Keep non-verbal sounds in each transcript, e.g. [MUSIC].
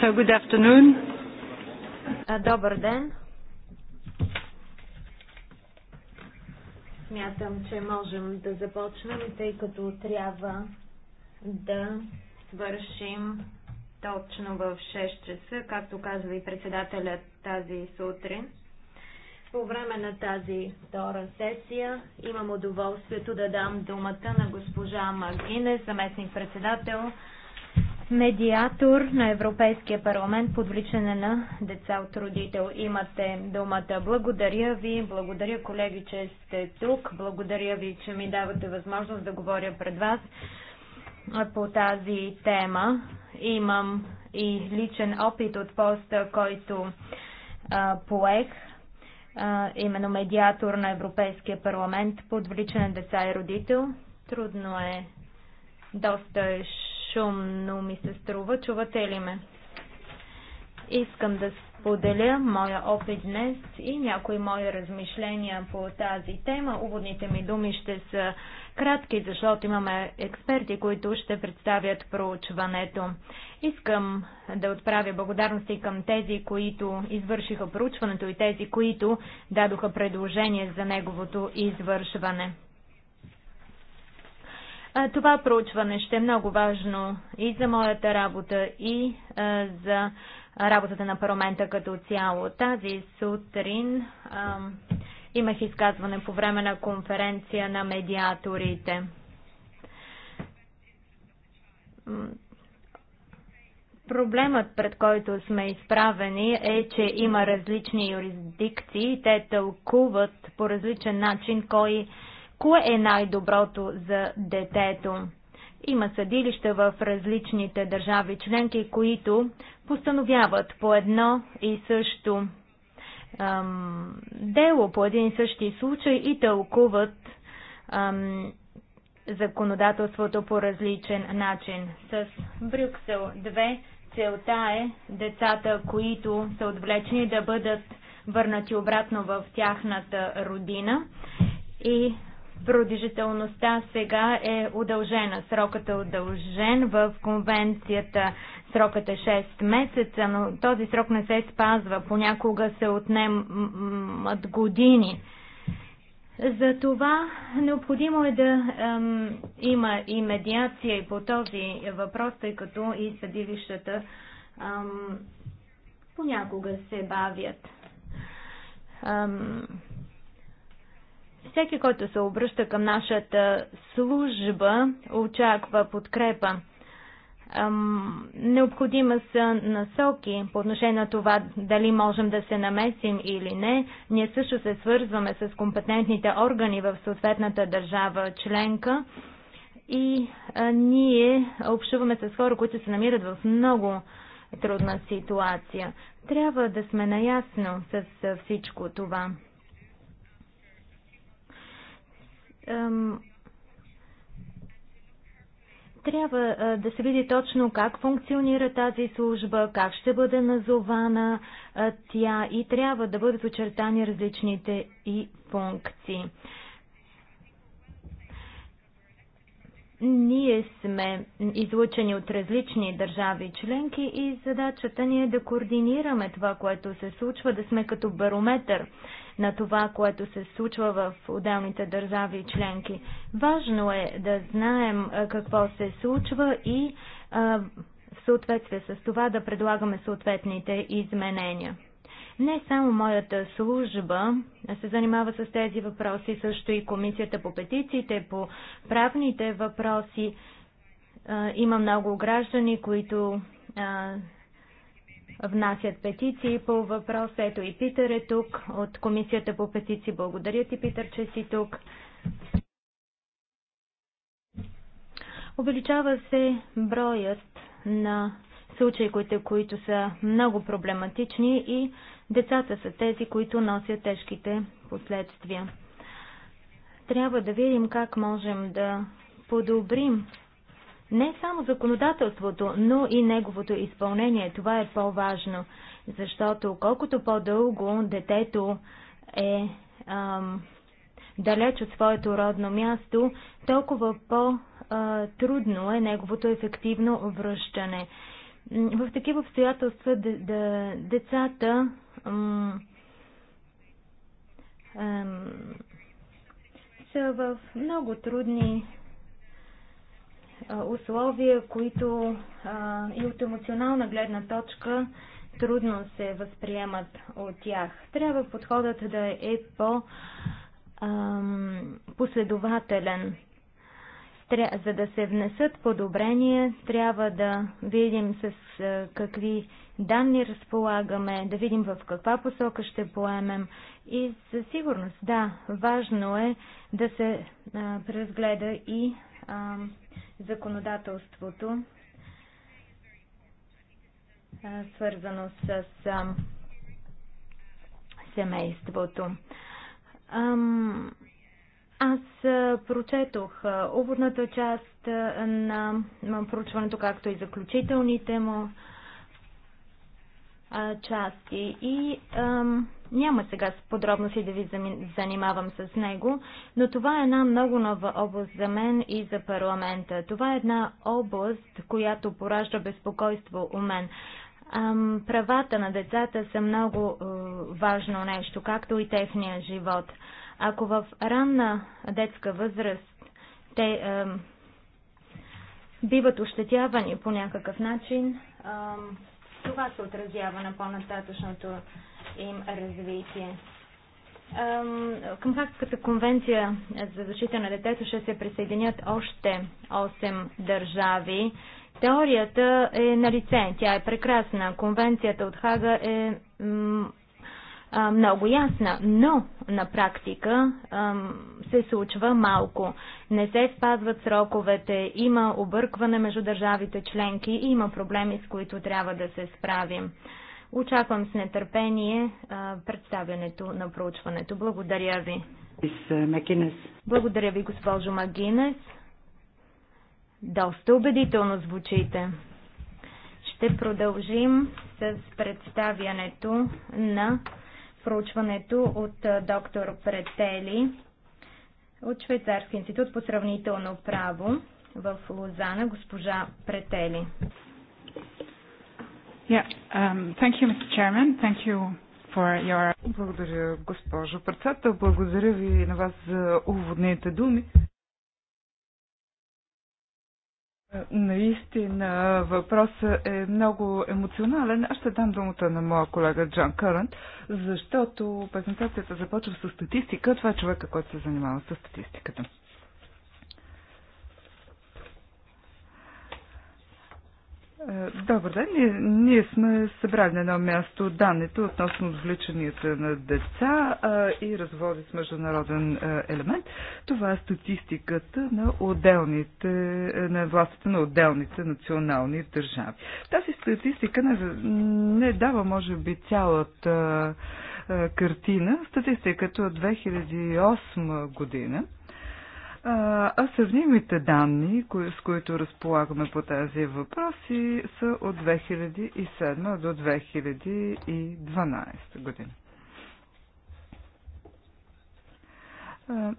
So good afternoon. Добър ден. Смятам, че можем да започнем, тъй като трябва да свършим точно в 6 часа, както казва и председателят тази сутрин. По време на тази втора сесия имам удоволствието да дам думата на госпожа Магине, заместник-председател медиатор на Европейския парламент по отвличане на деца от родител. Имате думата. Благодаря ви, благодаря колеги, че сте тук, благодаря ви, че ми давате възможност да говоря пред вас по тази тема. Имам и личен опит от поста, който а, поех, а, именно медиатор на Европейския парламент по отвличане на деца и родител. Трудно е, доста е шумно ми се струва. Чувате ли ме? Искам да споделя моя опит днес и някои мои размишления по тази тема. Уводните ми думи ще са кратки, защото имаме експерти, които ще представят проучването. Искам да отправя благодарности към тези, които извършиха проучването и тези, които дадоха предложение за неговото извършване. Това проучване ще е много важно и за моята работа, и за работата на парламента като цяло. Тази сутрин имах изказване по време на конференция на медиаторите. Проблемът, пред който сме изправени, е, че има различни юрисдикции. Те тълкуват по различен начин кой Кое е най-доброто за детето? Има съдилища в различните държави членки, които постановяват по едно и също ам, дело, по един и същи случай и тълкуват ам, законодателството по различен начин. С Брюксел 2 целта е децата, които са отвлечени да бъдат върнати обратно в тяхната родина и Продължителността сега е удължена. Срокът е удължен в конвенцията. Срокът е 6 месеца, но този срок не се спазва. Понякога се отнемат години. За това необходимо е да ем, има и медиация и по този въпрос, тъй като и съдилищата ем, понякога се бавят. Ем, всеки, който се обръща към нашата служба, очаква подкрепа. Необходима са насоки по отношение на това дали можем да се намесим или не. Ние също се свързваме с компетентните органи в съответната държава членка и ние общуваме с хора, които се намират в много трудна ситуация. Трябва да сме наясно с всичко това. трябва а, да се види точно как функционира тази служба, как ще бъде назована а, тя и трябва да бъдат очертани различните и функции. Ние сме излучени от различни държави членки и задачата ни е да координираме това, което се случва, да сме като барометър на това, което се случва в отделните държави и членки. Важно е да знаем какво се случва и в съответствие с това да предлагаме съответните изменения. Не само моята служба се занимава с тези въпроси, също и Комисията по петициите, по правните въпроси. Има много граждани, които внасят петиции по въпрос. Ето и Питър е тук от Комисията по петиции. Благодаря ти, Питър, че си тук. Увеличава се броят на случаите, които са много проблематични и децата са тези, които носят тежките последствия. Трябва да видим как можем да подобрим не само законодателството, но и неговото изпълнение. Това е по-важно, защото колкото по-дълго детето е ам, далеч от своето родно място, толкова по-трудно е неговото ефективно връщане. В такива обстоятелства децата ам, ам, са в много трудни условия, които а, и от емоционална гледна точка трудно се възприемат от тях. Трябва подходът да е по-последователен. За да се внесат подобрения, трябва да видим с какви данни разполагаме, да видим в каква посока ще поемем. И със сигурност, да, важно е да се преразгледа и а, законодателството, а, свързано с а, семейството. Ам, аз прочетох уводната част на проучването, както и заключителните му части и ам, няма сега с подробности да ви занимавам с него, но това е една много нова област за мен и за парламента. Това е една област, която поражда безпокойство у мен. Ам, правата на децата са много е, важно нещо, както и техния живот. Ако в ранна детска възраст те е, биват ощетявани по някакъв начин, е, това се отразява на по-нататъчното им развитие. Към ХАГската конвенция за защита на детето ще се присъединят още 8 държави. Теорията е на лице, тя е прекрасна. Конвенцията от Хага е много ясна, но на практика се случва малко. Не се спазват сроковете, има объркване между държавите членки и има проблеми, с които трябва да се справим. Очаквам с нетърпение а, представянето на проучването. Благодаря ви. Благодаря ви, госпожо Магинес. Доста убедително звучите. Ще продължим с представянето на проучването от доктор Претели от Швейцарски институт по сравнително право в Лозана, госпожа Претели. Yeah. Um, thank you, Mr. Chairman. Thank you for your... Благодаря, госпожо председател. Благодаря ви на вас за уводните думи. Наистина въпросът е много емоционален. Аз ще дам думата на моя колега Джан Кърън, защото презентацията започва с статистика. Това е човека, който се занимава с статистиката. Е, добър ден. Ние, ние сме събрали на едно място данните относно отвлеченията на деца а, и разводи с международен а, е, елемент. Това е статистиката на отделните, е, на властите на отделните национални държави. Тази статистика не, не дава, може би, цялата а, картина. Статистиката от 2008 година а сравнимите данни, с които разполагаме по тези въпроси, са от 2007 до 2012 година.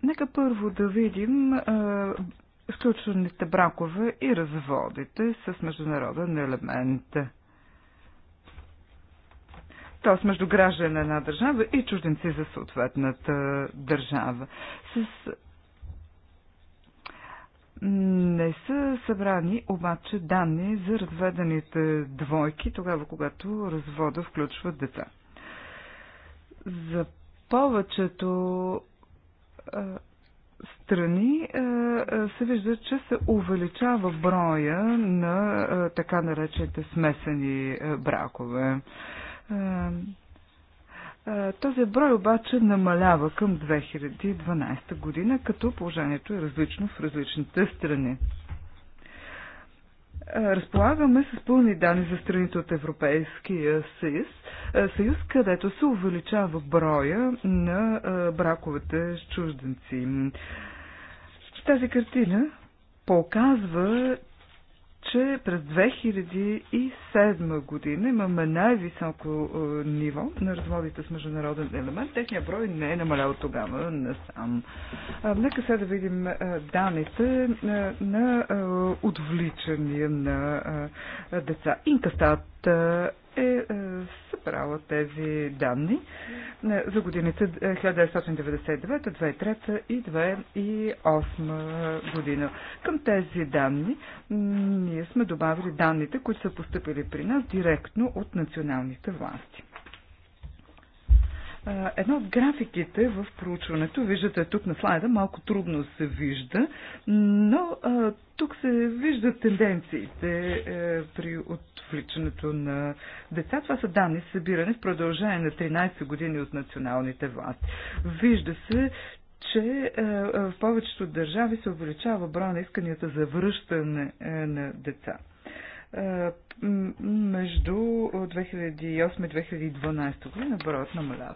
Нека първо да видим включените бракове и разводите с международен елемент. Т.е. между граждане на една държава и чужденци за съответната държава. С не са събрани обаче данни за разведените двойки, тогава когато развода включва деца. За повечето страни се вижда, че се увеличава броя на така наречените смесени бракове. Е, този брой обаче намалява към 2012 година, като положението е различно в различните страни. Е, разполагаме с пълни данни за страните от Европейския съюз, е, съюз където се увеличава броя на браковете с чужденци. Тази картина показва, че през 2007 година имаме най-високо е, ниво на разводите с международен елемент. Техния брой не е намалял тогава насам. Нека сега да видим е, данните е, на отвличания на деца. Инкастат е, е събрала тези данни е, за годините 1999, е, 2003 и 2008 година. Към тези данни ние сме добавили данните, които са поступили при нас директно от националните власти. Едно от графиките в проучването, виждате тук на слайда, малко трудно се вижда, но тук се виждат тенденциите е, при отвличането на деца. Това са данни събирани в продължение на 13 години от националните власти. Вижда се, че е, е, в повечето държави се увеличава броя на исканията за връщане на деца между 2008 и 2012 година броят намалява.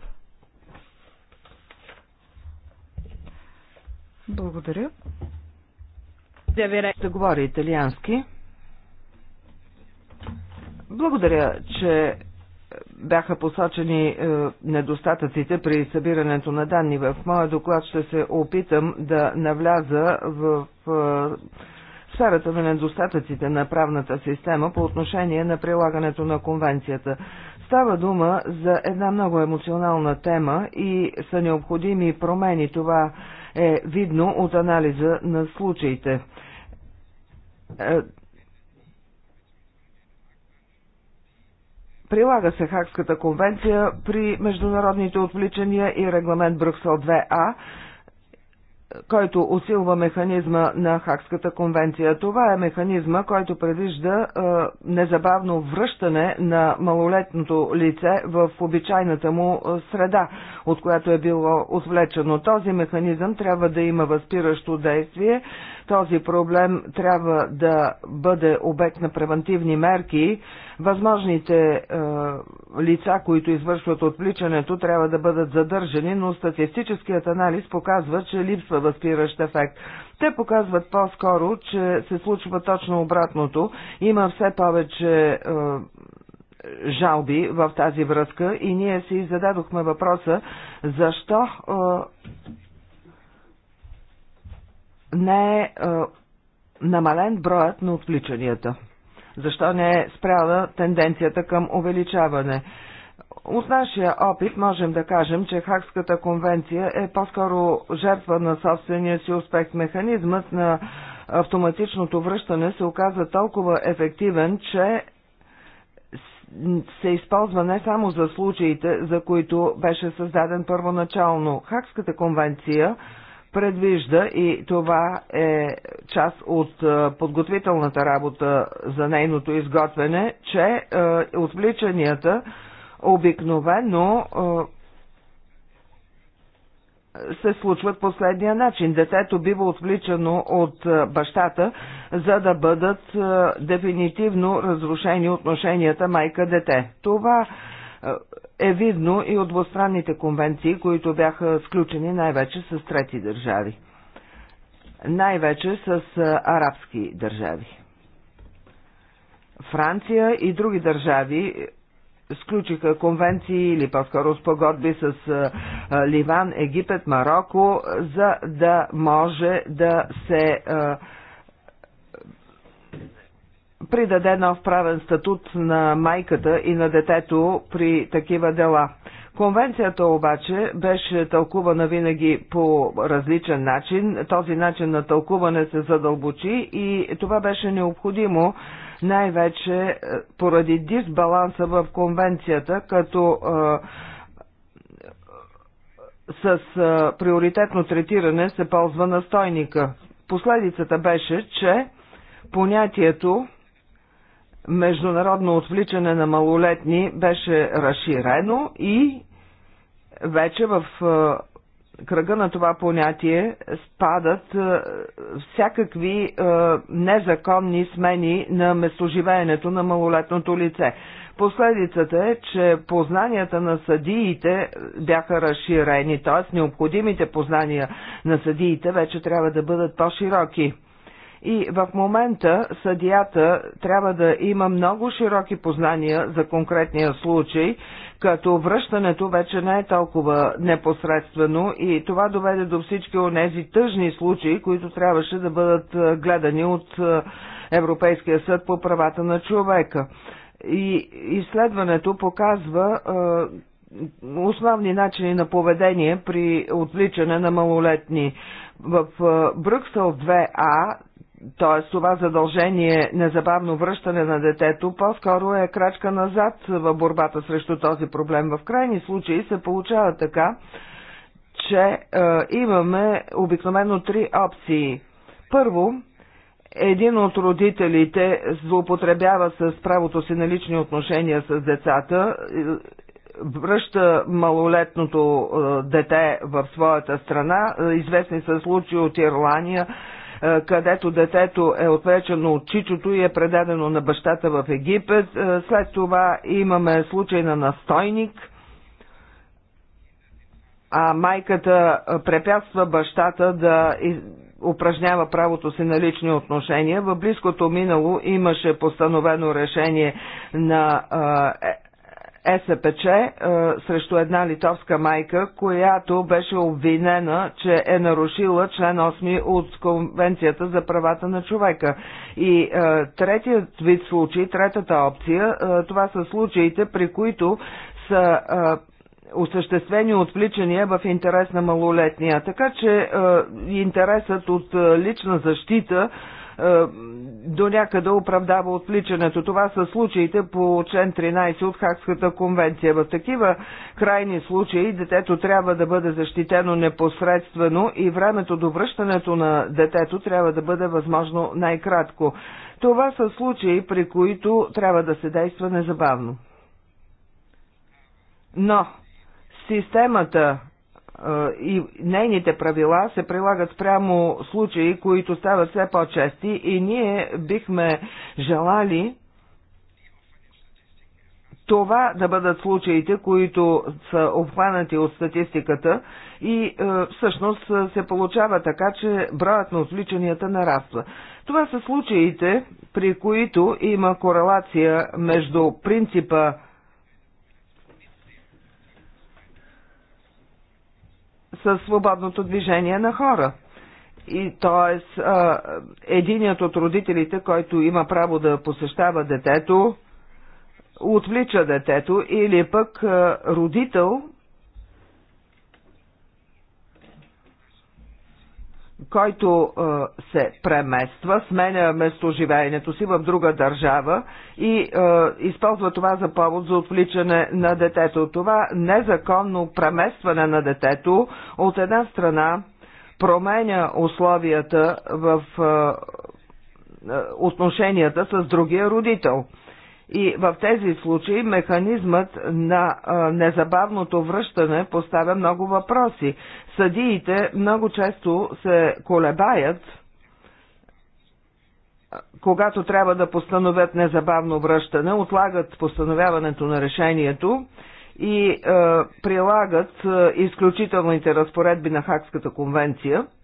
Благодаря. Да говори италиански. Благодаря, че бяха посочени е, недостатъците при събирането на данни. В моя доклад ще се опитам да навляза в е, сферата на недостатъците на правната система по отношение на прилагането на конвенцията. Става дума за една много емоционална тема и са необходими промени. Това е видно от анализа на случаите. Е, прилага се Хакската конвенция при международните отвличания и регламент Брюксел 2А, който усилва механизма на Хакската конвенция. Това е механизма, който предвижда е, незабавно връщане на малолетното лице в обичайната му е, среда, от която е било отвлечено. Този механизъм трябва да има възпиращо действие, този проблем трябва да бъде обект на превентивни мерки. Възможните е, лица, които извършват отвличането, трябва да бъдат задържани, но статистическият анализ показва, че липсва възпиращ ефект. Те показват по-скоро, че се случва точно обратното. Има все повече е, жалби в тази връзка и ние си зададохме въпроса защо е, не е, е намален броят на отвличанията? Защо не е спряла тенденцията към увеличаване? От нашия опит можем да кажем, че Хакската конвенция е по-скоро жертва на собствения си успех. Механизмът на автоматичното връщане се оказа толкова ефективен, че се използва не само за случаите, за които беше създаден първоначално. Хакската конвенция предвижда и това е част от е, подготвителната работа за нейното изготвяне, че е, отвличанията обикновено е, се случват последния начин. Детето бива отвличано от бащата, за да бъдат дефинитивно разрушени отношенията майка-дете. Това е видно и от двустранните конвенции, които бяха сключени най-вече с трети държави. Най-вече с арабски държави. Франция и други държави сключиха конвенции или по-скоро спогодби с Ливан, Египет, Марокко, за да може да се а, придаде нов правен статут на майката и на детето при такива дела. Конвенцията обаче беше тълкувана винаги по различен начин. Този начин на тълкуване се задълбочи и това беше необходимо най-вече е, поради дисбаланса в конвенцията, като е, с е, приоритетно третиране се ползва настойника. Последицата беше, че понятието международно отвличане на малолетни беше разширено и вече в е, кръга на това понятие спадат е, всякакви е, незаконни смени на местоживеенето на малолетното лице. Последицата е, че познанията на съдиите бяха разширени, т.е. необходимите познания на съдиите вече трябва да бъдат по-широки. И в момента съдията трябва да има много широки познания за конкретния случай, като връщането вече не е толкова непосредствено и това доведе до всички от тези тъжни случаи, които трябваше да бъдат гледани от Европейския съд по правата на човека. И изследването показва основни начини на поведение при отвличане на малолетни. В Брюксел 2А т.е. това задължение незабавно връщане на детето, по-скоро е крачка назад в борбата срещу този проблем. В крайни случаи се получава така, че е, имаме обикновено три опции. Първо, един от родителите злоупотребява с правото си на лични отношения с децата, е, връща малолетното е, дете в своята страна. Е, известни са случаи от Ирландия, е, където детето е отвлечено от чичото и е предадено на бащата в Египет. Е, след това имаме случай на настойник – а майката препятства бащата да упражнява правото си на лични отношения. В близкото минало имаше постановено решение на е, СПЧ е, срещу една литовска майка, която беше обвинена, че е нарушила член 8 от Конвенцията за правата на човека. И е, третият вид случай, третата опция, е, това са случаите, при които са осъществени отвличания в интерес на малолетния. Така че интересът от лична защита е, до някъде оправдава отвличането. Това са случаите по член 13 от Хакската конвенция. В такива крайни случаи детето трябва да бъде защитено непосредствено и времето до връщането на детето трябва да бъде възможно най-кратко. Това са случаи, при които трябва да се действа незабавно. Но системата и нейните правила се прилагат спрямо случаи, които стават все по-чести и ние бихме желали това да бъдат случаите, които са обхванати от статистиката и е, всъщност се получава така, че броят на отвличанията нараства. Това са случаите, при които има корелация между принципа Със свободното движение на хора. И т.е. единият от родителите, който има право да посещава детето, отвлича детето или пък родител, който се премества, сменя местоживеенето си в друга държава и а, използва това за повод за отвличане на детето. Това незаконно преместване на детето от една страна променя условията в а, отношенията с другия родител – и в тези случаи механизмът на а, незабавното връщане поставя много въпроси. Съдиите много често се колебаят, когато трябва да постановят незабавно връщане, отлагат постановяването на решението и а, прилагат а, изключителните разпоредби на Хакската конвенция –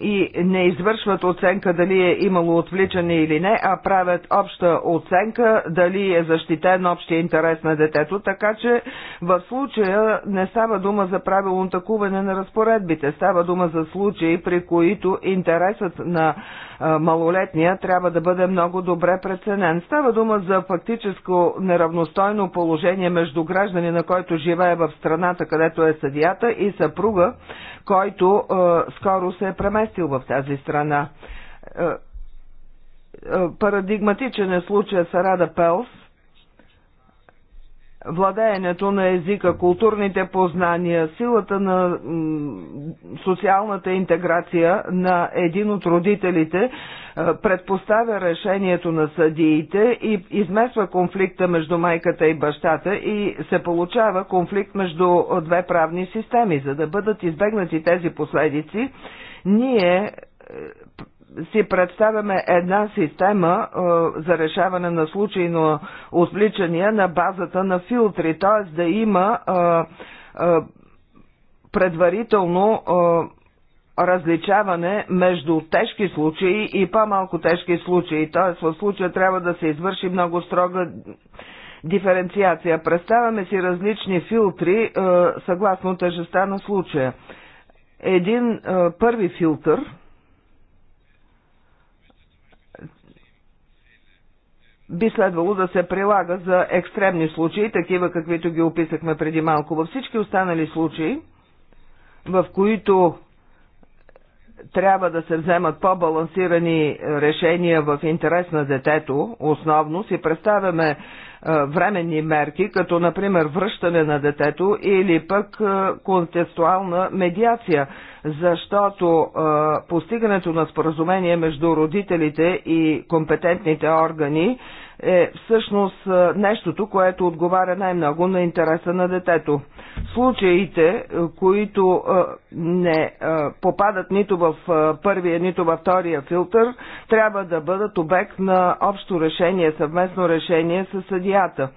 и не извършват оценка дали е имало отвличане или не, а правят обща оценка дали е защитен общия интерес на детето, така че в случая не става дума за правилно такуване на разпоредбите, става дума за случаи, при които интересът на малолетния трябва да бъде много добре преценен. Става дума за фактическо неравностойно положение между граждани, на който живее в страната, където е съдията, и съпруга, който е, скоро се е преместил преместил в тази страна. Е, е, парадигматичен е случая Рада Пелс, владеенето на езика, културните познания, силата на социалната интеграция на един от родителите е, предпоставя решението на съдиите и измесва конфликта между майката и бащата и се получава конфликт между две правни системи. За да бъдат избегнати тези последици, ние е, си представяме една система а, е, за решаване на случай, на отвличания на базата на филтри, т.е. да има а, е, а, предварително а, различаване между тежки случаи и по-малко тежки случаи. Т.е. в случая трябва да се извърши много строга диференциация. Представяме си различни филтри а, съгласно тежестта на случая един а, първи филтър би следвало да се прилага за екстремни случаи, такива каквито ги описахме преди малко. Във всички останали случаи, в които трябва да се вземат по-балансирани решения в интерес на детето, основно си представяме временни мерки, като например връщане на детето или пък контекстуална медиация, защото постигането на споразумение между родителите и компетентните органи е всъщност е, нещото, което отговаря най-много на интереса на детето. Случаите, е, които е, не попадат нито в първия, нито във втория филтър, трябва да бъдат обект на общо решение, съвместно решение с съдията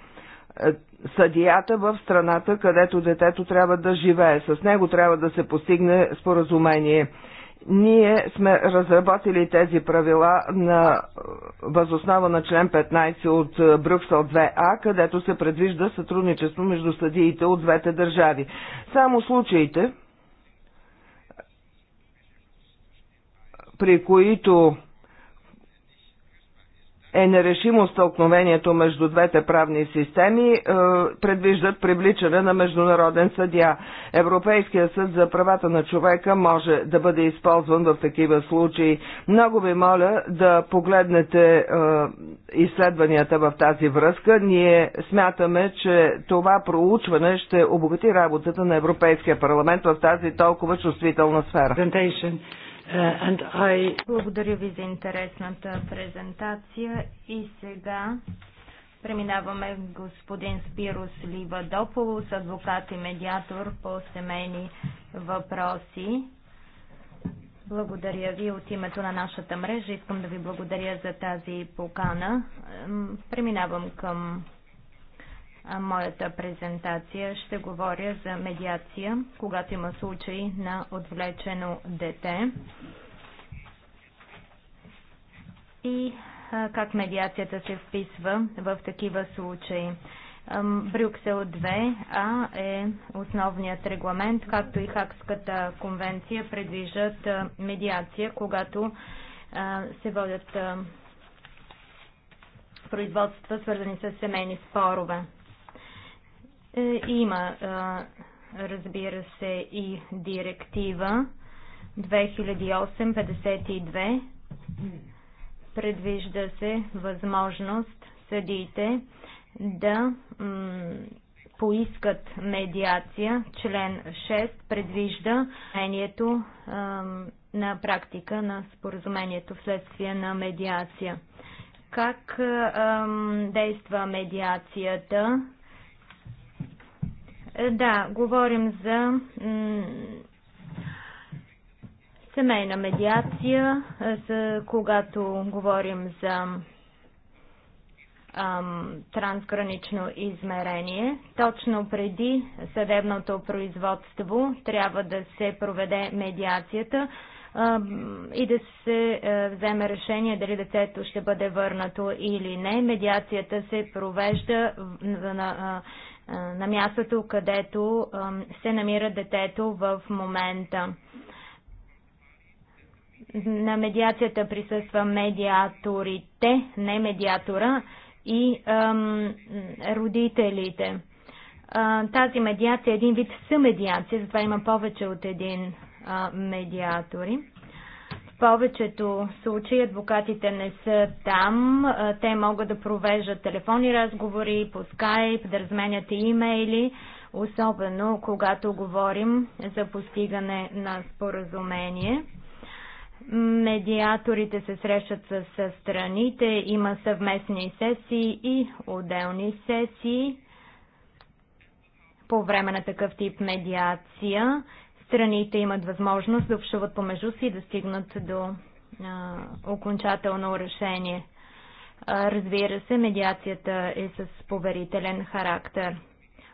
съдията в страната, където детето трябва да живее. С него трябва да се постигне споразумение. Ние сме разработили тези правила на възоснова на член 15 от е, Брюксел 2А, където се предвижда сътрудничество между съдиите от двете държави. Само случаите, при които е нерешимо стълкновението между двете правни системи, е, предвиждат привличане на международен съдия. Европейския съд за правата на човека може да бъде използван в такива случаи. Много ви моля да погледнете е, изследванията в тази връзка. Ние смятаме, че това проучване ще обогати работата на Европейския парламент в тази толкова чувствителна сфера. Uh, благодаря ви за интересната презентация и сега преминаваме господин Спирос Ливадополос, адвокат и медиатор по семейни въпроси. Благодаря ви от името на нашата мрежа. Искам да ви благодаря за тази покана. Преминавам към моята презентация ще говоря за медиация, когато има случай на отвлечено дете и как медиацията се вписва в такива случаи. Брюксел 2А е основният регламент, както и Хакската конвенция предвиждат медиация, когато се водят производства, свързани с семейни спорове. Е, има, разбира се, и директива 2008-52. Предвижда се възможност съдиите да поискат медиация. Член 6 предвижда мнението на практика на споразумението вследствие на медиация. Как действа медиацията? Е, да, говорим за семейна медиация, за е, когато говорим за ам, трансгранично измерение. Точно преди съдебното производство трябва да се проведе медиацията и да се е, вземе решение дали детето ще бъде върнато или не. Медиацията се провежда на, на, на мястото, където се намира детето в момента. На медиацията присъства медиаторите, не медиатора и ам, родителите. А, тази медиация е един вид съмедиация, затова има повече от един а, медиатори повечето случаи адвокатите не са там. Те могат да провеждат телефонни разговори по скайп, да разменят имейли, особено когато говорим за постигане на споразумение. Медиаторите се срещат с страните, има съвместни сесии и отделни сесии по време на такъв тип медиация страните имат възможност да общуват помежду си и да стигнат до а, окончателно решение. А, разбира се, медиацията е с поверителен характер.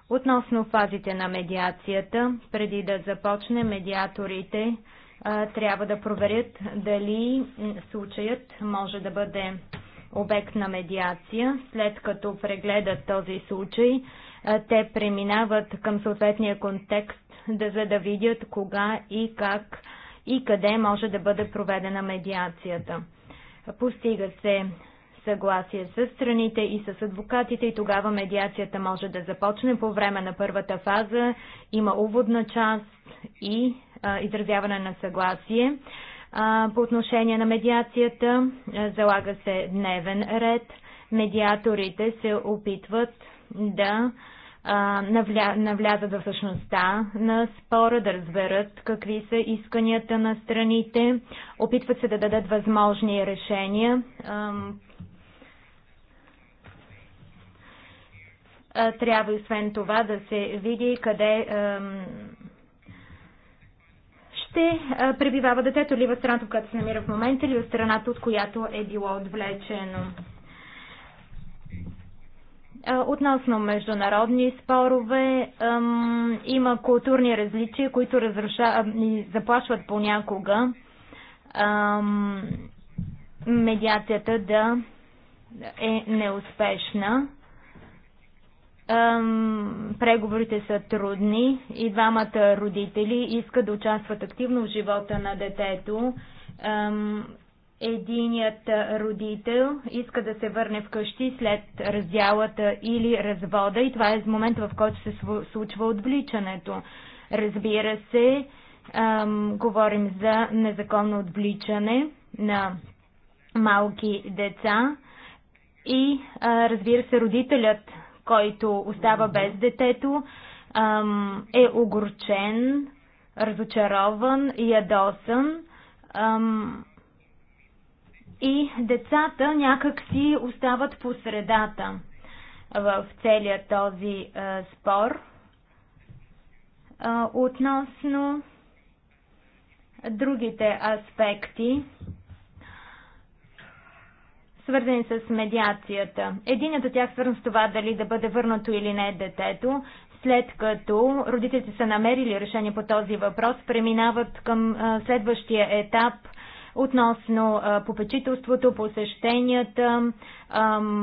Относно фазите на медиацията, преди да започне, медиаторите а, трябва да проверят дали случаят може да бъде обект на медиация. След като прегледат този случай, те преминават към съответния контекст да, за да видят кога и как и къде може да бъде проведена медиацията. Постига се съгласие с страните и с адвокатите и тогава медиацията може да започне по време на първата фаза. Има уводна част и а, изразяване на съгласие. А, по отношение на медиацията а, залага се дневен ред. Медиаторите се опитват да а, навля... навлязат в същността на спора, да разберат какви са исканията на страните, опитват се да дадат възможни решения. Трябва и освен това да се види къде ще пребивава детето ли в страната, в която се намира в момента, или в страната, от която е било отвлечено. Относно международни спорове, има културни различия, които ни заплашват понякога медиацията да е неуспешна. Преговорите са трудни и двамата родители искат да участват активно в живота на детето единият родител иска да се върне вкъщи след раздялата или развода и това е в момента, в който се случва отвличането. Разбира се, ам, говорим за незаконно отвличане на малки деца и а, разбира се, родителят, който остава без детето, ам, е огорчен, разочарован, ядосан. Ам, и децата някак си остават по средата в целия този а, е, спор а, е, относно другите аспекти, свързани с медиацията. Единият от тях е свързан с това дали да бъде върнато или не детето, след като родителите са намерили решение по този въпрос, преминават към а, следващия етап – относно попечителството, посещенията,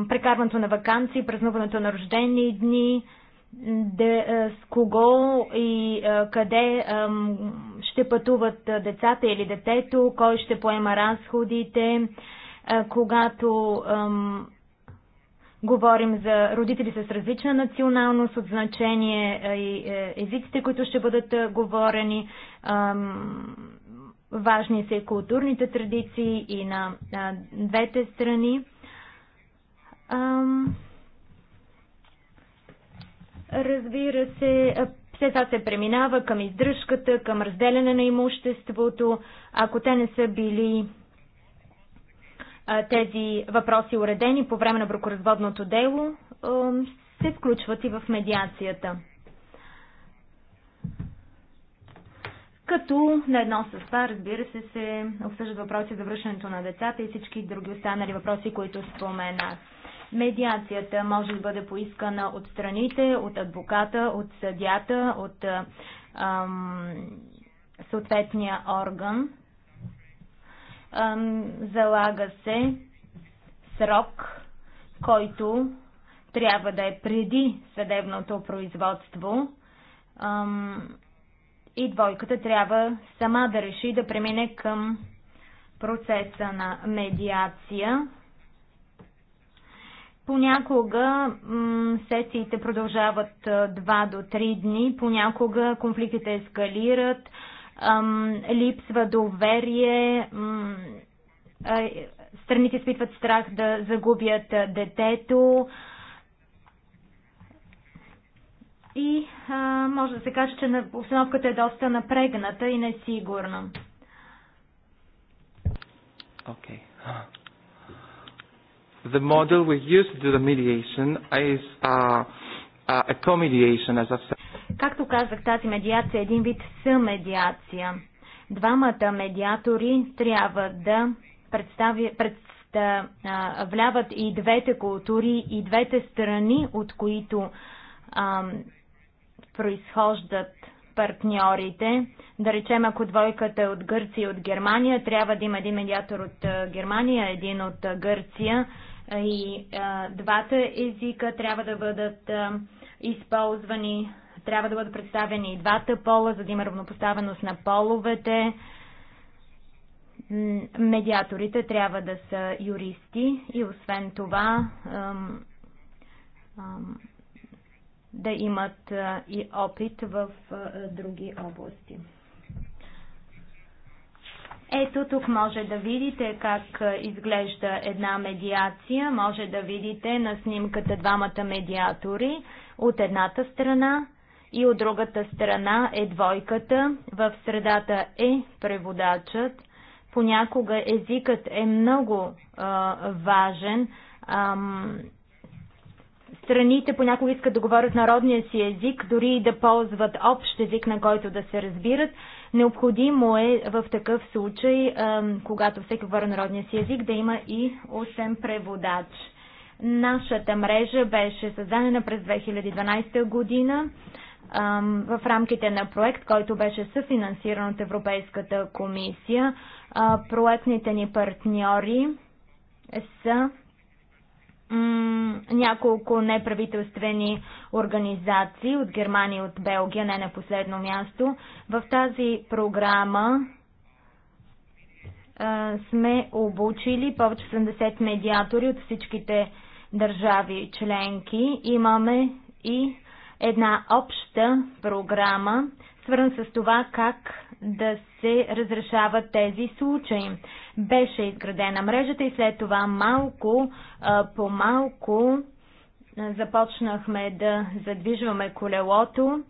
прекарването на вакансии, празнуването на рождени дни, де, с кого и къде ще пътуват децата или детето, кой ще поема разходите, когато Говорим за родители с различна националност, от значение и езиците, които ще бъдат говорени, Важни са и културните традиции и на на двете страни. Ам... Разбира се, все това се преминава към издръжката, към разделяне на имуществото. Ако те не са били а, тези въпроси уредени по време на бракоразводното дело, а, се включват и в медиацията. като на едно съста, разбира се, се обсъждат въпроси за връщането на децата и всички други останали въпроси, които спомена, Медиацията може да бъде поискана от страните, от адвоката, от съдята, от ам, съответния орган. Ам, залага се срок, който трябва да е преди съдебното производство. Ам, и двойката трябва сама да реши да премине към процеса на медиация. Понякога сесиите продължават 2 до 3 дни, понякога конфликтите ескалират, липсва доверие, страните изпитват страх да загубят детето, и а, може да се каже, че обстановката е доста напрегната и несигурна. Okay. The model we use to the mediation is a, uh, uh, a co-mediation, as I've said. Както казах, тази медиация е един вид съмедиация. Двамата медиатори трябва да представи, представляват и двете култури, и двете страни, от които произхождат партньорите. Да речем, ако двойката е от Гърция и от Германия, трябва да има един медиатор от Германия, един от Гърция и а, двата езика трябва да бъдат а, използвани, трябва да бъдат представени и двата пола, за да има равнопоставеност на половете. Медиаторите трябва да са юристи и освен това А, а, да имат и опит в други области. Ето тук може да видите как изглежда една медиация. Може да видите на снимката двамата медиатори от едната страна и от другата страна е двойката. В средата е преводачът. Понякога езикът е много а, важен. Страните понякога искат да говорят народния си език, дори и да ползват общ език, на който да се разбират. Необходимо е в такъв случай, когато всеки говори народния си език, да има и 8 преводач. Нашата мрежа беше създадена през 2012 година в рамките на проект, който беше съфинансиран от Европейската комисия. Проектните ни партньори са няколко неправителствени организации от Германия и от Белгия, не на последно място. В тази програма а, сме обучили повече 70 медиатори от всичките държави членки. Имаме и една обща програма, свързана с това как да се разрешават тези случаи. Беше изградена мрежата и след това малко по малко започнахме да задвижваме колелото.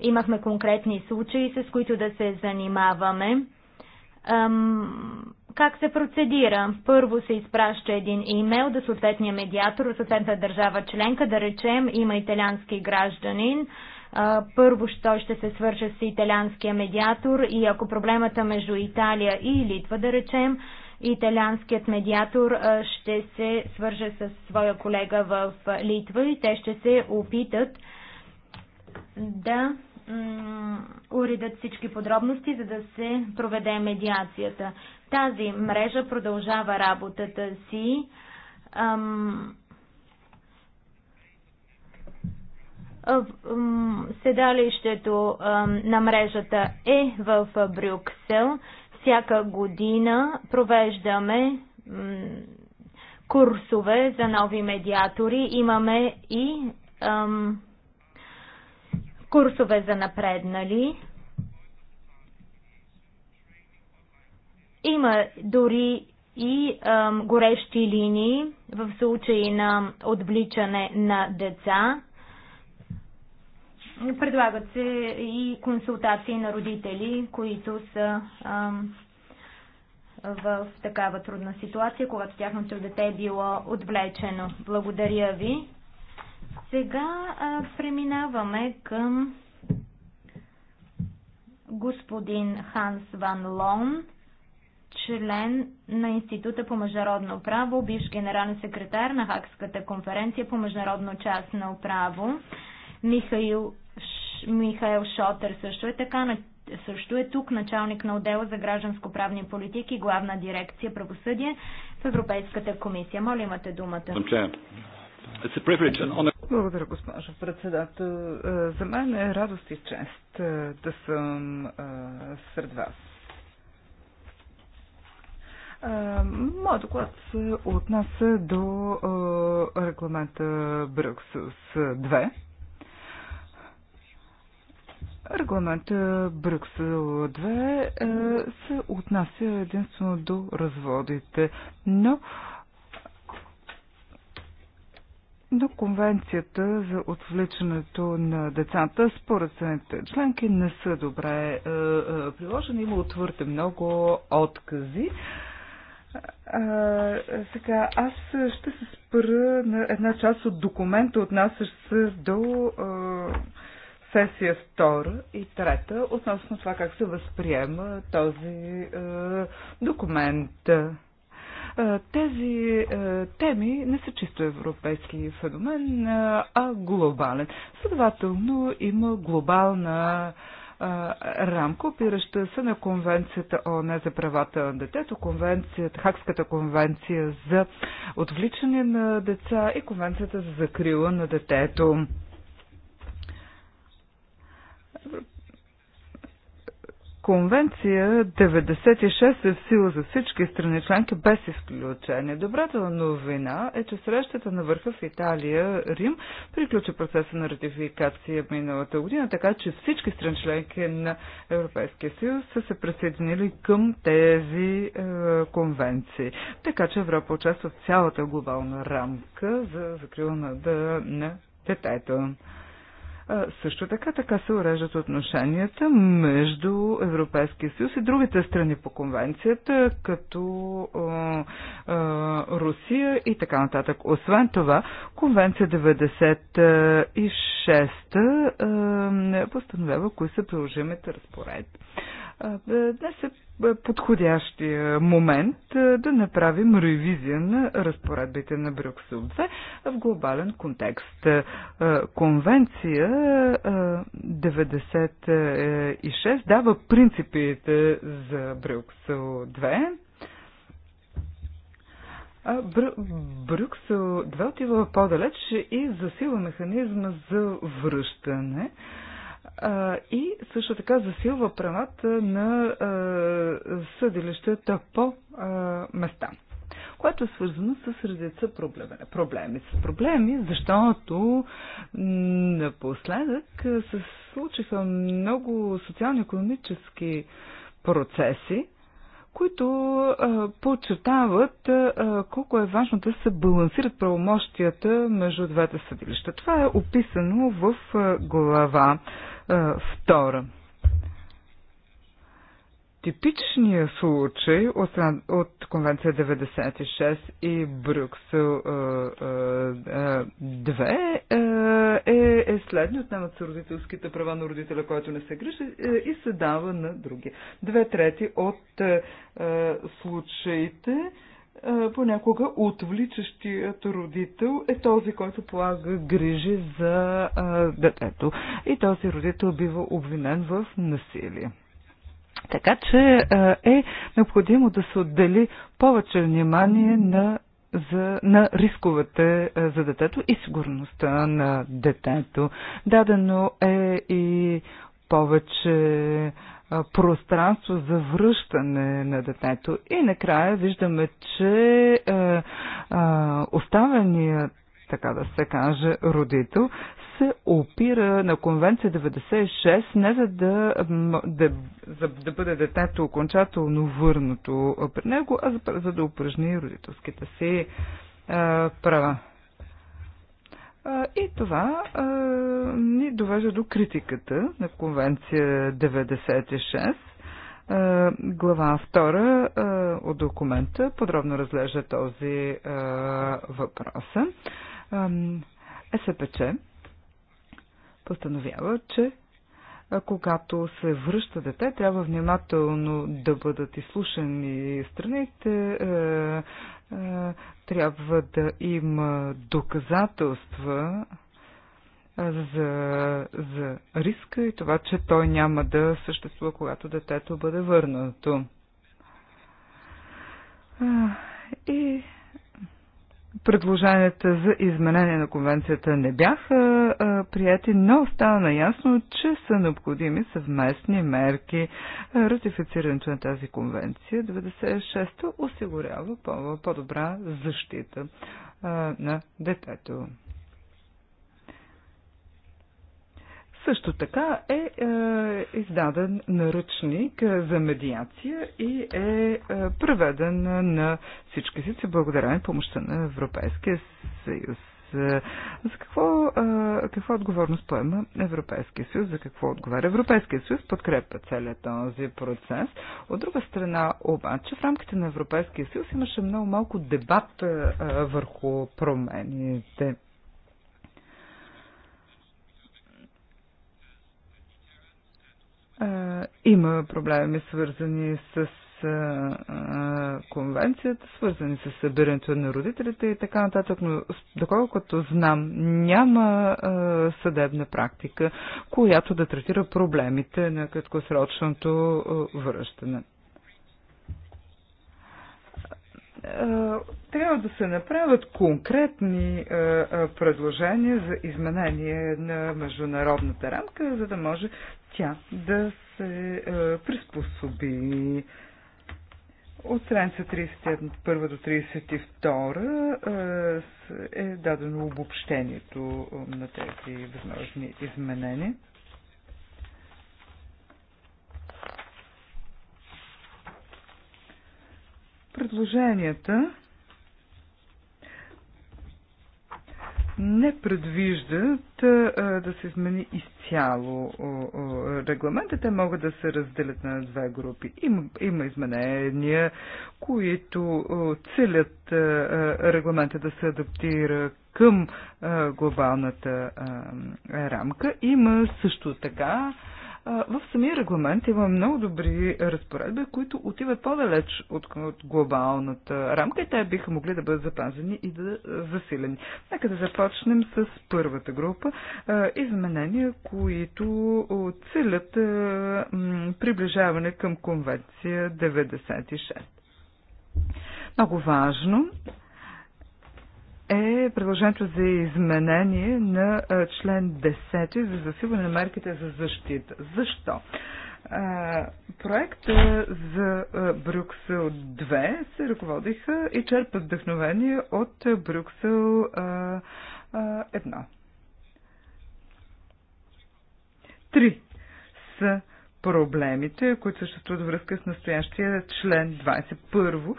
Имахме конкретни случаи, с които да се занимаваме. Как се процедира? Първо се изпраща един имейл до съответния медиатор от съответната държава членка, да речем има италиански гражданин, първо той ще се свърже с италианския медиатор и ако проблемата е между Италия и Литва, да речем, италианският медиатор ще се свърже с своя колега в Литва и те ще се опитат да уредят всички подробности, за да се проведе медиацията. Тази мрежа продължава работата си. Ам, Седалището на мрежата е в Брюксел. Всяка година провеждаме курсове за нови медиатори. Имаме и курсове за напреднали. Има дори и горещи линии в случаи на отвличане на деца. Предлагат се и консултации на родители, които са в такава трудна ситуация, когато тяхното дете е било отвлечено. Благодаря ви. Сега преминаваме към господин Ханс Ван Лон, член на Института по международно право, бивш генерален секретар на Хакската конференция по международно частно право. Михаил Михаил Шотер също е така, също е тук началник на отдела за гражданско-правни политики, главна дирекция правосъдие в Европейската комисия. Моля, имате думата. Благодаря, госпожо председател. Е, за мен е радост и чест е, да съм е, сред вас. Моят доклад се отнася до регламента Брюксус Регламент Брюксел 2 е, се отнася единствено до разводите, но но конвенцията за отвличането на децата според самите членки не са добре е, е, приложени. Има отвърте много откази. А, е, е, сега, аз ще се спра на една част от документа, отнасящ се до а, сесия втора и трета относно това как се възприема този е, документ. Е, тези е, теми не са чисто европейски феномен, е, а глобален. Следователно има глобална е, рамка, опираща се на конвенцията ООН за правата на детето, конвенцията, Хакската конвенция за отвличане на деца и конвенцията за закрила на детето. Конвенция 96 е в сила за всички страни членки без изключение. Добрата новина е, че срещата на върха в Италия, Рим, приключи процеса на ратификация миналата година, така че всички страни членки на Европейския съюз са се присъединили към тези е, конвенции. Така че Европа участва в цялата глобална рамка за закрила на детето. Също така, така се уреждат отношенията между Европейския съюз и другите страни по конвенцията, като а, а, Русия и така нататък. Освен това, конвенция 96 а, постановява кои са приложимите разпоредби. Днес е подходящия момент е, да направим ревизия на разпоредбите на Брюксел 2 в глобален контекст. Е, конвенция 96 е, дава принципите за Брюксел 2. Брюксел 2 отива по-далеч и засила механизма за връщане. А, и също така засилва правата на съдилищата по места което е свързано с редица проблеми. проблеми. С проблеми, защото напоследък се случиха много социално-економически процеси, които а, подчертават а, колко е важно да се балансират правомощията между двете съдилища. Това е описано в глава Втора. Типичният случай от, от Конвенция 96 и Брюксел 2 е, е следния. Отнемат се родителските права на родителя, който не се грижи е, и се дава на други. Две трети от е, случаите е, понякога отвличащият родител е този, който полага грижи за е, детето. И този родител бива обвинен в насилие. Така че е, е необходимо да се отдели повече внимание на, за, на рисковете за детето и сигурността на детето. Дадено е и повече пространство за връщане на детето. И накрая виждаме, че е, е, оставеният така да се каже, родител, се опира на конвенция 96 не за да, да, за да бъде детето окончателно върнато при него, а за, за да упражни родителските си е, права. И това а, ни довежда до критиката на конвенция 96. А, глава 2 а, от документа подробно разглежда този въпрос. СПЧ постановява, че когато се връща дете, трябва внимателно да бъдат изслушани страните, трябва да има доказателства за, за риска и това, че той няма да съществува, когато детето бъде върнато. И Предложенията за изменение на конвенцията не бяха прияти, но стана ясно, че са необходими съвместни мерки. Ратифицирането на тази конвенция 96-та осигурява по-добра защита на детето. Също така е, е издаден наръчник за медиация и е, е преведен на всички си, благодарение помощта на Европейския съюз. За какво, е, какво отговорност поема Европейския съюз? За какво отговаря Европейския съюз? Подкрепя целият този процес. От друга страна, обаче, в рамките на Европейския съюз имаше много малко дебат е, е, върху промените. Има проблеми свързани с конвенцията, свързани с събирането на родителите и така нататък, но доколкото знам, няма съдебна практика, която да третира проблемите на краткосрочното връщане. Е, трябва да се направят конкретни е, е, предложения за изменение на международната рамка, за да може тя да се приспособи. От страница 31 до 32 е дадено обобщението на тези възможни изменения. Предложенията не предвиждат да се измени изцяло регламента. Те могат да се разделят на две групи. Има, има изменения, които целят регламента да се адаптира към глобалната рамка. Има също така в самия регламент има много добри разпоредби, които отиват по-далеч от, глобалната рамка и те биха могли да бъдат запазени и да засилени. Нека да започнем с първата група. Изменения, които целят приближаване към конвенция 96. Много важно е предложението за изменение на член 10 за засилване на мерките за защита. Защо? Проект за Брюксел 2 се ръководиха и черпат вдъхновение от Брюксел 1. Три са проблемите, които съществуват връзка с настоящия член 20. Първо,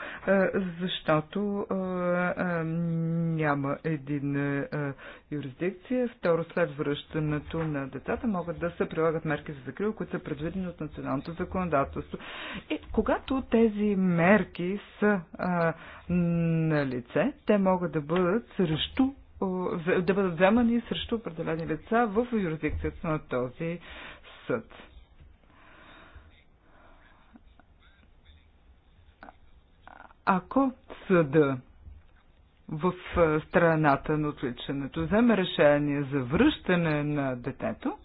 защото няма един юрисдикция. Второ, след връщането на децата могат да се прилагат мерки за закрила, които са предвидени от националното законодателство. И когато тези мерки са на лице, те могат да бъдат срещу да бъдат вземани срещу определени лица в юрисдикцията на този съд. Ако съда в страната на отличането вземе решение за връщане на детето,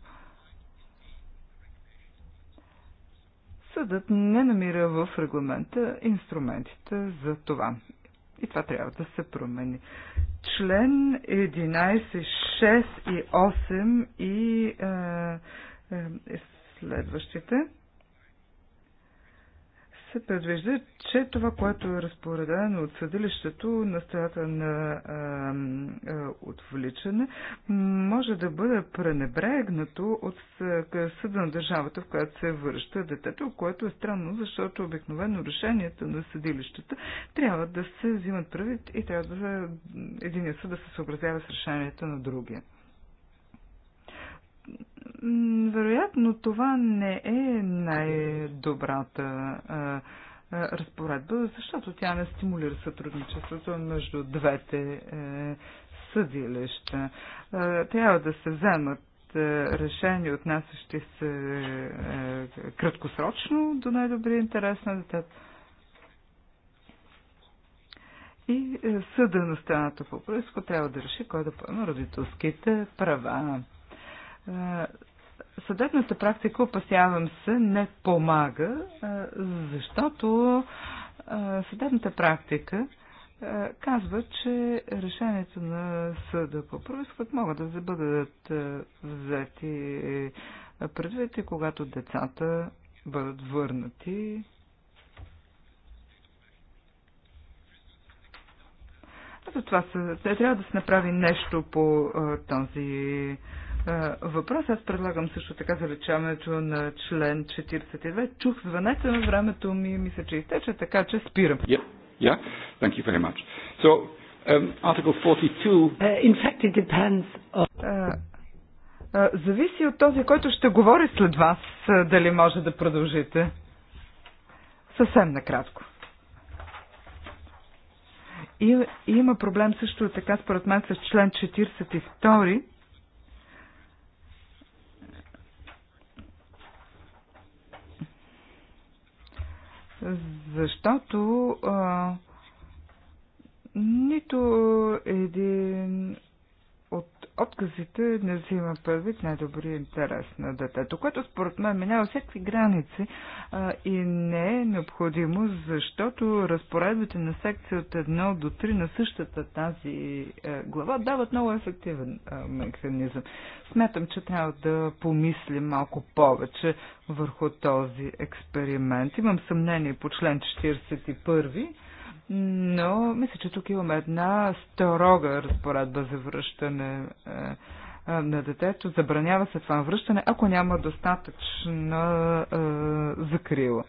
съдът не намира в регламента инструментите за това. И това трябва да се промени. Член 11, 6 и 8 и е, е, следващите се предвижда, че това, което е разпоредено от съдилището на страната на а, а, отвличане, може да бъде пренебрегнато от съда на държавата, в която се връща детето, което е странно, защото обикновено решенията на съдилищата трябва да се взимат правит и трябва да единият съд да се съобразява с решението на другия вероятно това не е най-добрата разпоредба, защото тя не стимулира сътрудничеството между двете съдилища. Трябва да се вземат решения, отнасящи се краткосрочно до най-добрия интерес на детето. И съда на страната по происход трябва да реши кой да поема родителските права съдебната практика, опасявам се, не помага, защото съдебната практика казва, че решението на съда по происход могат да бъдат взети предвид когато децата бъдат върнати Затова трябва да се направи нещо по този въпрос. Аз предлагам също така заличаването на член 42. Чух звънеца, на времето ми мисля, че изтече, така че спирам. Yeah. Yeah? Thank you very much. So, um, Article 42... Uh, in fact, it depends on... uh, зависи от този, който ще говори след вас, дали може да продължите. Съвсем накратко. И, има проблем също така, според мен, с член 42 защото а, нито един отказите не взима предвид най-добрия интерес на детето, което според мен минава всякакви граници а, и не е необходимо, защото разпоредбите на секция от 1 до 3 на същата тази е, глава дават много ефективен е, механизъм. Смятам, че трябва да помислим малко повече върху този експеримент. Имам съмнение по член 41 но мисля, че тук имаме една строга разпоредба за връщане е, е, на детето. Забранява се това връщане, ако няма достатъчна е, закрила.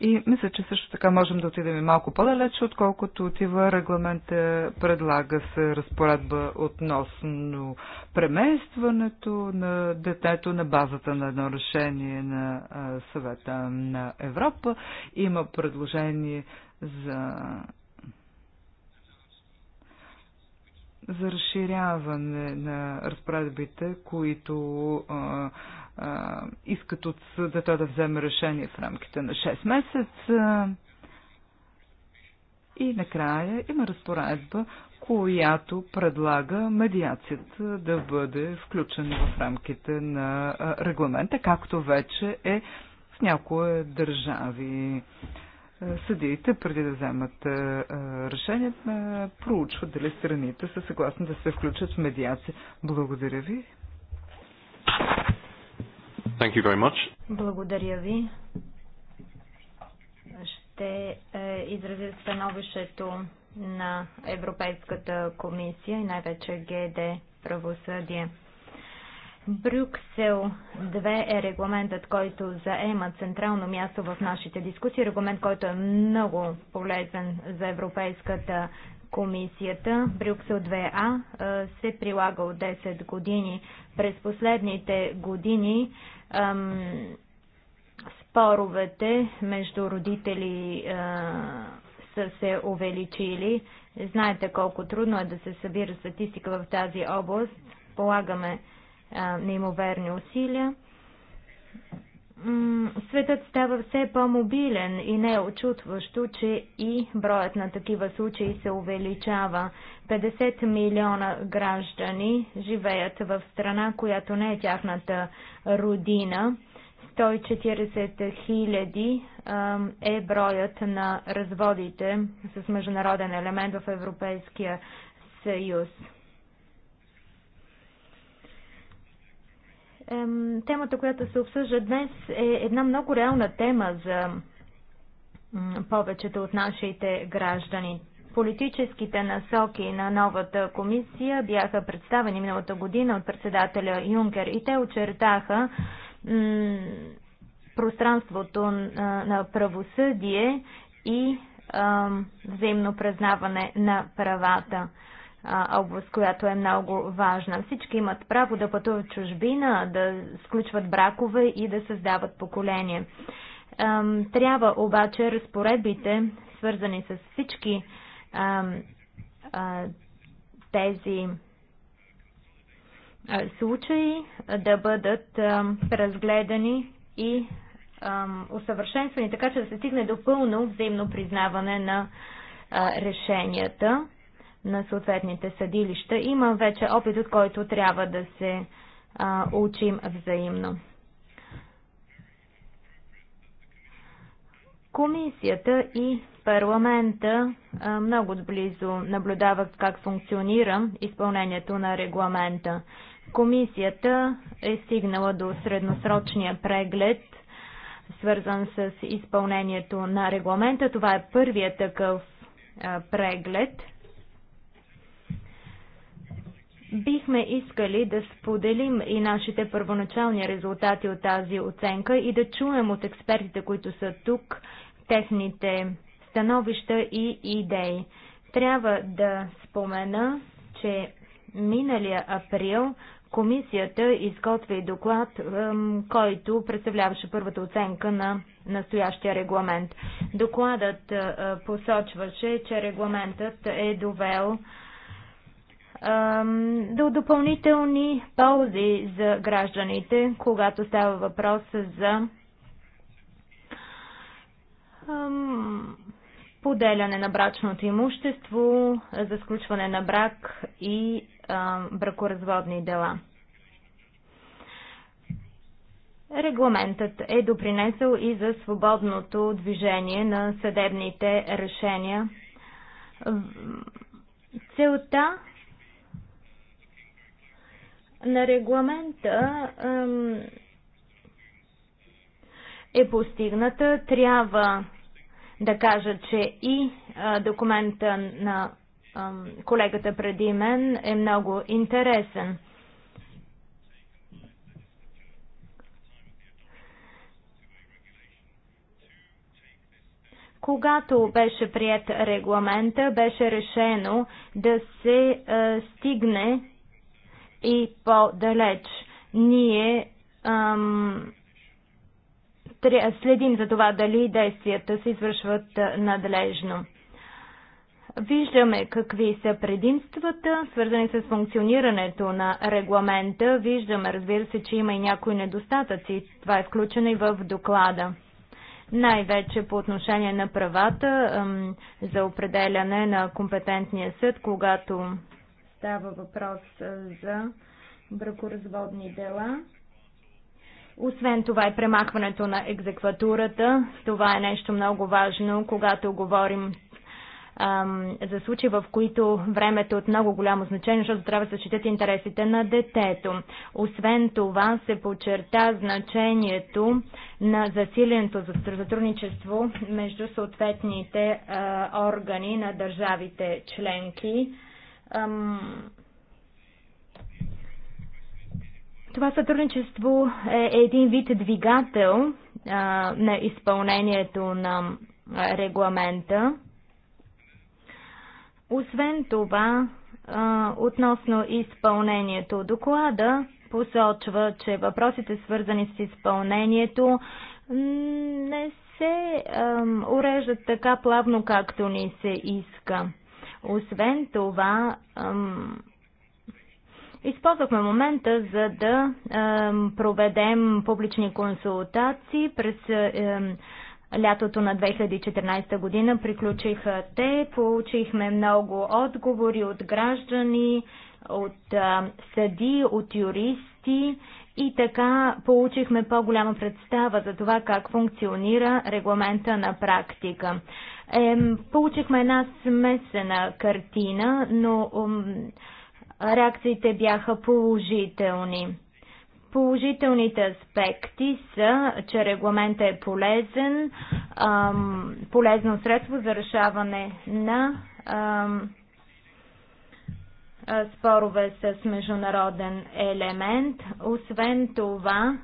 И мисля, че също така можем да отидем и малко по-далече, отколкото отива регламента, предлага се разпоредба относно преместването на детето на базата на едно решение на съвета на Европа. Има предложение за, за разширяване на разпоредбите, които а, а, искат от съда той да вземе решение в рамките на 6 месеца. И накрая има разпоредба, която предлага медиацията да бъде включена в рамките на регламента, както вече е в някои държави. Е, съдиите, преди да вземат е, е, решение, проучват дали страните са съгласни да се включат в медиация. Благодаря ви. Thank you very much. Благодаря ви. Ще изразя становището на Европейската комисия и най-вече ГД правосъдие. Брюксел 2 е регламентът, който заема централно място в нашите дискусии. Регламент, който е много полезен за Европейската комисията. Брюксел 2А се прилага от 10 години. През последните години ам, споровете между родители а, са се увеличили. Знаете колко трудно е да се събира статистика в тази област. Полагаме неимоверни усилия. Светът става все по-мобилен и не е очутващо, че и броят на такива случаи се увеличава. 50 милиона граждани живеят в страна, която не е тяхната родина. 140 хиляди е броят на разводите с международен елемент в Европейския съюз. темата, която се обсъжда днес, е една много реална тема за повечето от нашите граждани. Политическите насоки на новата комисия бяха представени миналата година от председателя Юнкер и те очертаха пространството на правосъдие и взаимно признаване на правата област, която е много важна. Всички имат право да пътуват чужбина, да сключват бракове и да създават поколение. Трябва обаче разпоредбите, свързани с всички тези случаи, да бъдат разгледани и усъвършенствани, така че да се стигне до пълно взаимно признаване на решенията на съответните съдилища. има вече опит, от който трябва да се а, учим взаимно. Комисията и парламента а, много отблизо наблюдават как функционира изпълнението на регламента. Комисията е стигнала до средносрочния преглед, свързан с изпълнението на регламента. Това е първият такъв а, преглед. Бихме искали да споделим и нашите първоначални резултати от тази оценка и да чуем от експертите, които са тук, техните становища и идеи. Трябва да спомена, че миналия април комисията изготви доклад, който представляваше първата оценка на настоящия регламент. Докладът е, посочваше, че регламентът е довел до допълнителни ползи за гражданите, когато става въпрос за поделяне на брачното имущество, за сключване на брак и бракоразводни дела. Регламентът е допринесъл и за свободното движение на съдебните решения. Целта на регламента е постигната. Трябва да кажа, че и документа на колегата преди мен е много интересен. Когато беше прият регламента, беше решено да се стигне и по-далеч. Ние ам, следим за това дали действията се извършват надлежно. Виждаме какви са предимствата, свързани с функционирането на регламента. Виждаме, разбира се, че има и някои недостатъци. Това е включено и в доклада. Най-вече по отношение на правата за определяне на компетентния съд, когато Става въпрос за бракоразводни дела. Освен това е премахването на екзекватурата. Това е нещо много важно, когато говорим ам, за случаи, в които времето е от много голямо значение, защото трябва да се защитят интересите на детето. Освен това се подчерта значението на засиленото за сътрудничество между съответните а, органи на държавите членки. Ам... Това сътрудничество е един вид двигател а, на изпълнението на регламента. Освен това, а, относно изпълнението доклада, посочва, че въпросите свързани с изпълнението не се а, уреждат така плавно, както ни се иска. Освен това, Използвахме момента, за да е, проведем публични консултации през е, лятото на 2014 година. Приключиха те, получихме много отговори от граждани, от е, съди, от юристи. И така получихме по-голяма представа за това как функционира регламента на практика. Е, получихме една смесена картина, но реакциите бяха положителни. Положителните аспекти са, че регламентът е полезен, ам, полезно средство за решаване на ам, спорове с международен елемент. Освен това,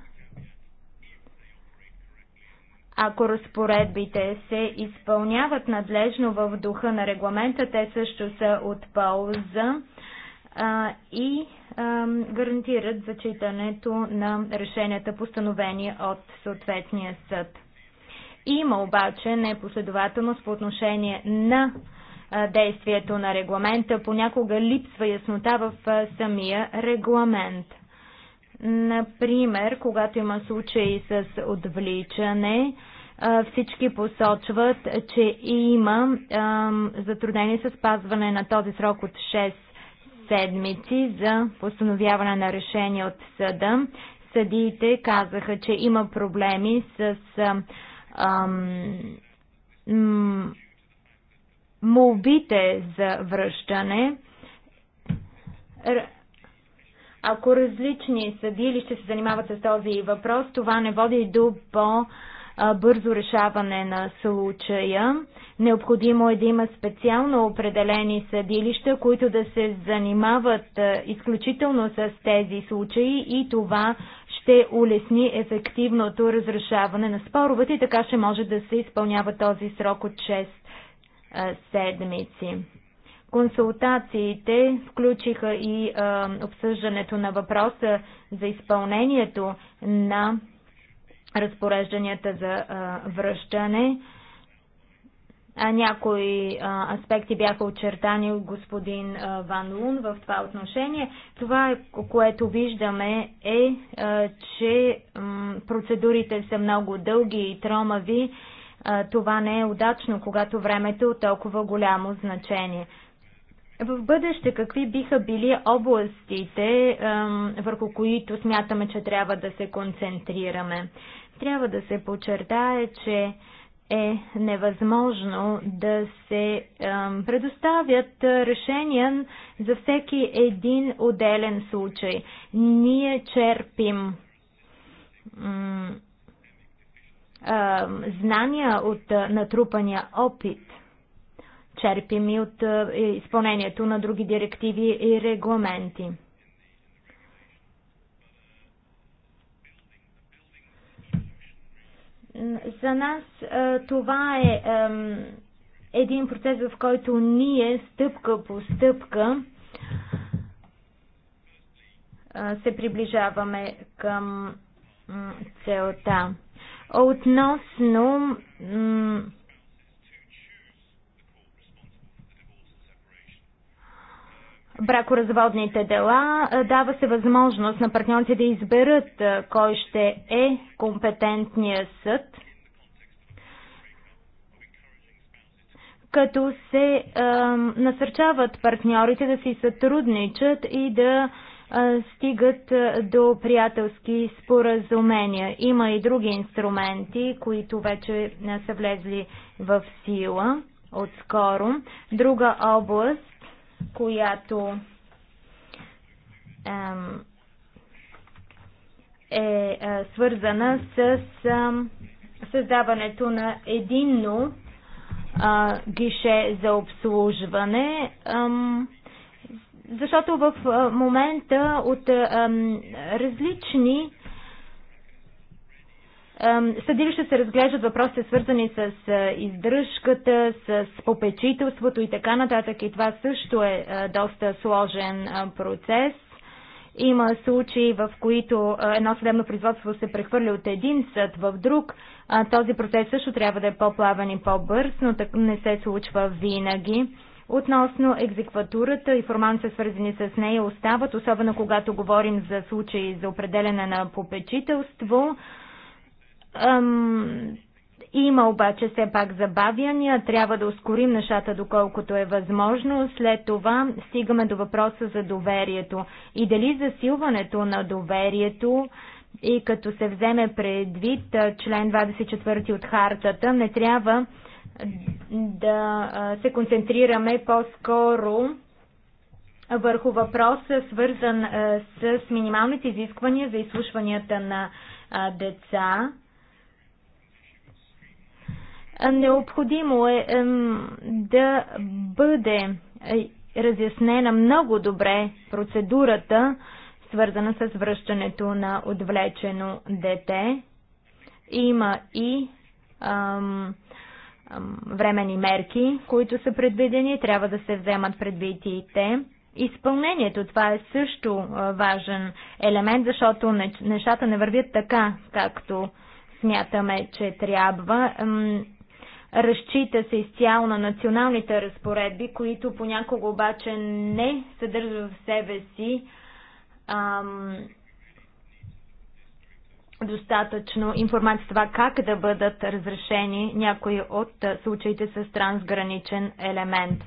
ако разпоредбите се изпълняват надлежно в духа на регламента, те също са от полза и гарантират зачитането на решенията, постановени от съответния съд. Има обаче непоследователност по отношение на действието на регламента. Понякога липсва яснота в самия регламент. Например, когато има случаи с отвличане, всички посочват, че има затруднение с спазване на този срок от 6 седмици за постановяване на решение от съда. Съдиите казаха, че има проблеми с молбите за връщане, ако различни съдилища се занимават с този въпрос, това не води до по- бързо решаване на случая. Необходимо е да има специално определени съдилища, които да се занимават изключително с тези случаи и това ще улесни ефективното разрешаване на споровете и така ще може да се изпълнява този срок от седмици. Консултациите включиха и а, обсъждането на въпроса за изпълнението на разпорежданията за а, връщане. А някои а, аспекти бяха очертани от господин а, Ван Лун в това отношение. Това, което виждаме е, а, че м, процедурите са много дълги и тромави това не е удачно, когато времето е от толкова голямо значение. В бъдеще какви биха били областите, върху които смятаме, че трябва да се концентрираме? Трябва да се подчертае, че е невъзможно да се предоставят решения за всеки един отделен случай. Ние черпим знания от натрупания опит. Черпим и от изпълнението на други директиви и регламенти. За нас това е един процес, в който ние стъпка по стъпка се приближаваме към целта. Относно бракоразводните дела дава се възможност на партньорите да изберат кой ще е компетентния съд, като се е, насърчават партньорите да си сътрудничат и да стигат до приятелски споразумения. Има и други инструменти, които вече не са влезли в сила отскоро. Друга област, която ем, е, е свързана с създаването на единно е, гише за обслужване защото в момента от различни съдилища се разглеждат въпросите свързани с издръжката, с попечителството и така нататък. И това също е доста сложен процес. Има случаи, в които едно съдебно производство се прехвърля от един съд в друг. Този процес също трябва да е по-плавен и по-бърз, но не се случва винаги. Относно екзекватурата и формалните свързани с нея остават, особено когато говорим за случаи за определене на попечителство. Ам, има обаче все пак забавяния, трябва да ускорим нещата доколкото е възможно. След това стигаме до въпроса за доверието и дали засилването на доверието и като се вземе предвид член 24 от хартата, не трябва да се концентрираме по-скоро върху въпроса, свързан с минималните изисквания за изслушванията на деца. Необходимо е да бъде е, разяснена много добре процедурата, свързана с връщането на отвлечено дете. Има и ам, Временни мерки, които са предвидени, трябва да се вземат предвид и те. Изпълнението, това е също важен елемент, защото нещата не вървят така, както смятаме, че трябва. Разчита се изцяло на националните разпоредби, които понякога обаче не съдържат в себе си ам, достатъчно информация за това как да бъдат разрешени някои от случаите с трансграничен елемент.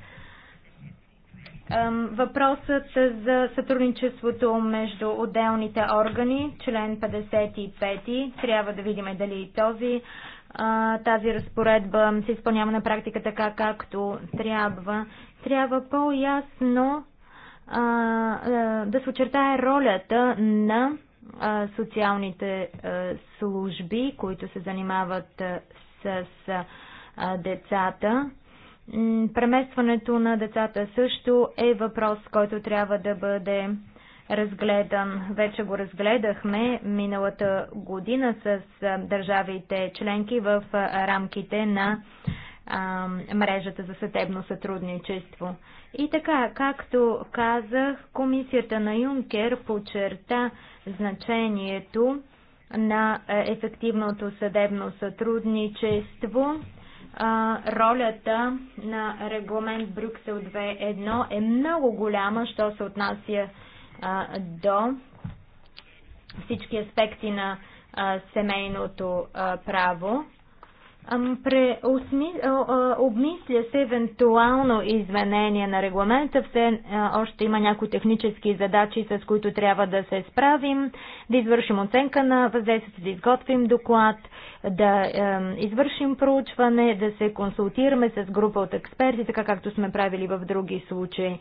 Въпросът за сътрудничеството между отделните органи, член 55, трябва да видим дали и този, тази разпоредба се изпълнява на практика така, както трябва. Трябва по-ясно да се очертае ролята на социалните служби, които се занимават с децата. Преместването на децата също е въпрос, който трябва да бъде разгледан. Вече го разгледахме миналата година с държавите членки в рамките на мрежата за съдебно сътрудничество. И така, както казах, комисията на Юнкер подчерта значението на ефективното съдебно сътрудничество. ролята на регламент Брюксел 2.1 е много голяма, що се отнася до всички аспекти на семейното право. Преосми... Обмисля се евентуално изменение на регламента. Все още има някои технически задачи, с които трябва да се справим, да извършим оценка на въздействието, да изготвим доклад, да извършим проучване, да се консултираме с група от експерти, така както сме правили в други случаи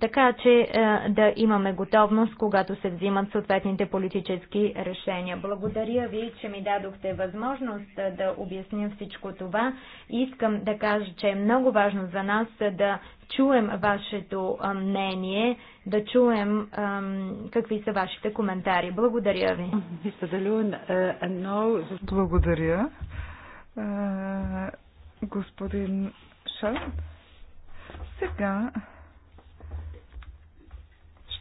така че е, да имаме готовност, когато се взимат съответните политически решения. Благодаря ви, че ми дадохте възможност е, да обясня всичко това. Искам да кажа, че е много важно за нас е, да чуем вашето мнение, да чуем какви са вашите коментари. Благодаря ви. Благодаря. Господин Шал, сега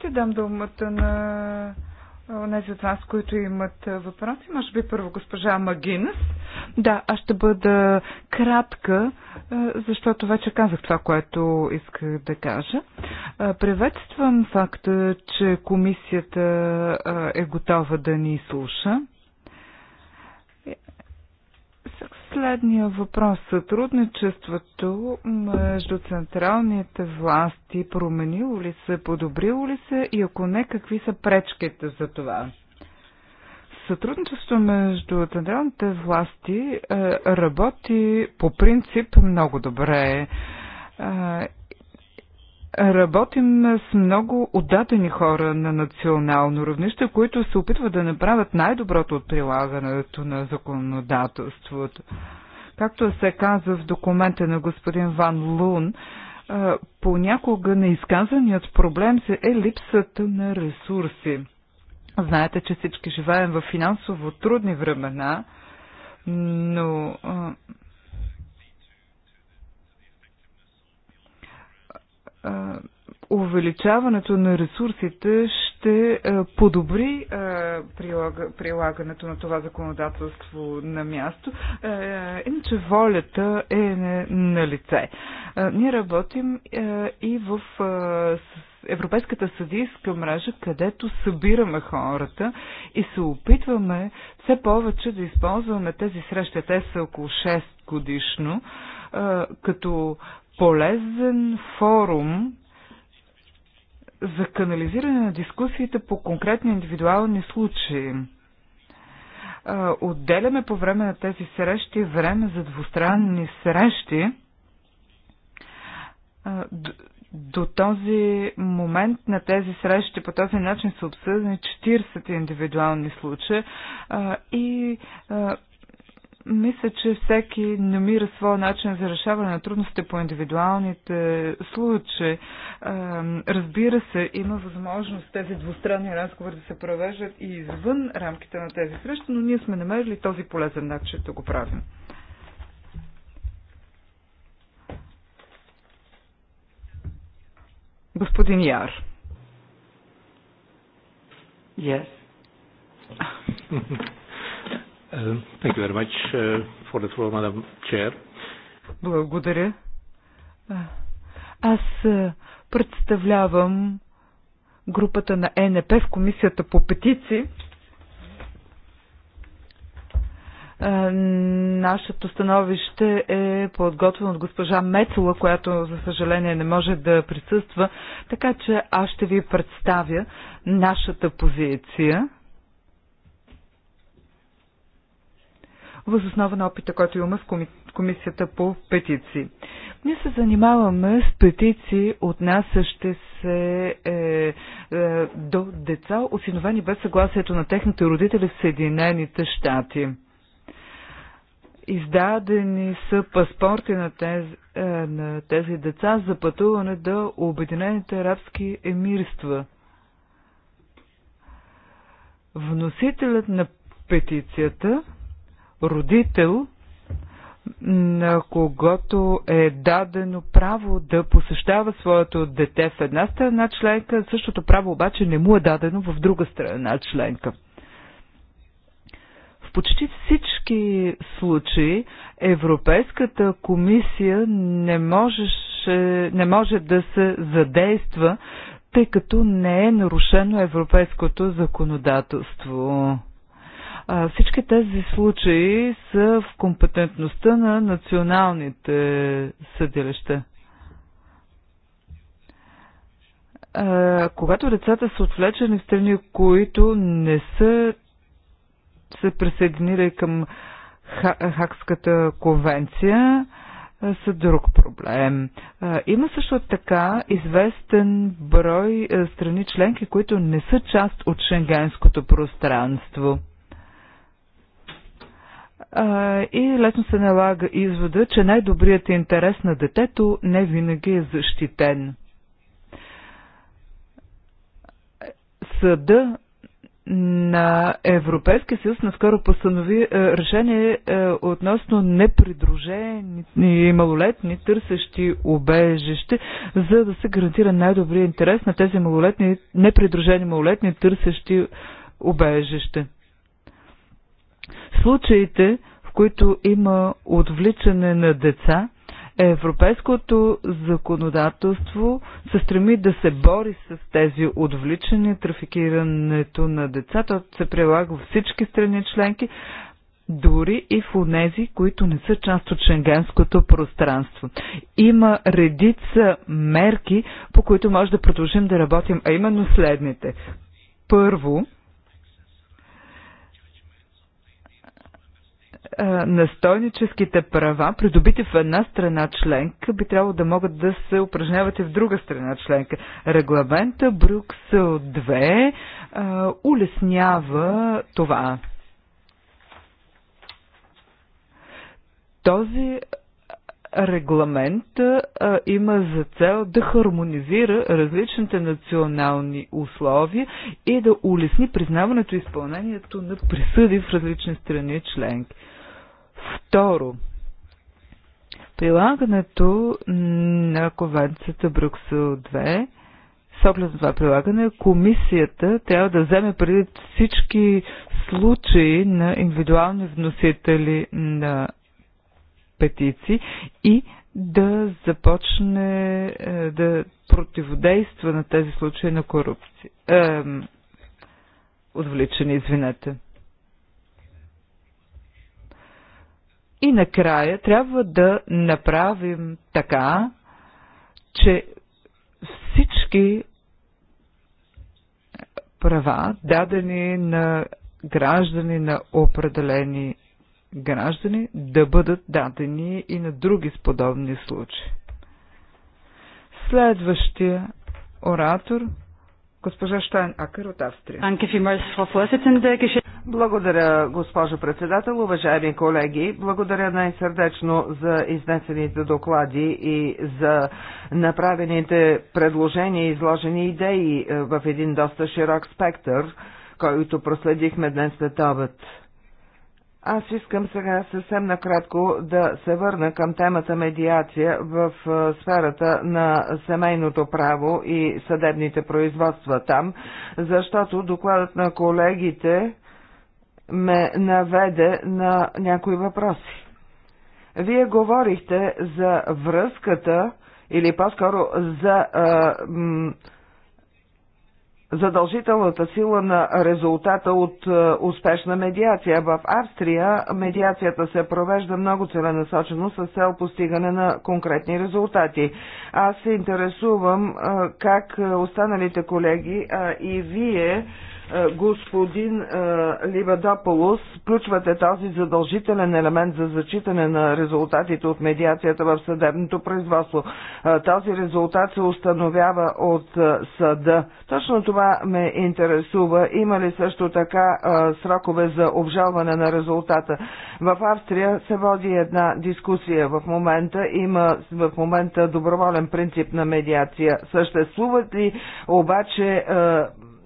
ще дам думата на тези от вас, които имат въпроси. Може би първо госпожа Магинес. Да, аз ще бъда кратка, защото вече казах това, което исках да кажа. Приветствам факта, че комисията е готова да ни слуша. Следния въпрос. Сътрудничеството между централните власти променило ли се, подобрило ли се и ако не, какви са пречките за това? Сътрудничеството между централните власти е, работи по принцип много добре. Е, Работим с много отдадени хора на национално равнище, които се опитват да направят най-доброто от прилагането на законодателството. Както се казва в документа на господин Ван Лун, понякога неизказаният проблем се е липсата на ресурси. Знаете, че всички живеем в финансово трудни времена, но увеличаването на ресурсите ще подобри прилагането на това законодателство на място. Иначе волята е на лице. Ние работим и в Европейската съдийска мрежа, където събираме хората и се опитваме все повече да използваме тези срещи. Те са около 6 годишно, като полезен форум за канализиране на дискусиите по конкретни индивидуални случаи. Отделяме по време на тези срещи време за двустранни срещи. До този момент на тези срещи по този начин са обсъдени 40 индивидуални случая и мисля, че всеки намира своя начин за решаване на трудностите по индивидуалните случаи. Разбира се, има възможност тези двустранни разговори да се провеждат и извън рамките на тези срещи, но ние сме намерили този полезен начин да го правим. Господин Яр. Yes. [LAUGHS] Uh, thank you very much uh, for the floor, Madam Chair. Благодаря. Аз представлявам групата на ЕНП в Комисията по петиции. Нашето становище е подготвено от госпожа Мецела, която за съжаление не може да присъства, така че аз ще ви представя нашата позиция. възоснова на опита, който имаме в комисията по петиции. Ние се занимаваме с петиции, отнасящи се е, е, до деца, осиновени без съгласието на техните родители в Съединените щати. Издадени са паспорти на тези, е, на тези деца за пътуване до Обединените арабски емирства. Вносителят на петицията родител, на когото е дадено право да посещава своето дете в една страна членка, същото право обаче не му е дадено в друга страна членка. В почти всички случаи Европейската комисия не, можеше, не може да се задейства, тъй като не е нарушено европейското законодателство. Всички тези случаи са в компетентността на националните съдилища. Когато децата са отвлечени в страни, които не са се присъединили към Хакската конвенция, са друг проблем. Има също така известен брой страни членки, които не са част от шенгенското пространство а, и лесно се налага извода, че най-добрият интерес на детето не винаги е защитен. Съда на Европейския съюз наскоро постанови е, решение е, относно непридружени и малолетни, търсещи обежище, за да се гарантира най-добрия интерес на тези малолетни, непридружени малолетни, търсещи обежище случаите, в които има отвличане на деца, европейското законодателство се стреми да се бори с тези отвличания, трафикирането на деца. То се прилага във всички страни членки, дори и в онези, които не са част от шенгенското пространство. Има редица мерки, по които може да продължим да работим, а именно следните. Първо, настойническите права, придобити в една страна членка, би трябвало да могат да се упражняват и в друга страна членка. Регламента Брюксел 2 а, улеснява това. Този регламент а, има за цел да хармонизира различните национални условия и да улесни признаването и изпълнението на присъди в различни страни членки. Второ, прилагането на конвенцията Брюксел 2 с оглед на това прилагане, комисията трябва да вземе преди всички случаи на индивидуални вносители на петиции и да започне е, да противодейства на тези случаи на корупция. Е, отвличане, извинете. И накрая трябва да направим така, че всички права, дадени на граждани на определени граждани, да бъдат дадени и на други подобни случаи. Следващия оратор Госпожа Штайн Акър от Австрия. Благодаря, госпожо председател, уважаеми колеги. Благодаря най-сърдечно за изнесените доклади и за направените предложения и изложени идеи е, в един доста широк спектър, който проследихме днес след обед. Аз искам сега съвсем накратко да се върна към темата медиация в сферата на семейното право и съдебните производства там, защото докладът на колегите ме наведе на някои въпроси. Вие говорихте за връзката или по-скоро за а, м, задължителната сила на резултата от е, успешна медиация. В Австрия медиацията се провежда много целенасочено с цел постигане на конкретни резултати. Аз се интересувам е, как е, останалите колеги и вие е, господин е, Ливадаполос, включвате този задължителен елемент за зачитане на резултатите от медиацията в съдебното производство. Е, този резултат се установява от съда. Точно това ме интересува. Има ли също така срокове за обжалване на резултата? В Австрия се води една дискусия в момента. Има в момента доброволен принцип на медиация. Съществуват ли обаче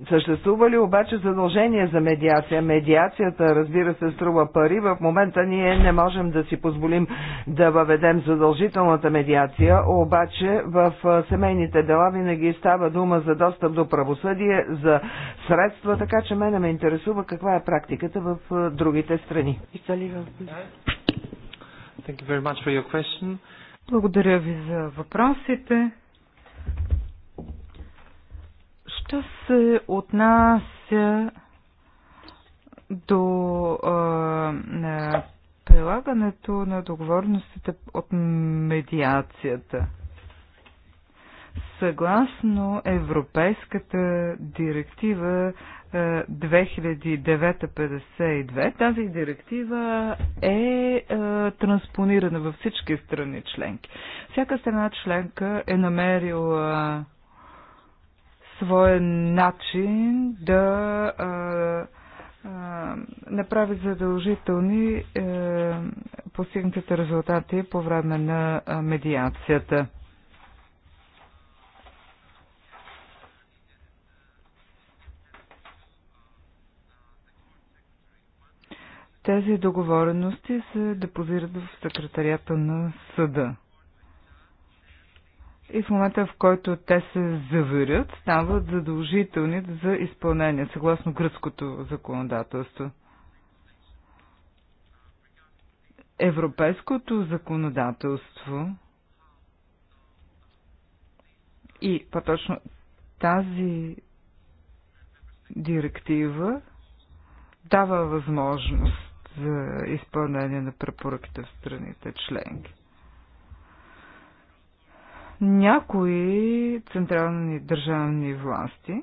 съществува ли обаче задължение за медиация? Медиацията, разбира се, струва пари. В момента ние не можем да си позволим да въведем задължителната медиация, обаче в семейните дела винаги става дума за достъп до правосъдие, за средства, така че мене ме интересува каква е практиката в другите страни. Благодаря ви за въпросите. Що се отнася до а, прилагането на договорностите от медиацията. Съгласно Европейската директива 2009-52, тази директива е транспонирана във всички страни членки. Всяка страна членка е намерила своя начин да а, а, направи задължителни а, е, постигнатите резултати по време на медиацията. Тези договорености се депозират в секретарията на съда и в момента, в който те се заверят, стават задължителни за изпълнение, съгласно гръцкото законодателство. Европейското законодателство и по-точно тази директива дава възможност за изпълнение на препоръките в страните членки. Някои централни държавни власти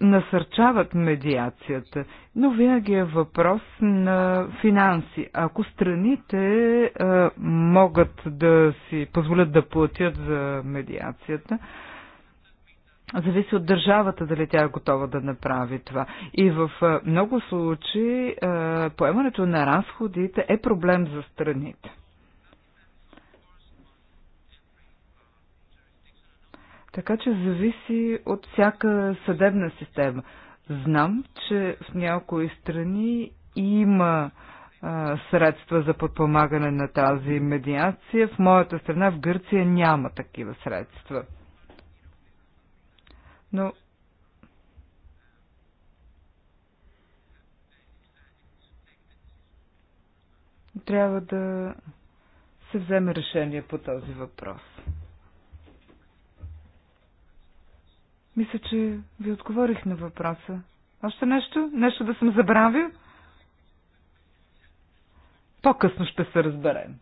насърчават медиацията, но винаги е въпрос на финанси. Ако страните могат да си позволят да платят за медиацията, Зависи от държавата дали тя е готова да направи това. И в много случаи поемането на разходите е проблем за страните. Така че зависи от всяка съдебна система. Знам, че в някои страни има а, средства за подпомагане на тази медиация. В моята страна, в Гърция, няма такива средства. Но трябва да се вземе решение по този въпрос. Мисля, че ви отговорих на въпроса. Още нещо? Нещо да съм забравил? По-късно ще се разберем.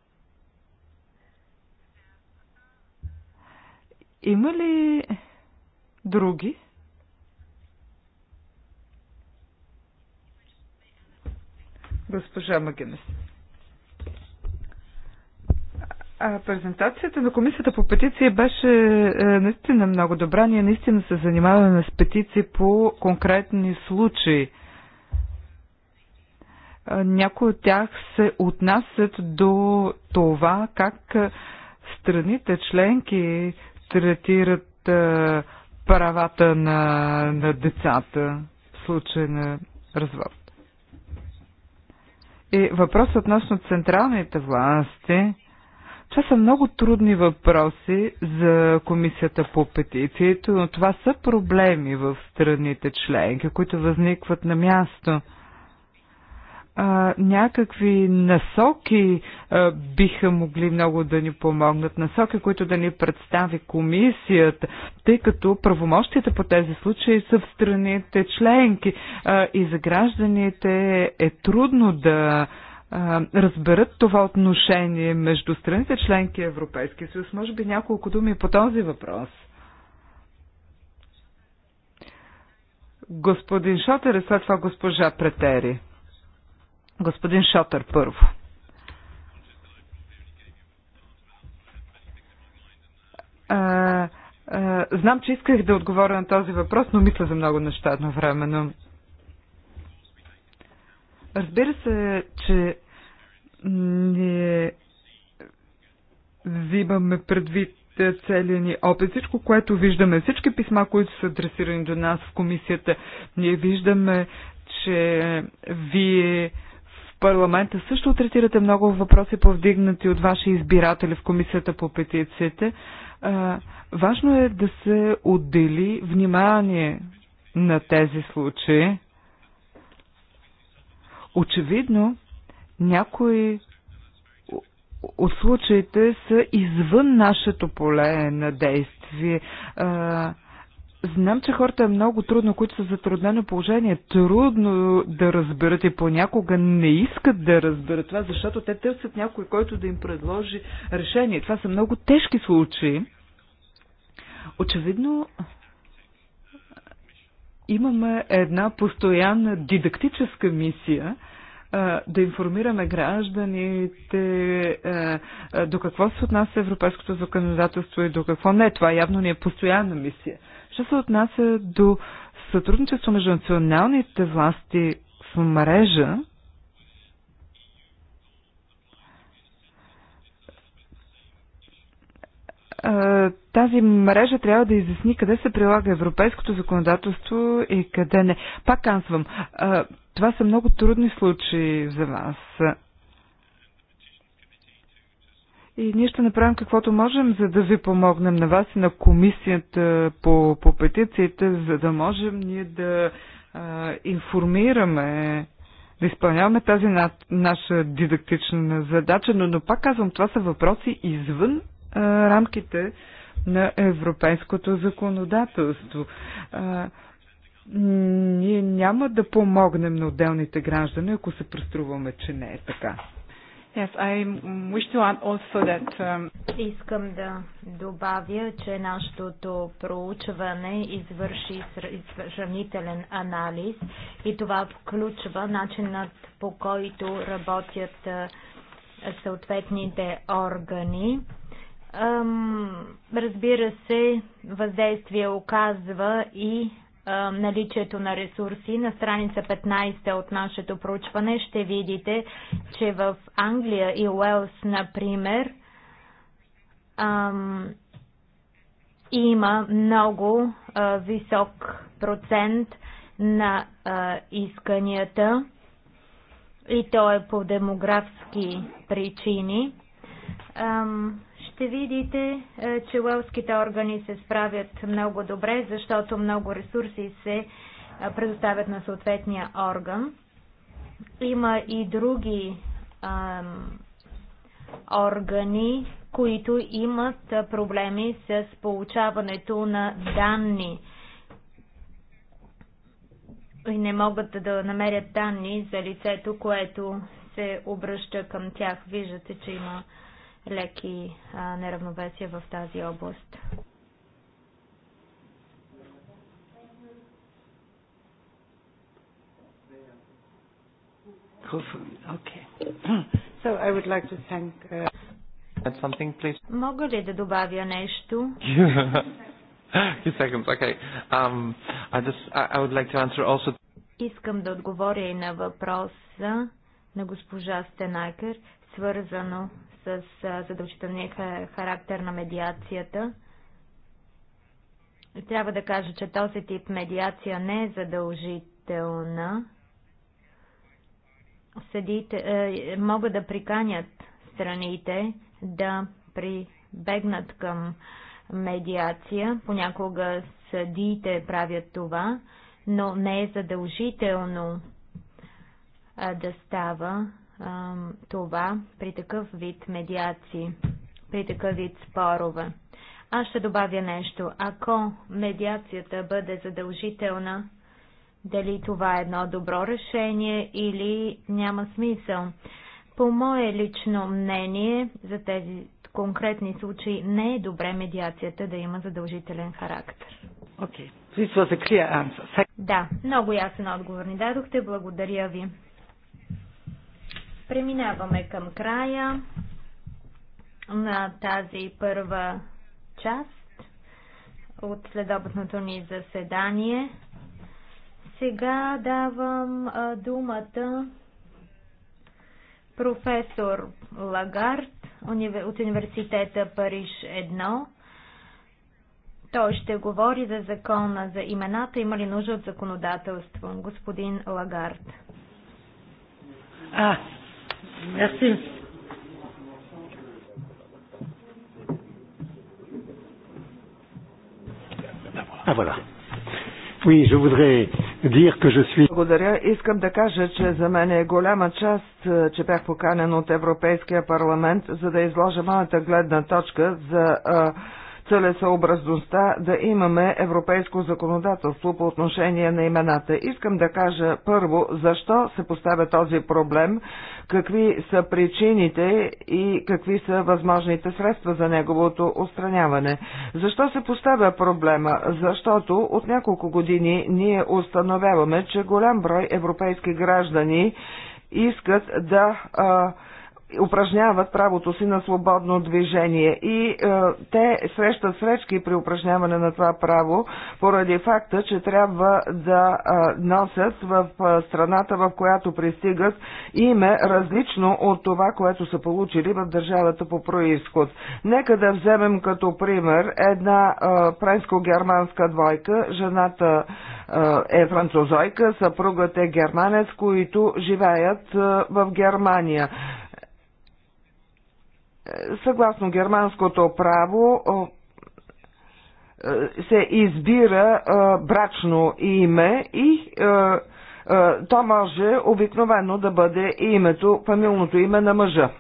Има ли други? Госпожа Магенес. А, презентацията на комисията по петиции беше е, наистина много добра. Ние наистина се занимаваме с петиции по конкретни случаи. Някои от тях се отнасят до това как страните членки третират е, правата на, на децата в случай на развод. И въпрос относно централните власти – това са много трудни въпроси за комисията по петициите, но това са проблеми в страните членки, които възникват на място а, някакви насоки а, биха могли много да ни помогнат, насоки, които да ни представи комисията, тъй като правомощите по тези случаи са в страните членки а, и за гражданите е трудно да разберат това отношение между страните членки Европейския съюз. Може би няколко думи по този въпрос. Господин Шотер и е след това госпожа Претери. Господин Шотер първо. А, а, знам, че исках да отговоря на този въпрос, но мисля за много неща едновременно. Разбира се, че не взимаме предвид целият ни опит, всичко, което виждаме, всички писма, които са адресирани до нас в комисията, ние виждаме, че вие в парламента също третирате много въпроси, повдигнати от ваши избиратели в комисията по петициите. важно е да се отдели внимание на тези случаи. Очевидно, някои от случаите са извън нашето поле на действие. Знам, че хората е много трудно, които са затруднено положение, трудно да разберат и понякога не искат да разберат това, защото те търсят някой, който да им предложи решение. Това са много тежки случаи. Очевидно, имаме една постоянна дидактическа мисия, да информираме гражданите до какво се отнася европейското законодателство и до какво не. Това явно ни е постоянна мисия. Що се отнася до сътрудничество между националните власти в мрежа, тази мрежа трябва да изясни къде се прилага европейското законодателство и къде не. Пак казвам, това са много трудни случаи за вас. И ние ще направим каквото можем, за да ви помогнем на вас и на комисията по, по петициите, за да можем ние да а, информираме, да изпълняваме тази на, наша дидактична задача, но, но пак казвам, това са въпроси извън а, рамките на европейското законодателство. А, ние няма да помогнем на отделните граждани, ако се преструваме, че не е така. Yes, I wish to add also that, um... Искам да добавя, че нашето проучване извърши сравнителен анализ и това включва начинът по който работят съответните органи. Разбира се, въздействие оказва и наличието на ресурси. На страница 15 от нашето проучване ще видите, че в Англия и Уелс, например, има много висок процент на исканията и то е по демографски причини ще видите, е, че уелските органи се справят много добре, защото много ресурси се е, предоставят на съответния орган. Има и други ам, органи, които имат е, проблеми с получаването на данни и не могат да намерят данни за лицето, което се обръща към тях. Виждате, че има леки неравновесия в тази област. Okay. [CLEARS THROAT] So I would like to thank uh, Мога ли да добавя нещо? [LAUGHS] okay. um, I just, I like also... Искам да отговоря и на въпроса на госпожа Стенакер, свързано с задължителния характер на медиацията. Трябва да кажа, че този тип медиация не е задължителна. Съдите е, могат да приканят страните да прибегнат към медиация. Понякога съдиите правят това, но не е задължително да става това при такъв вид медиации, при такъв вид спорове. Аз ще добавя нещо. Ако медиацията бъде задължителна, дали това е едно добро решение или няма смисъл. По мое лично мнение, за тези конкретни случаи не е добре медиацията да има задължителен характер. Okay. Да, много ясен отговор ни дадохте. Благодаря ви. Преминаваме към края на тази първа част от следобедното ни заседание. Сега давам думата професор Лагард от университета Париж 1. Той ще говори за закона за имената. Има ли нужда от законодателство? Господин Лагард. А, Merci. Ah voilà. Oui, je voudrais dire que je suis... Благодаря. Искам да кажа, че за мен е голяма част, е, че бях поканен от Европейския парламент, за да изложа моята гледна точка за а, е, целесъобразността да имаме европейско законодателство по отношение на имената. Искам да кажа първо защо се поставя този проблем, какви са причините и какви са възможните средства за неговото устраняване. Защо се поставя проблема? Защото от няколко години ние установяваме, че голям брой европейски граждани искат да а, упражняват правото си на свободно движение и е, те срещат сречки при упражняване на това право поради факта, че трябва да е, носят в е, страната, в която пристигат име различно от това, което са получили в държавата по происход. Нека да вземем като пример една е, пренско германска двойка, жената е, е французойка, съпругът е германец, които живеят е, в Германия съгласно германското право е, се избира е, брачно име и е, то може обикновено да бъде името, фамилното име на мъжа.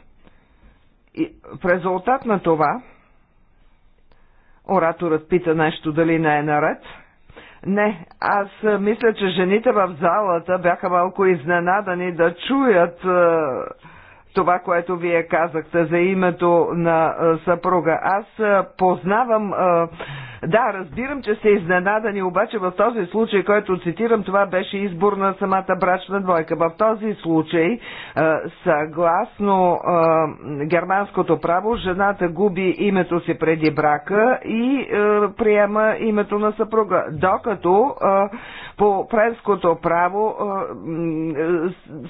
И в резултат на това, ораторът пита нещо дали не е наред. Не, аз мисля, че жените в залата бяха малко изненадани да чуят е, това, което вие казахте за името на съпруга. Аз познавам, да, разбирам, че сте изненадани, обаче в този случай, който цитирам, това беше избор на самата брачна двойка. В този случай, съгласно германското право, жената губи името си преди брака и приема името на съпруга. Докато по френското право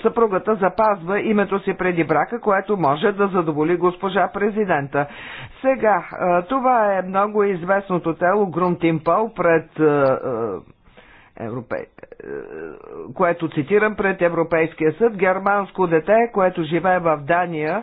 съпругата запазва името си преди брака, което може да задоволи госпожа президента. Сега, това е много известното тело Грунтимпъл пред Европе... което цитирам пред Европейския съд, германско дете, което живее в Дания,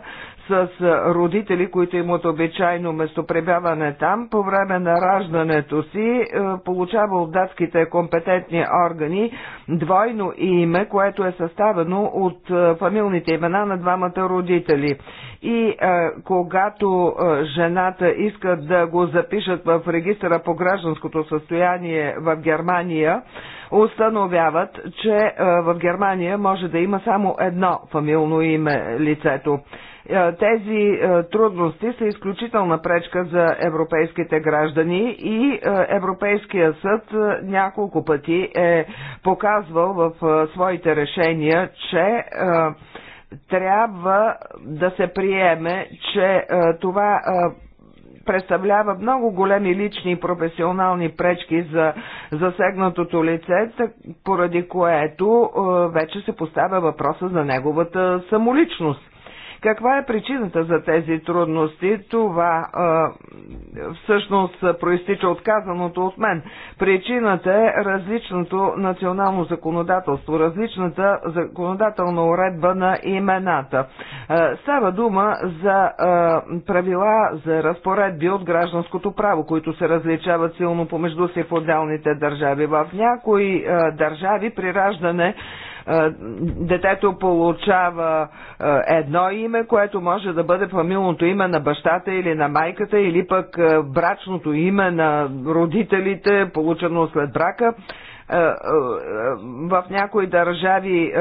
с родители, които имат обичайно местопребяване там, по време на раждането си е, получава от датските компетентни органи двойно име, което е съставено от е, фамилните имена на двамата родители. И е, когато е, жената иска да го запишат в регистъра по гражданското състояние в Германия, установяват, че в Германия може да има само едно фамилно име лицето. Е, тези е, трудности са изключителна пречка за европейските граждани и е, Европейския съд няколко пъти е показвал в своите решения, че трябва да се приеме, че това представлява много големи лични и професионални пречки за засегнатото лице, поради което вече се поставя въпроса за неговата самоличност. Каква е причината за тези трудности? Това а, всъщност проистича от казаното от мен. Причината е различното национално законодателство, различната законодателна уредба на имената. А, става дума за а, правила, за разпоредби от гражданското право, които се различават силно помежду си в отделните държави. В някои а, държави при раждане е, детето получава е, едно име, което може да бъде фамилното име на бащата или на майката, или пък е, брачното име на родителите, получено след брака в някои държави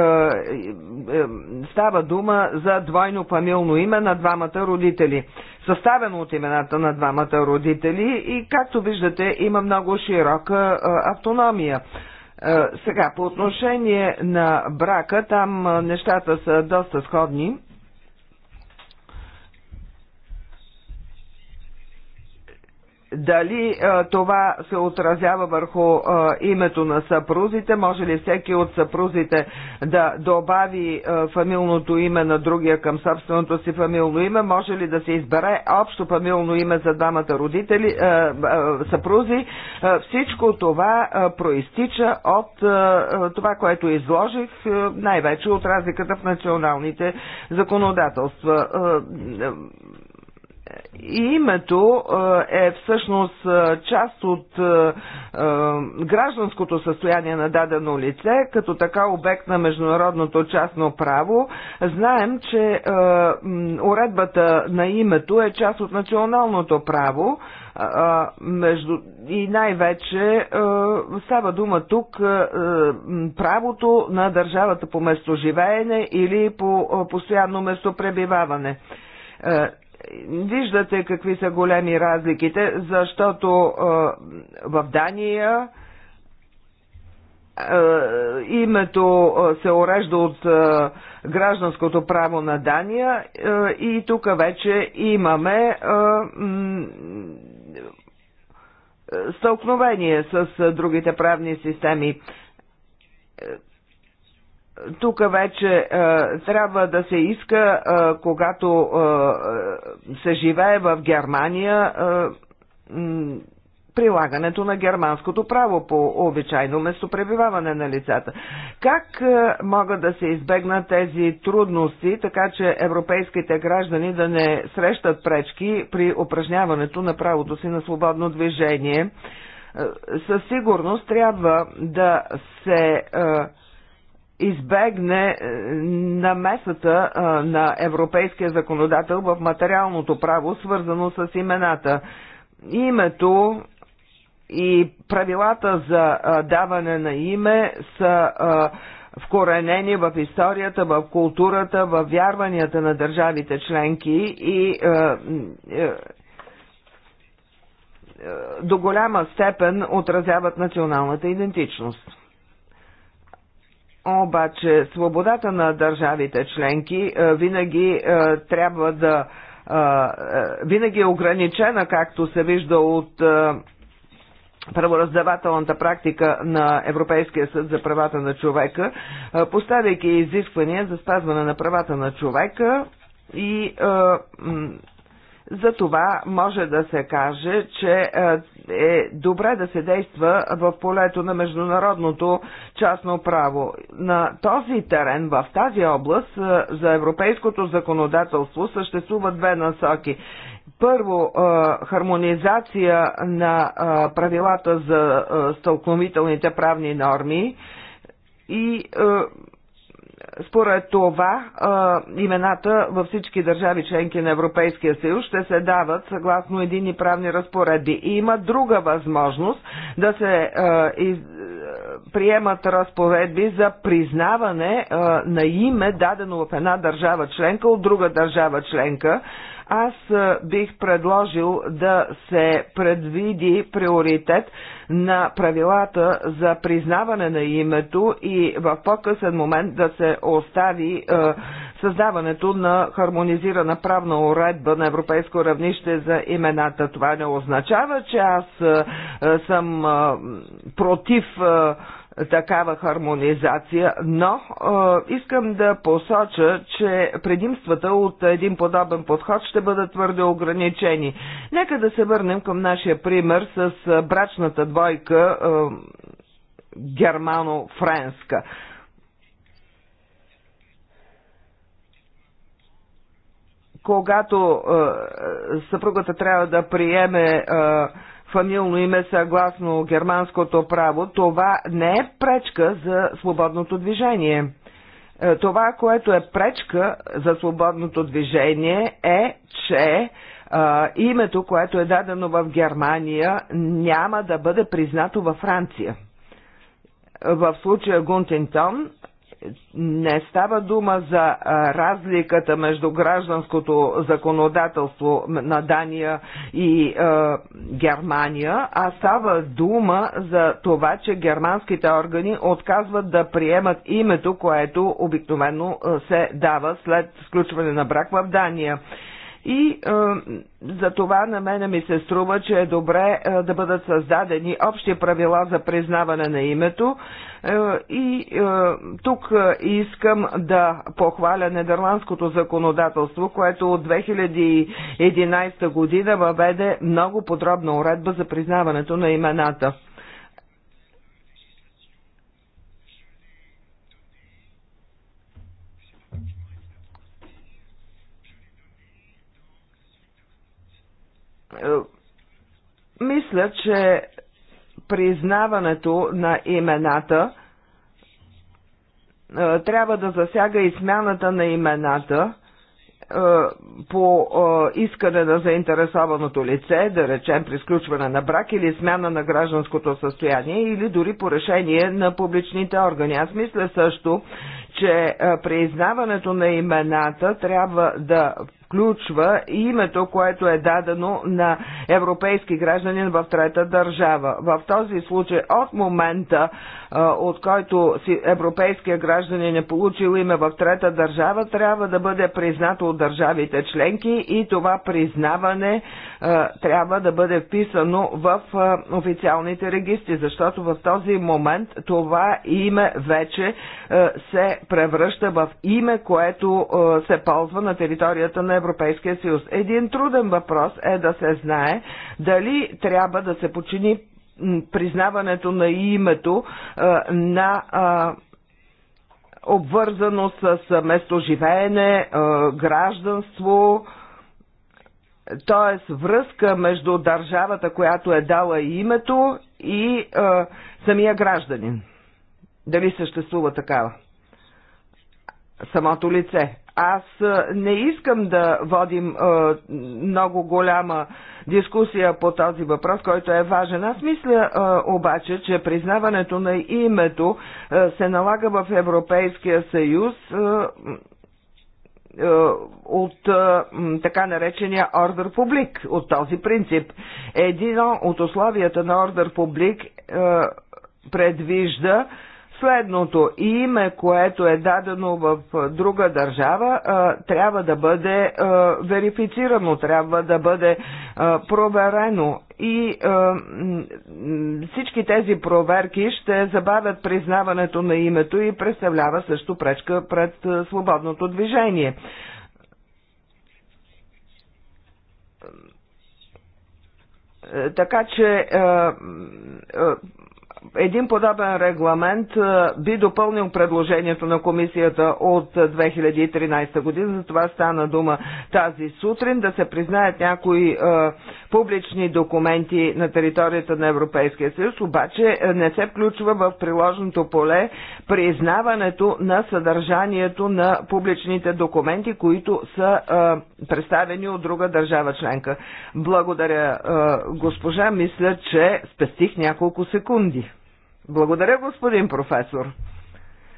става дума за двойно фамилно име на двамата родители, съставено от имената на двамата родители и както виждате има много широка автономия. Е, сега, по отношение на брака, там е, нещата са доста сходни. Дали това се отразява върху името на съпрузите? Може ли всеки от съпрузите да добави фамилното име на другия към собственото си фамилно име? Може ли да се избере общо фамилно име за двамата родители, съпрузи? Всичко това проистича от това, което изложих, най-вече от разликата в националните законодателства и името е всъщност част от гражданското състояние на дадено лице, като така обект на международното частно право. Знаем, че уредбата на името е част от националното право между, и най-вече става дума тук правото на държавата по местоживеене или по постоянно местопребиваване Виждате какви са големи разликите, защото в Дания името се урежда от гражданското право на Дания и тук вече имаме стълкновение с другите правни системи тук вече е, трябва да се иска, е, когато е, се живее в Германия, е, прилагането на германското право по обичайно местопребиваване на лицата. Как е, могат да се избегнат тези трудности, така че европейските граждани да не срещат пречки при упражняването на правото си на свободно движение? Е, със сигурност трябва да се. Е, избегне е, намесата е, на европейския законодател в материалното право, свързано с имената. Името и правилата за е, даване на име са вкоренени в историята, в културата, в вярванията на държавите членки и до голяма степен отразяват националната идентичност. Обаче свободата на държавите членки е, винаги е, трябва да е, винаги е ограничена, както се вижда от правораздавателната практика на Европейския съд за правата на човека, поставяйки изисквания за спазване на правата на човека и за това може да се каже, че е, е добре да се действа в полето на международното частно право. На този терен, в тази област, е, за европейското законодателство съществуват две насоки. Първо, е, хармонизация на правилата за стълкновителните правни норми и според това имената във всички държави членки на Европейския съюз ще се дават съгласно едини правни разпоредби. И има друга възможност да се из, приемат разпоредби за признаване на име дадено в една държава членка от друга държава членка аз бих предложил да се предвиди приоритет на правилата за признаване на името и в по-късен момент да се остави е, създаването на хармонизирана правна уредба на европейско равнище за имената. Това не означава, че аз е, съм е, против е, такава хармонизация, но е, искам да посоча, че предимствата от един подобен подход ще бъдат твърде ограничени. Нека да се върнем към нашия пример с брачната двойка е, германо-френска. Когато е, съпругата трябва да приеме е, фамилно име съгласно германското право, това не е пречка за свободното движение. Е, това, което е пречка за свободното движение е, че а, е, името, което е дадено в Германия, няма да бъде признато във Франция. Е, в случая Гунтентон не става дума за разликата между гражданското законодателство на Дания и е, Германия, а става дума за това, че германските органи отказват да приемат името, което обикновено се дава след сключване на брак в Дания. И е, за това на мене ми се струва, че е добре е, да бъдат създадени общи правила за признаване на името. Е, и е, тук е, искам да похваля нидерландското законодателство, което от 2011 година въведе много подробна уредба за признаването на имената. Е, мисля, че признаването на имената е, трябва да засяга и смяната на имената е, по искане на заинтересованото лице, да речем при сключване на брак или смяна на гражданското състояние или дори по решение на публичните органи. Аз мисля също, че признаването на имената трябва да включва името, което е дадено на европейски гражданин в трета държава. В този случай от момента, от който си европейския гражданин е получил име в трета държава, трябва да бъде признато от държавите членки и това признаване трябва да бъде вписано в официалните регистри, защото в този момент това име вече се превръща в име, което се ползва на територията на Европейския съюз. Един труден въпрос е да се знае дали трябва да се почини признаването на името е, на е, обвързано с е, местоживеене, гражданство, т.е. връзка между държавата, която е дала името и самия гражданин. Дали съществува такава? Самото лице. Аз не искам да водим много голяма дискусия по този въпрос, който е важен. Аз мисля обаче, че признаването на името се налага в Европейския съюз от така наречения ордер публик, от този принцип. Едино от условията на ордер публик предвижда следното име, което е дадено в друга държава, трябва да бъде верифицирано, трябва да бъде проверено. И всички тези проверки ще забавят признаването на името и представлява също пречка пред свободното движение. Е, така че един подобен регламент би допълнил предложението на комисията от 2013 година, за това стана дума тази сутрин, да се признаят някои е, публични документи на територията на Европейския съюз, обаче не се включва в приложното поле признаването на съдържанието на публичните документи, които са е, представени от друга държава членка. Благодаря, е, госпожа. Мисля, че спестих няколко секунди. Благодаря, господин професор,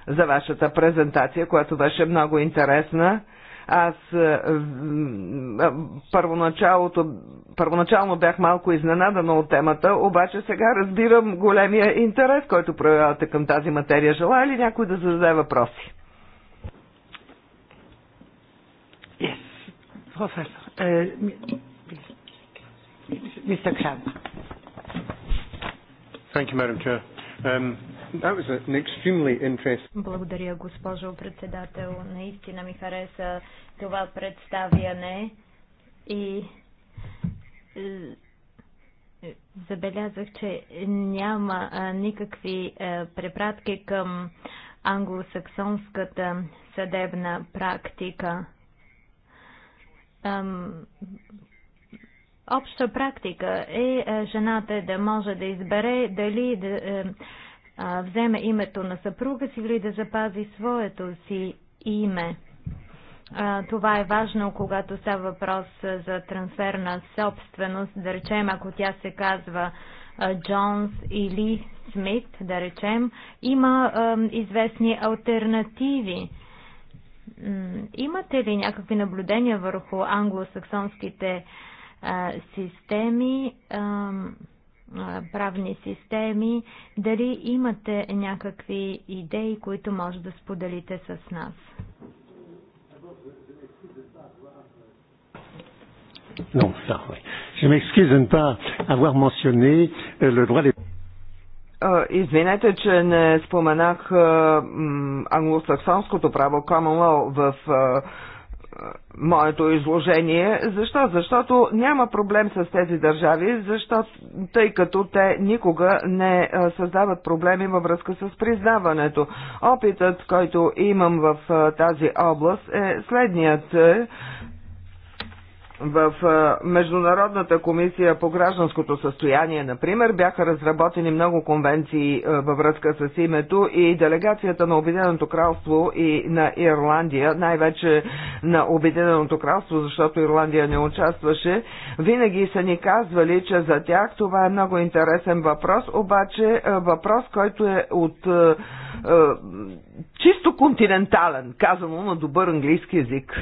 за вашата презентация, която беше много интересна. Аз е, е, първоначалото, първоначално бях малко изненадана от темата, обаче сега разбирам големия интерес, който проявявате към тази материя. Желая ли някой да зададе въпроси? Yes, професор. Е, мистер Крамер. Thank you, Madam Chair. Um, Благодаря, госпожо председател. Наистина ми хареса това представяне и е, забелязах, че няма е, никакви е, препратки към англосаксонската съдебна практика. Обща практика е, е жената е да може да избере дали да е, вземе името на съпруга си или да запази своето си име. Това е важно, когато става въпрос за трансфер на собственост. Да речем, ако тя се казва Джонс или Смит, да речем, има известни альтернативи. Имате ли някакви наблюдения върху англосаксонските системи, правни системи, дали имате някакви идеи, които може да споделите с нас? Non, ça, oui. Je m'excuse de ne pas avoir mentionné euh, le droit des... Uh, Извинете, че не споменах uh, англосаксонското право Common Law в е, моето изложение. Защо? Защото няма проблем с тези държави, защото, тъй като те никога не създават проблеми във връзка с признаването. Опитът, който имам в тази област е следният в Международната комисия по гражданското състояние, например, бяха разработени много конвенции във връзка с името и делегацията на Обединеното кралство и на Ирландия, най-вече на Обединеното кралство, защото Ирландия не участваше, винаги са ни казвали, че за тях това е много интересен въпрос, обаче е, въпрос, който е от е, е, чисто континентален, казано на добър английски язик.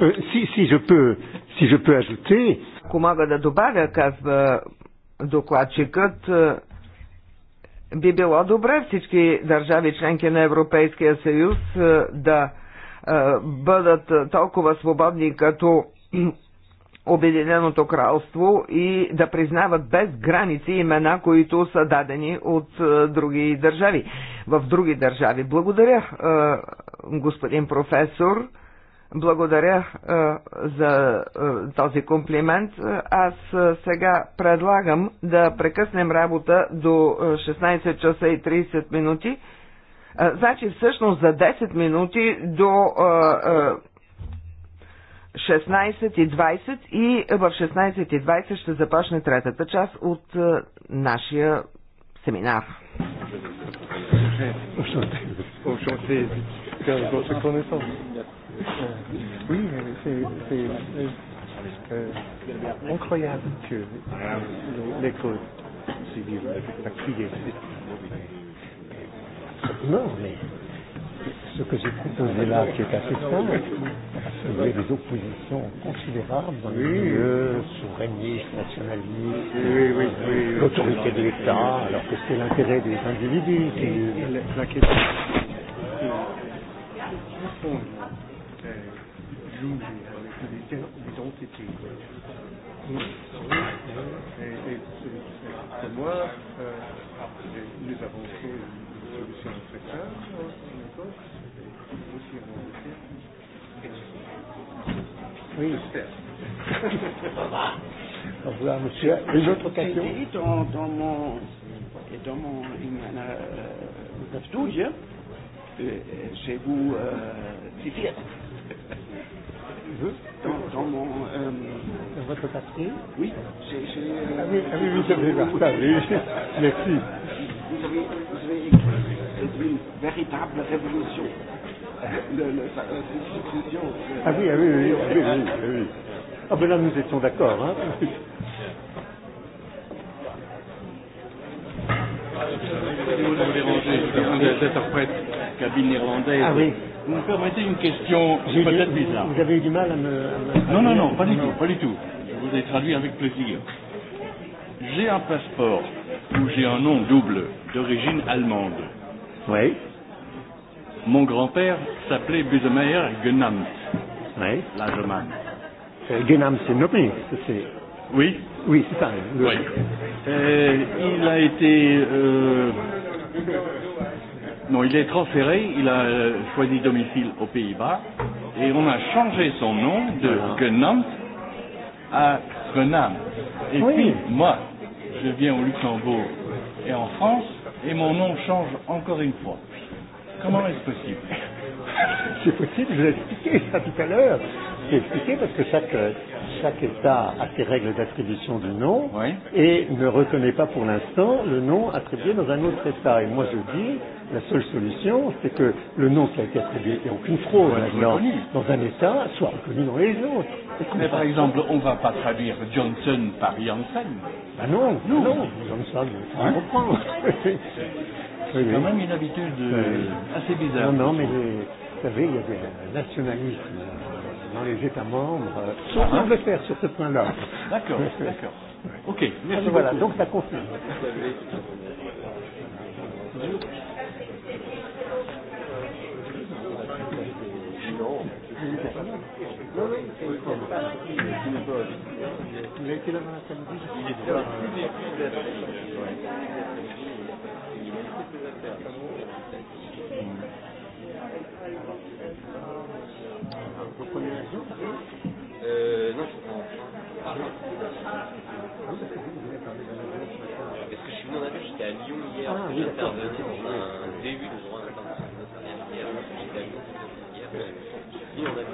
Euh, si, si je peux, si je peux ajouter, ако мога да добавя, казва докладчикът, е, би било добре всички държави членки на Европейския съюз е, да е, бъдат толкова свободни като Обединеното кралство и да признават без граници имена, които са дадени от други държави. В други държави. Благодаря, господин професор. Благодаря е, за е, този комплимент. Аз е, сега предлагам да прекъснем работа до 16 часа и 30 минути. Значи всъщност за 10 минути до 16 и 20 и в 16 и 20 ще започне третата част от нашия семинар. Enchanté. Enchanté. Quelle Oui, c'est euh, incroyable que les causes civiles, la crier. Non, mais ce que j'ai proposé là, qui est assez simple, il y a des oppositions considérables dans le milieu souverainiste, nationaliste, oui, oui, oui, l'autorité de l'État, alors que c'est l'intérêt des individus qui... La question usually avec des, des entités. Donc, et, et, pour moi, euh, les avancées de solutions de secteur, aussi en Oui, j'espère. Au revoir, monsieur. Une autre question dans, dans mon, dans mon euh, studio, c'est vous, euh, c'est dans, dans mon. Euh... Dans votre papier Oui. J'ai, j'ai, euh... ah, oui, oui, vous avez partagé. Merci. Vous avez, vous avez écrit c'est une véritable révolution. Le, le, la, succession. Ah oui, ah oui, oui, oui, oui, oui. Ah ben là, nous étions d'accord. Hein. Vous avez dérangé, vous avez interprète cabine irlandaise. Ah oui. Vous me permettez une question peut-être bizarre. Vous avez eu du mal à me. À me non, non, non, pas du tout, pas du tout. Je vous ai traduit avec plaisir. J'ai un passeport où j'ai un nom double d'origine allemande. Oui. Mon grand-père s'appelait Bismayer Genamt. Oui. L'Allemagne. Euh, Genamt, c'est nommé. Oui. Oui, c'est ça. Oui. Euh, il a été. Euh, Non, il est transféré, il a choisi domicile aux Pays-Bas et on a changé son nom de Genant à Renam. Et oui. puis, moi, je viens au Luxembourg et en France et mon nom change encore une fois. Comment est-ce possible C'est possible, je vous expliqué ça tout à l'heure. C'est expliqué parce que chaque, chaque État a ses règles d'attribution du nom oui. et ne reconnaît pas pour l'instant le nom attribué dans un autre État. Et moi je dis, La seule solution, c'est que le nom qui a été attribué, il n'y a aucune fraude ouais, dedans dans un État, soit reconnu dans les autres. Mais par exemple, on ne va pas traduire Johnson par Janssen. Ben non, non, non, Johnson, hein? comprend. C'est quand même une habitude assez bizarre. Non, non, mais vous savez, il y avait un nationalisme dans les États membres, sauf l'Angleterre sur ce point-là. D'accord, d'accord. Ok, merci. Voilà, donc ça confirme. no. Non, non, c'est une forme. Vous avez été là-bas samedi Il est là. Vous prenez l'avion euh, Non, je prends en train. Parce que je suis venu en avion, j'étais à Lyon hier, ah, oui, j'intervenais dans un début de journée. J'étais à Lyon hier feel that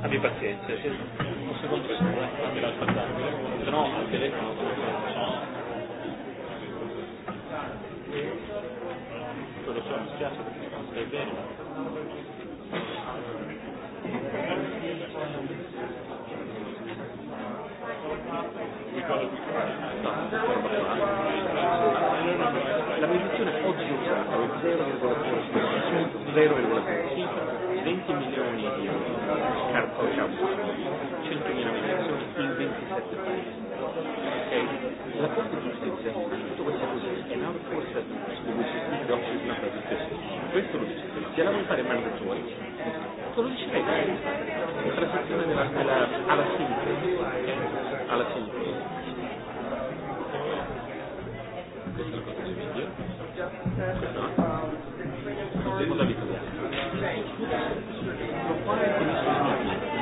abbi pazienza, se non fosse contro il sole, fammi l'altra se no al telefono lo so, mi spiace La mediazione oggi è 0,3%, 20 milioni di euro, diciamo, 100.000 mediazioni in 27 paesi. La Corte di Giustizia tutto questa è una forza gioco di una frase stessa. Questo lo dice, sia la volontà rimane da soli, solo dice lei, la transazione della, della, alla sintesi, alla sintesi. Questa è la cosa del video, questa no, vedremo dall'italiano. Propone condizioni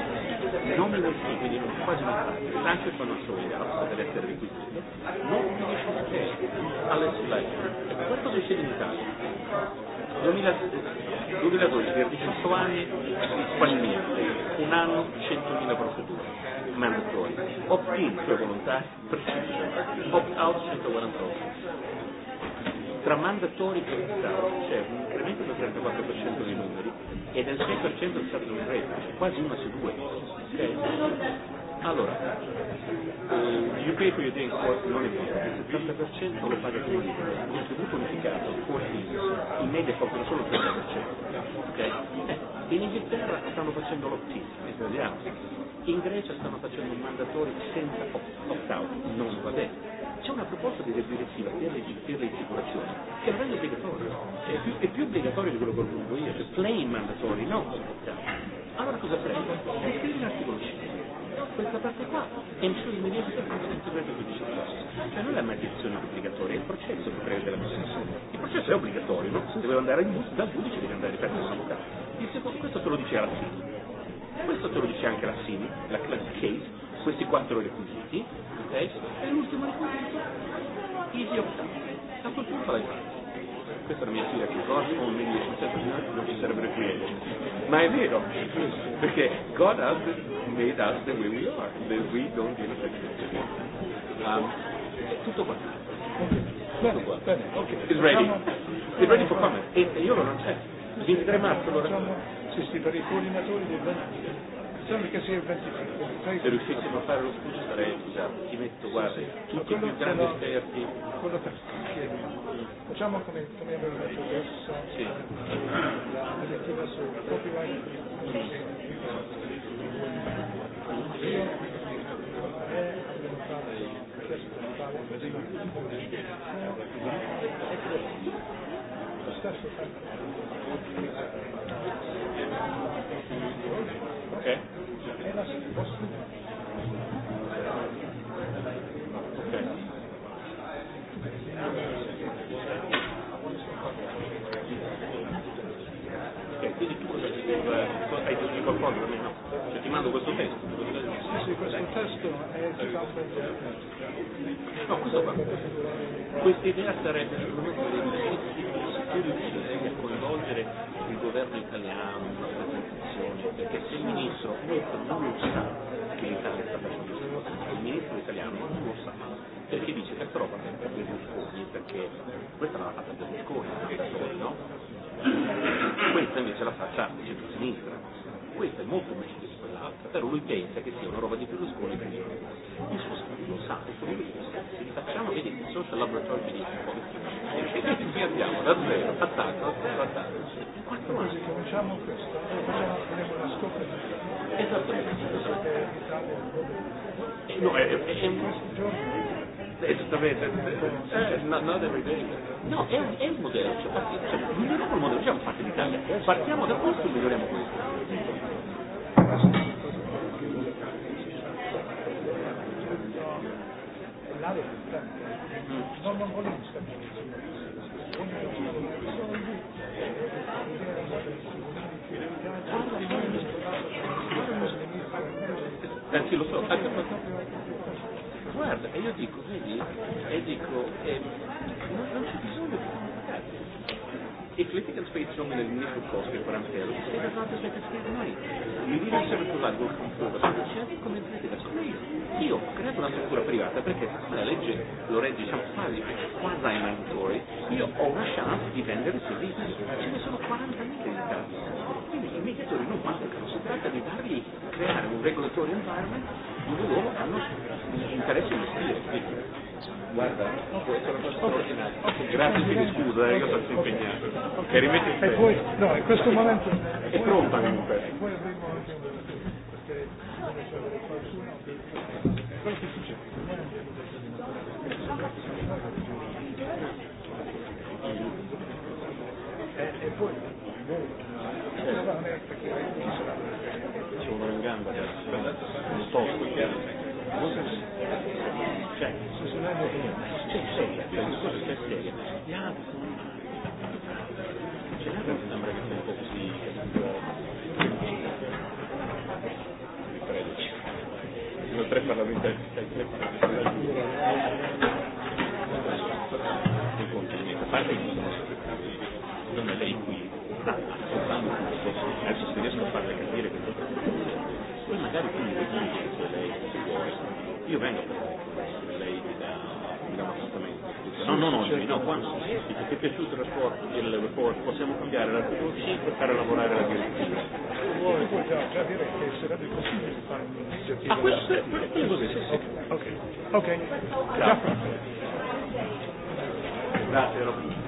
non minuscole, quindi non quasi minuscole, anche quando sono in grado deve essere requisito, non minuscole, alle sulle quanto in Italia? 2012, per 18 anni, fallimento, un anno, 100.000 procedure, mandatori, opt-in, sue volontà, precisa, opt-out, 148 tra mandatori e opt c'è un incremento del 34% dei numeri e del 6% del stato di reddito, quasi una su due. Okay? Allora, eh, you pay for your drink non è il 70% lo paga tu, il contributo unificato fuori in media portano solo il 30%, ok? Eh, in Inghilterra stanno facendo l'opt-in, in Grecia stanno facendo un senza opt-out, non va bene. C'è una proposta di direttiva per le, circolazioni che non è obbligatorio, è più, è più obbligatorio di quello che ho voluto io, cioè plain mandatory, non opt-out. Allora cosa prendo? Scrivi l'articolo 5 questa parte qua entro l'immediato consentimento di discorso. Cioè non è la maledizione obbligatoria, è il processo che prevede la possessione. Il processo è obbligatorio, no? Se deve andare in giudice, dal giudice deve andare per secondo, Questo te lo dice la Sini. Questo te lo dice anche la Sini, la class case, questi quattro requisiti, ok? E l'ultimo requisito, easy opt-out. A quel punto l'hai fatto. Questa è la mia figlia che cosa con mediation non ci sarebbero più Ma è vero, perché God has made us the way we are, the we don't give a um, Tutto qua. Tutto qua. Bene, okay. It's ready. It's ready for comment. E io lo non c'è. 23 marzo allora. Sì, sì, per i coordinatori del Venezia posizione che si è Se riuscissimo a fare lo scudo sarei già ti metto, guarda, tutti i più grandi esperti. Quello per Facciamo come, come abbiamo detto adesso, sì. la direttiva sul copyright. Io questo No, questo qua. Questa idea sarebbe secondo più a coinvolgere il governo italiano in una presentazione, perché se il ministro non lo sa che l'Italia sta facendo questa cosa, il ministro italiano non lo sa, perché dice questa roba sempre per Berlusconi, perché questa l'ha fatta Berlusconi, no? Questa invece la faccia centro-sinistra, questa è molto meglio però lui pensa che sia una roba di Berlusconi per il suo scopo lo sa che sono questi se li facciamo vedere che social laboratory di un po' di più. qui andiamo da zero a tanto da zero a quattro mesi che facciamo questo facciamo di scoperta esattamente no è, è, è esattamente è, every day no è un, è un modello cioè, cioè, miglioriamo il modello diciamo parte d'Italia partiamo da questo e miglioriamo questo Eh lo so, anche Guarda, e io dico, vedi, e dico, eh, non, non c'è bisogno di comunicarsi if Ik lig niet aan initial spelen before I'm microfoon they have hem te hebben. Ik money. You need a service provider who will come forward and say, superficiale come in da solo io. Io credo una struttura privata perché siccome la legge lo regge diciamo quasi quasi mandatori, io ho una chance di vendere servizi. Ce ne sono 40.000 in Italia. Quindi i mediatori non mancano, si tratta di dargli creare un regulatory environment dove loro hanno interesse di investire. Guarda, Grazie, chiedi scusa, io sono impegnato. E rimetti il poi, no, in questo momento... È pronta comunque. E poi avremo anche seria, ma adesso riesco a farle capire che cosa magari lei io vengo per non oggi, no, quando ti è piaciuto il report, il report possiamo cambiare l'articolo 5 e fare lavorare la direttiva. Ah, questo è così, sì, sì. Ok, ok. Grazie. Grazie, Roberto.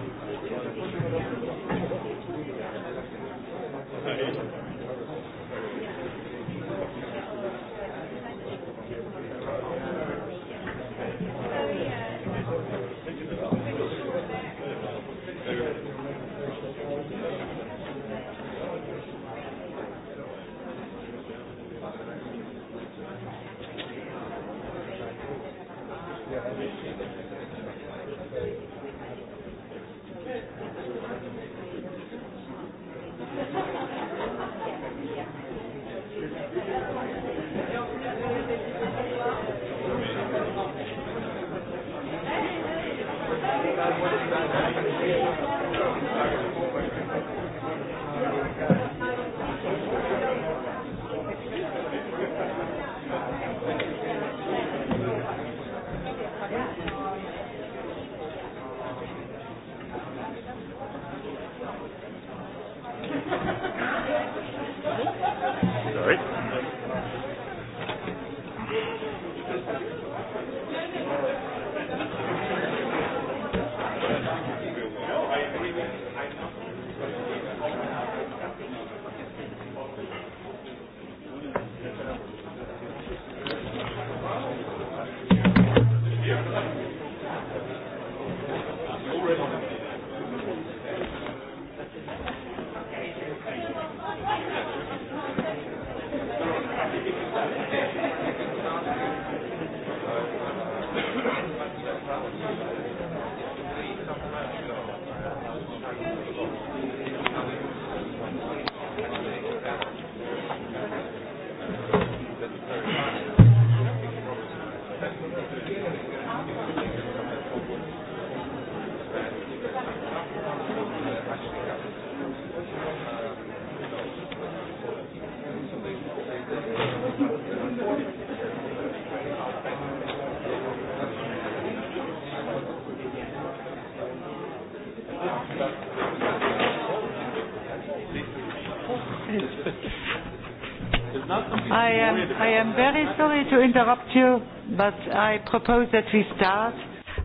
I am very sorry to interrupt you, but I propose that we start.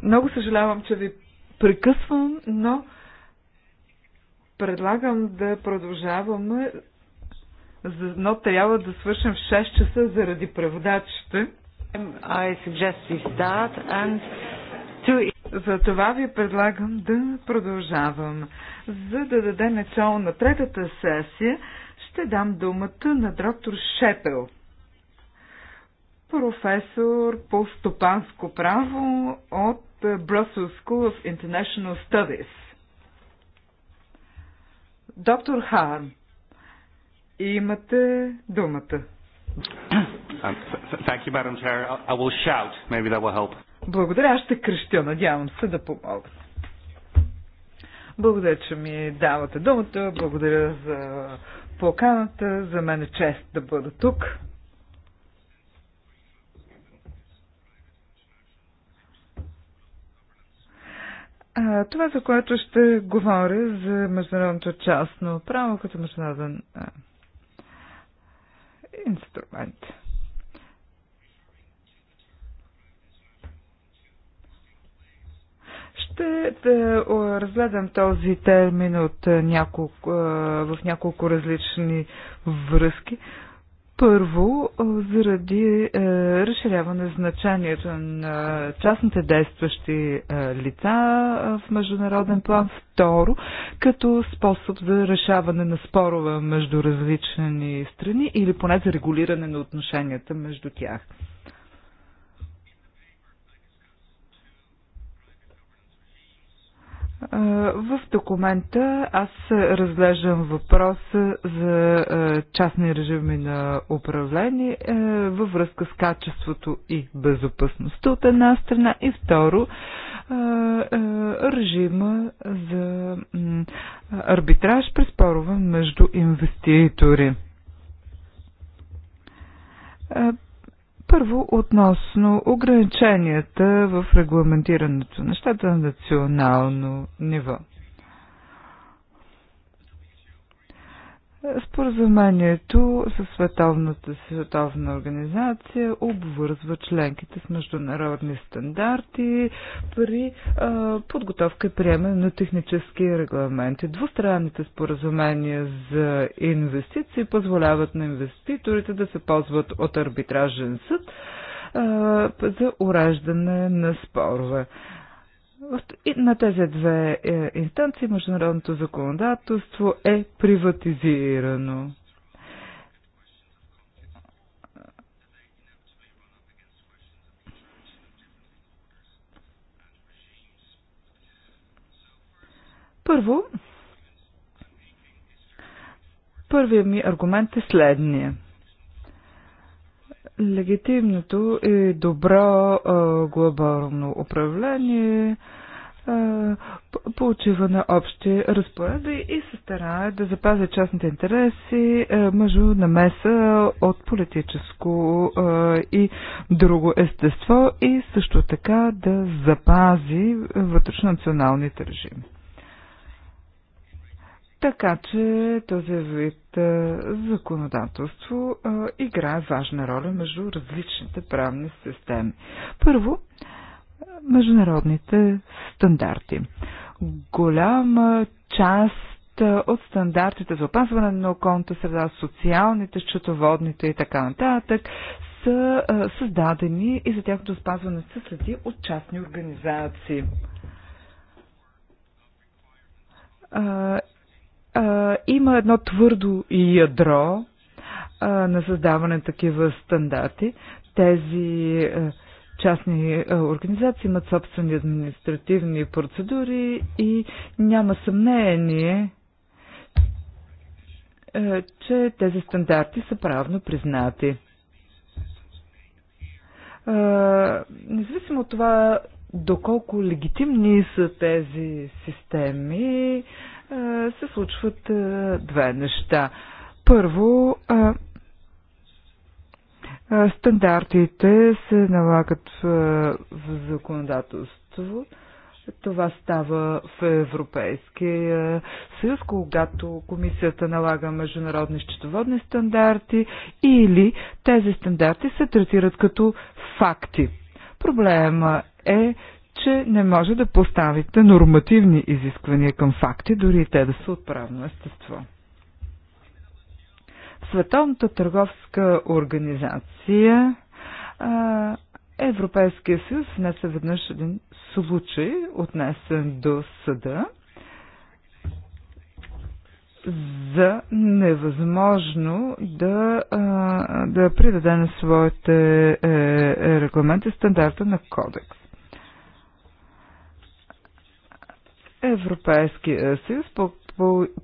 Много съжалявам, че ви прекъсвам, но предлагам да продължаваме, но трябва да свършим в 6 часа заради преводачите. I suggest we start and to... За това ви предлагам да продължавам. За да дадем начало на третата сесия, ще дам думата на доктор Шепел професор по стопанско право от Brussels School of International Studies. Доктор Харм, имате думата. Um, thank you, Madam Chair. I will shout. Maybe that will help. Благодаря, аз ще крещя. Надявам се да помогна. Благодаря, че ми давате думата. Благодаря за поканата. За мен е чест да бъда тук. А, това, за което ще говоря за международното частно право като международен а, инструмент. Ще да разгледам този термин от няколко, в няколко различни връзки. Първо, заради е, разширяване значението на частните действащи е, лица в международен план. Второ, като способ за решаване на спорове между различни страни или поне за регулиране на отношенията между тях. В документа аз разглеждам въпроса за частни режими на управление във връзка с качеството и безопасността от една страна и второ режима за арбитраж при спорове между инвеститори. Първо, относно ограниченията в регламентирането нещата на национално ниво. Споразумението със Световната световна организация обвързва членките с международни стандарти при а, подготовка и приемане на технически регламенти. Двустранните споразумения за инвестиции позволяват на инвеститорите да се ползват от арбитражен съд а, за уреждане на спорове. А, и на тези две е, инстанции международното законодателство е приватизирано. Първо, първият ми аргумент е следния – легитимното и е добро а, глобално управление а, получива на общи разпоредби и се старае да запази частните интереси а, между намеса от политическо а, и друго естество и също така да запази вътрешно-националните режими. Така че този вид законодателство играе важна роля между различните правни системи. Първо, международните стандарти. Голяма част от стандартите за опазване на околната среда, социалните, счетоводните и така нататък са създадени и за тяхното спазване са следи от частни организации а, има едно твърдо ядро а, на създаване на такива стандарти. Тези а, частни а, организации имат собствени административни процедури и няма съмнение, а, че тези стандарти са правно признати. А, независимо от това, доколко легитимни са тези системи, а, е, се случват е, две неща. Първо, е, стандартите се налагат в законодателство. Това става в Европейския съюз, когато комисията налага международни счетоводни стандарти или тези стандарти се третират като факти. Проблема е, че не може да поставите нормативни изисквания към факти, дори и те да са отправно естество. Световната търговска организация Европейския съюз внесе веднъж един случай, отнесен до съда, за невъзможно да, да придаде на своите е, регламенти стандарта на кодекс. Европейския съюз по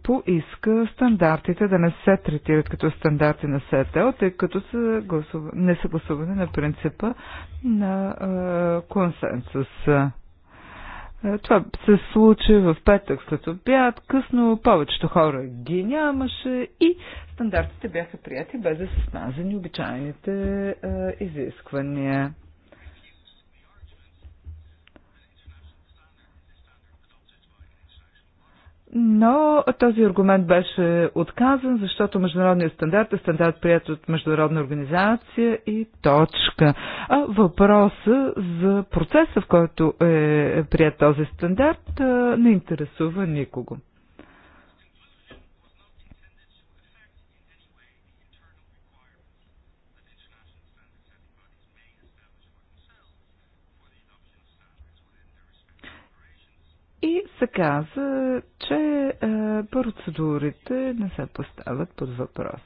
поиска стандартите да не се третират като стандарти на СТО, тъй като са гласува... не са гласувани на принципа на е, консенсус. Това се случи в петък след обяд, късно, повечето хора ги нямаше и стандартите бяха прияти без да са смазани обичайните е, изисквания. Но този аргумент беше отказан, защото международният стандарт е стандарт прият от международна организация и точка. А въпроса за процеса, в който е, е прият този стандарт, не интересува никого. се каза, че е, процедурите не се поставят под въпрос.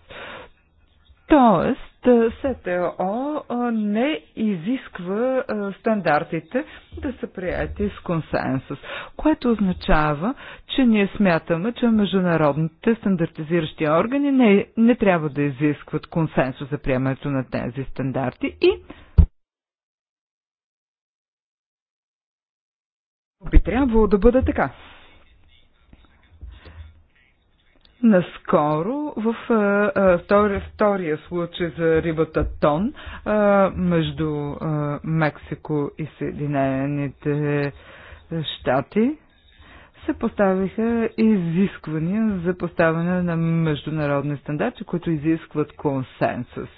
Тоест, е, СТО е, не изисква стандартите да са прияти с консенсус, което означава, че ние смятаме, че международните стандартизиращи органи не, не трябва да изискват консенсус за приемането на тези стандарти и Би трябвало да бъде така. Наскоро, в а, втори, втория случай за рибата Тон, а, между а, Мексико и Съединените щати, се поставиха изисквания за поставяне на международни стандарти, които изискват консенсус.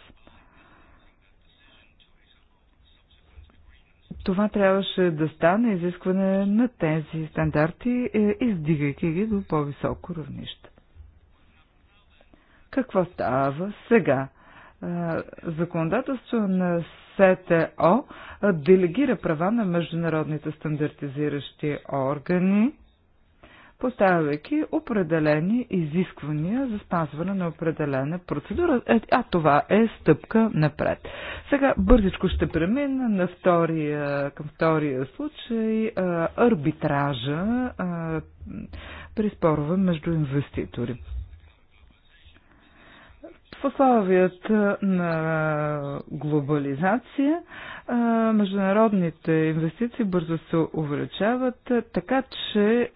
Това трябваше да стане изискване на тези стандарти, е, издигайки ги до по-високо равнище. Какво става сега? Е, законодателство на СТО е, делегира права на международните стандартизиращи органи поставяйки определени изисквания за спазване на определена процедура. Е, а това е стъпка напред. Сега бързичко ще премина на втория, към втория случай е, арбитража е, при спорове между инвеститори. В условията на глобализация международните инвестиции бързо се увеличават, така че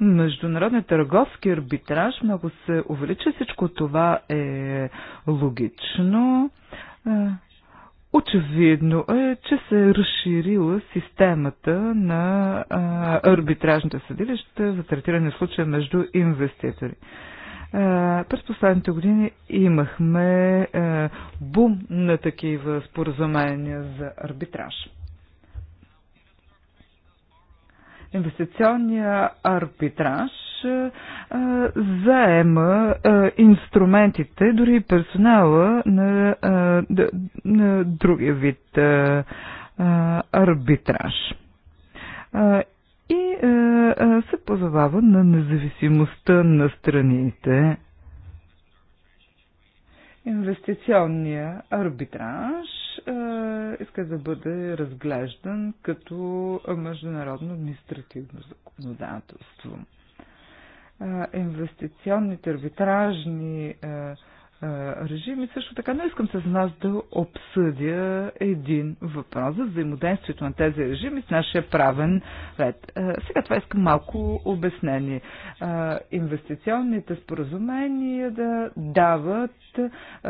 международният търговски арбитраж много се увеличи. Всичко това е логично. Очевидно е, че се е разширила системата на арбитражните съдилища за третиране случая между инвеститори. Е, през последните години имахме е, бум на такива споразумения за арбитраж. Инвестиционния арбитраж е, заема инструментите, дори и персонала на, на другия вид арбитраж е, е, се позовава на независимостта на страните. Инвестиционния арбитраж е, иска да бъде разглеждан като международно административно законодателство. Инвестиционните арбитражни режим и също така не искам с нас да обсъдя един въпрос за взаимодействието на тези режими с нашия правен ред. Сега това искам малко обяснение. Инвестиционните споразумения да дават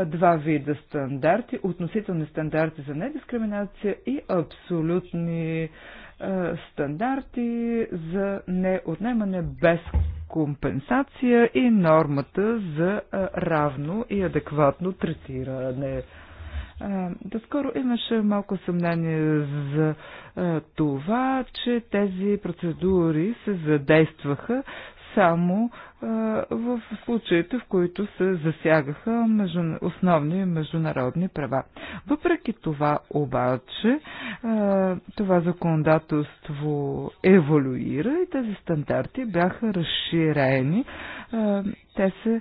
два вида стандарти, относителни стандарти за недискриминация и абсолютни е, стандарти за неотнемане без компенсация и нормата за е, равно и адекватно третиране. Е, Скоро имаше малко съмнение за това, че тези процедури се задействаха само в случаите, в които се засягаха основни международни права. Въпреки това обаче, това законодателство еволюира и тези стандарти бяха разширени. Те се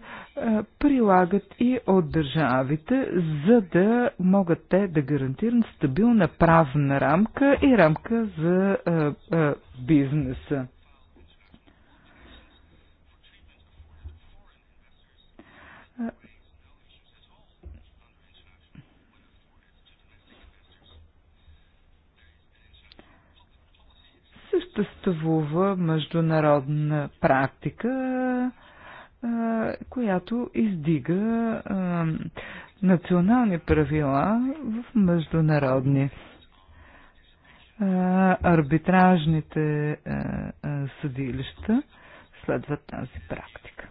прилагат и от държавите, за да могат те да гарантират стабилна правна рамка и рамка за бизнеса. съществува международна практика, която издига национални правила в международни. Арбитражните съдилища следват тази практика.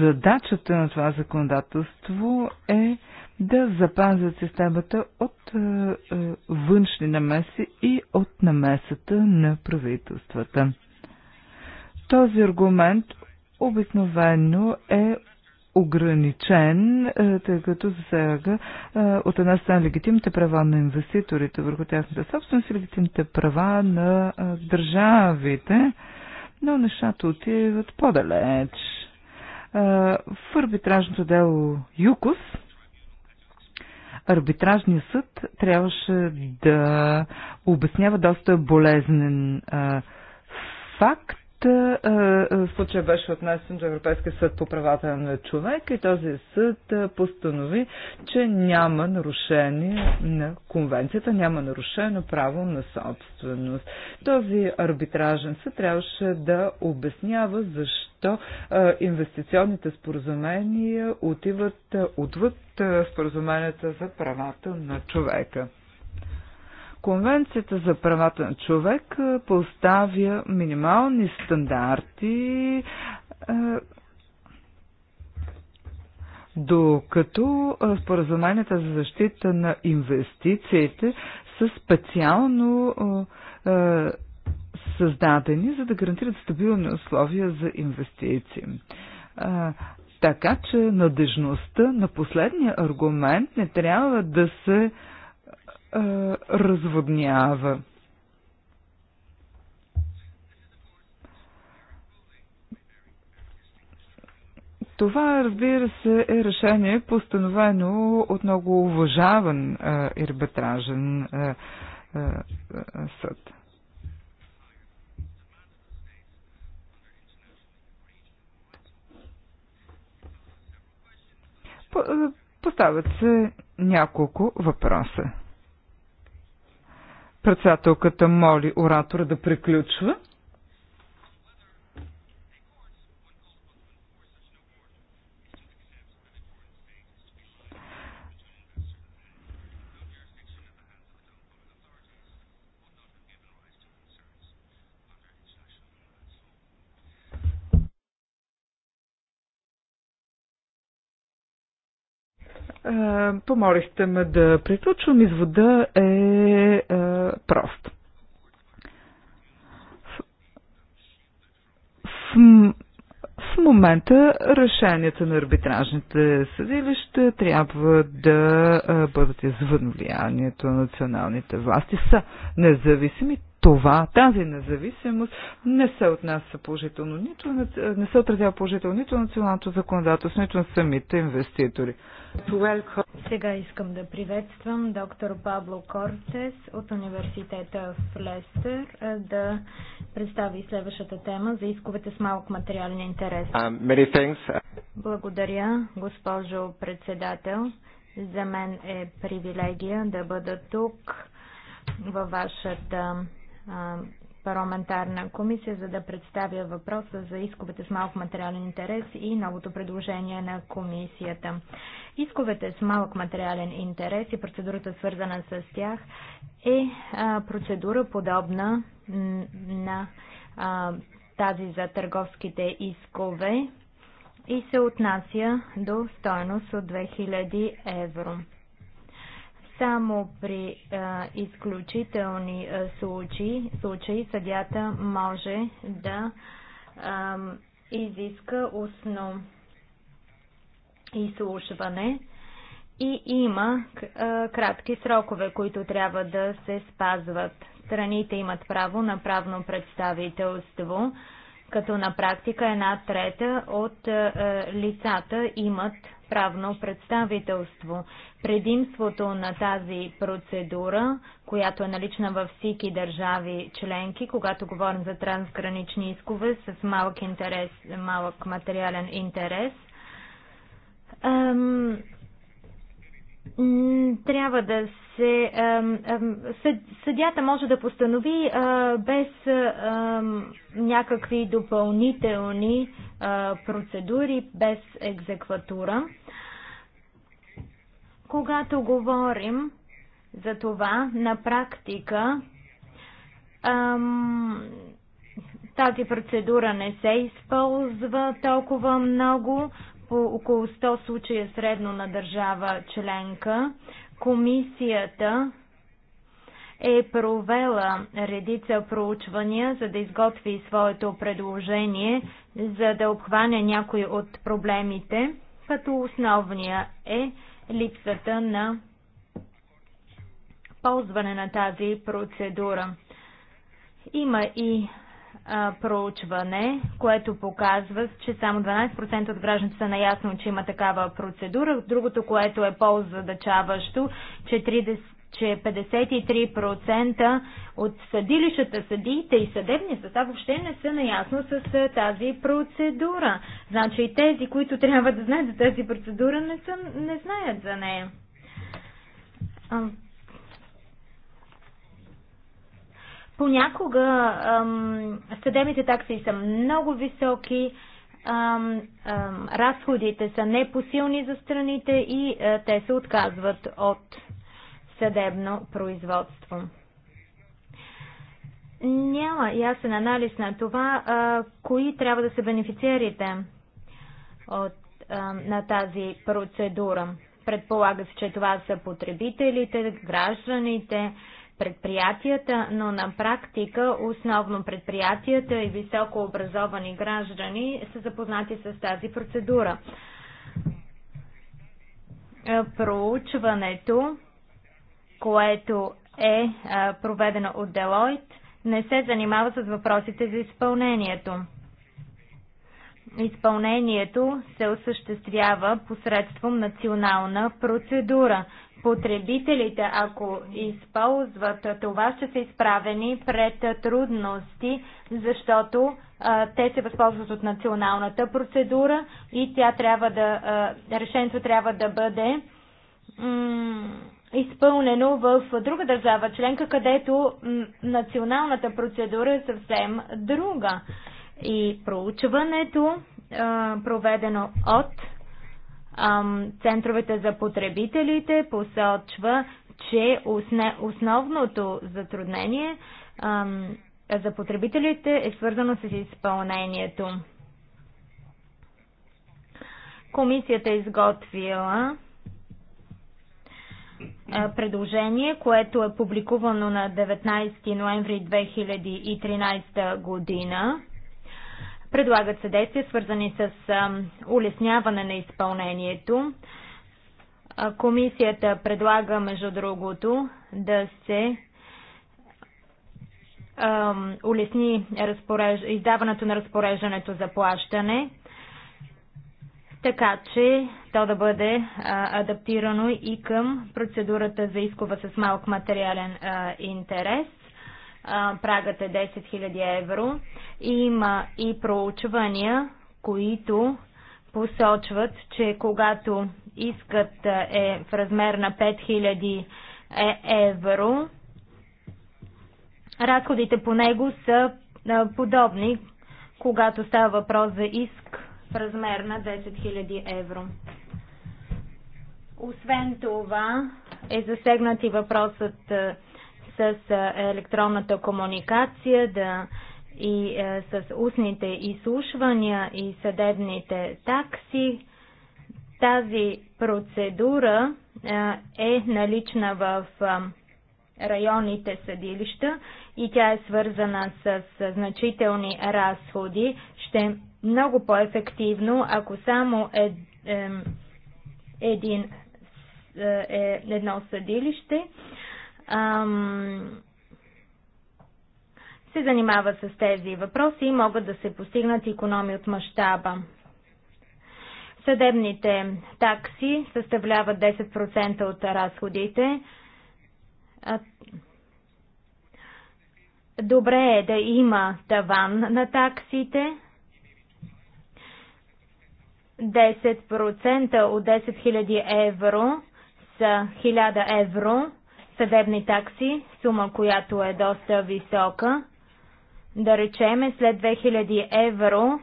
Задачата на това законодателство е да запазят системата от е, е, външни намеси и от намесата на правителствата. Този аргумент обикновено е ограничен, е, тъй като засяга от една страна легитимните права на инвеститорите върху тяхната собственост и легитимните права на държавите, но нещата отиват по-далеч. В арбитражното дело ЮКОС Арбитражният съд трябваше да обяснява доста болезнен а, факт, случай беше отнесен до Европейския съд по правата на човека и този съд постанови, че няма нарушение на конвенцията, няма нарушено право на собственост. Този арбитражен съд трябваше да обяснява защо инвестиционните споразумения отиват отвъд споразуменията за правата на човека. Конвенцията за правата на човек поставя минимални стандарти, е, докато е, споразуменията за защита на инвестициите са специално е, създадени, за да гарантират стабилни условия за инвестиции. Така че надежността на последния аргумент не трябва да се е, разводнява. Това, разбира се, е решение постановено от много уважаван е, арбитражен е, съд. Поставят се няколко въпроса. Председателката моли оратора да приключва. Е, помолихте ме да приключвам. Извода е, е прост. В, в момента решенията на арбитражните съдилища трябва да бъдат извън влиянието на националните власти. Са независими, това, тази независимост не се отнася положително нито, не се отразява положително нито националното законодателство, нито на самите инвеститори. Сега искам да приветствам доктор Пабло Кортес от университета в Лестер да представи следващата тема за исковете с малък материален интерес. Uh, Благодаря, госпожо председател. За мен е привилегия да бъда тук във вашата парламентарна комисия, за да представя въпроса за исковете с малък материален интерес и новото предложение на комисията. Исковете с малък материален интерес и процедурата свързана с тях е процедура подобна на тази за търговските искове и се отнася до стоеност от 2000 евро. Само при а, изключителни а, случаи, случаи съдята може да а, изиска устно изслушване и има а, кратки срокове, които трябва да се спазват. Страните имат право на правно представителство като на практика една трета от е, е, лицата имат правно представителство. Предимството на тази процедура, която е налична във всички държави членки, когато говорим за трансгранични искове с малък интерес, малък материален интерес, трябва да се. съдята може да постанови без някакви допълнителни процедури, без екзекватура. Когато говорим за това, на практика тази процедура не се използва толкова много по около 100 случая средно на държава членка. Комисията е провела редица проучвания, за да изготви своето предложение, за да обхване някои от проблемите, като основния е липсата на ползване на тази процедура. Има и а, проучване, което показва, че само 12% от гражданите са наясно, че има такава процедура. Другото, което е по-задачаващо, че 30 че 53% от съдилищата, съдиите и съдебния състав въобще не са наясно с тази процедура. Значи и тези, които трябва да знаят за тази процедура, не, са, не знаят за нея. Понякога ам, съдебните такси са много високи, ам, ам, разходите са непосилни за страните и а, е, те се отказват от съдебно производство. Няма ясен анализ на това, а, кои трябва да са бенефициерите от, а, на тази процедура. Предполага се, че това са потребителите, гражданите, предприятията, но на практика основно предприятията и високообразовани граждани са запознати с тази процедура. Е, проучването, което е, е проведено от Делойт, не се занимава с въпросите за изпълнението. Изпълнението се осъществява посредством национална процедура потребителите, ако използват това, ще са изправени пред трудности, защото а, те се възползват от националната процедура и тя трябва да, а, решението трябва да бъде изпълнено в друга държава членка, където националната процедура е съвсем друга. И проучването, проведено от центровете за потребителите посочва, че основното затруднение за потребителите е свързано с изпълнението. Комисията е изготвила предложение, което е публикувано на 19 ноември 2013 година. Предлагат се действия, свързани с улесняване на изпълнението. Комисията предлага, между другото, да се улесни издаването на разпореждането за плащане, така че то да бъде адаптирано и към процедурата за изкова с малък материален интерес прагът е 10 000 евро. Има и проучвания, които посочват, че когато искът е в размер на 5000 е евро, разходите по него са подобни, когато става въпрос за иск в размер на 10 000 евро. Освен това е засегнат и въпросът с електронната комуникация, да и а, с устните изслушвания и съдебните такси. Тази процедура е налична в районните съдилища и тя е свързана с значителни разходи. Ще е много по-ефективно, ако само е, е, един, е, едно съдилище ам, се занимава с тези въпроси и могат да се постигнат економи от мащаба. Съдебните такси съставляват 10% от разходите. Добре е да има таван на таксите. 10% от 10 000 евро са 1000 евро съдебни такси, сума, която е доста висока. Да речеме след 2000 евро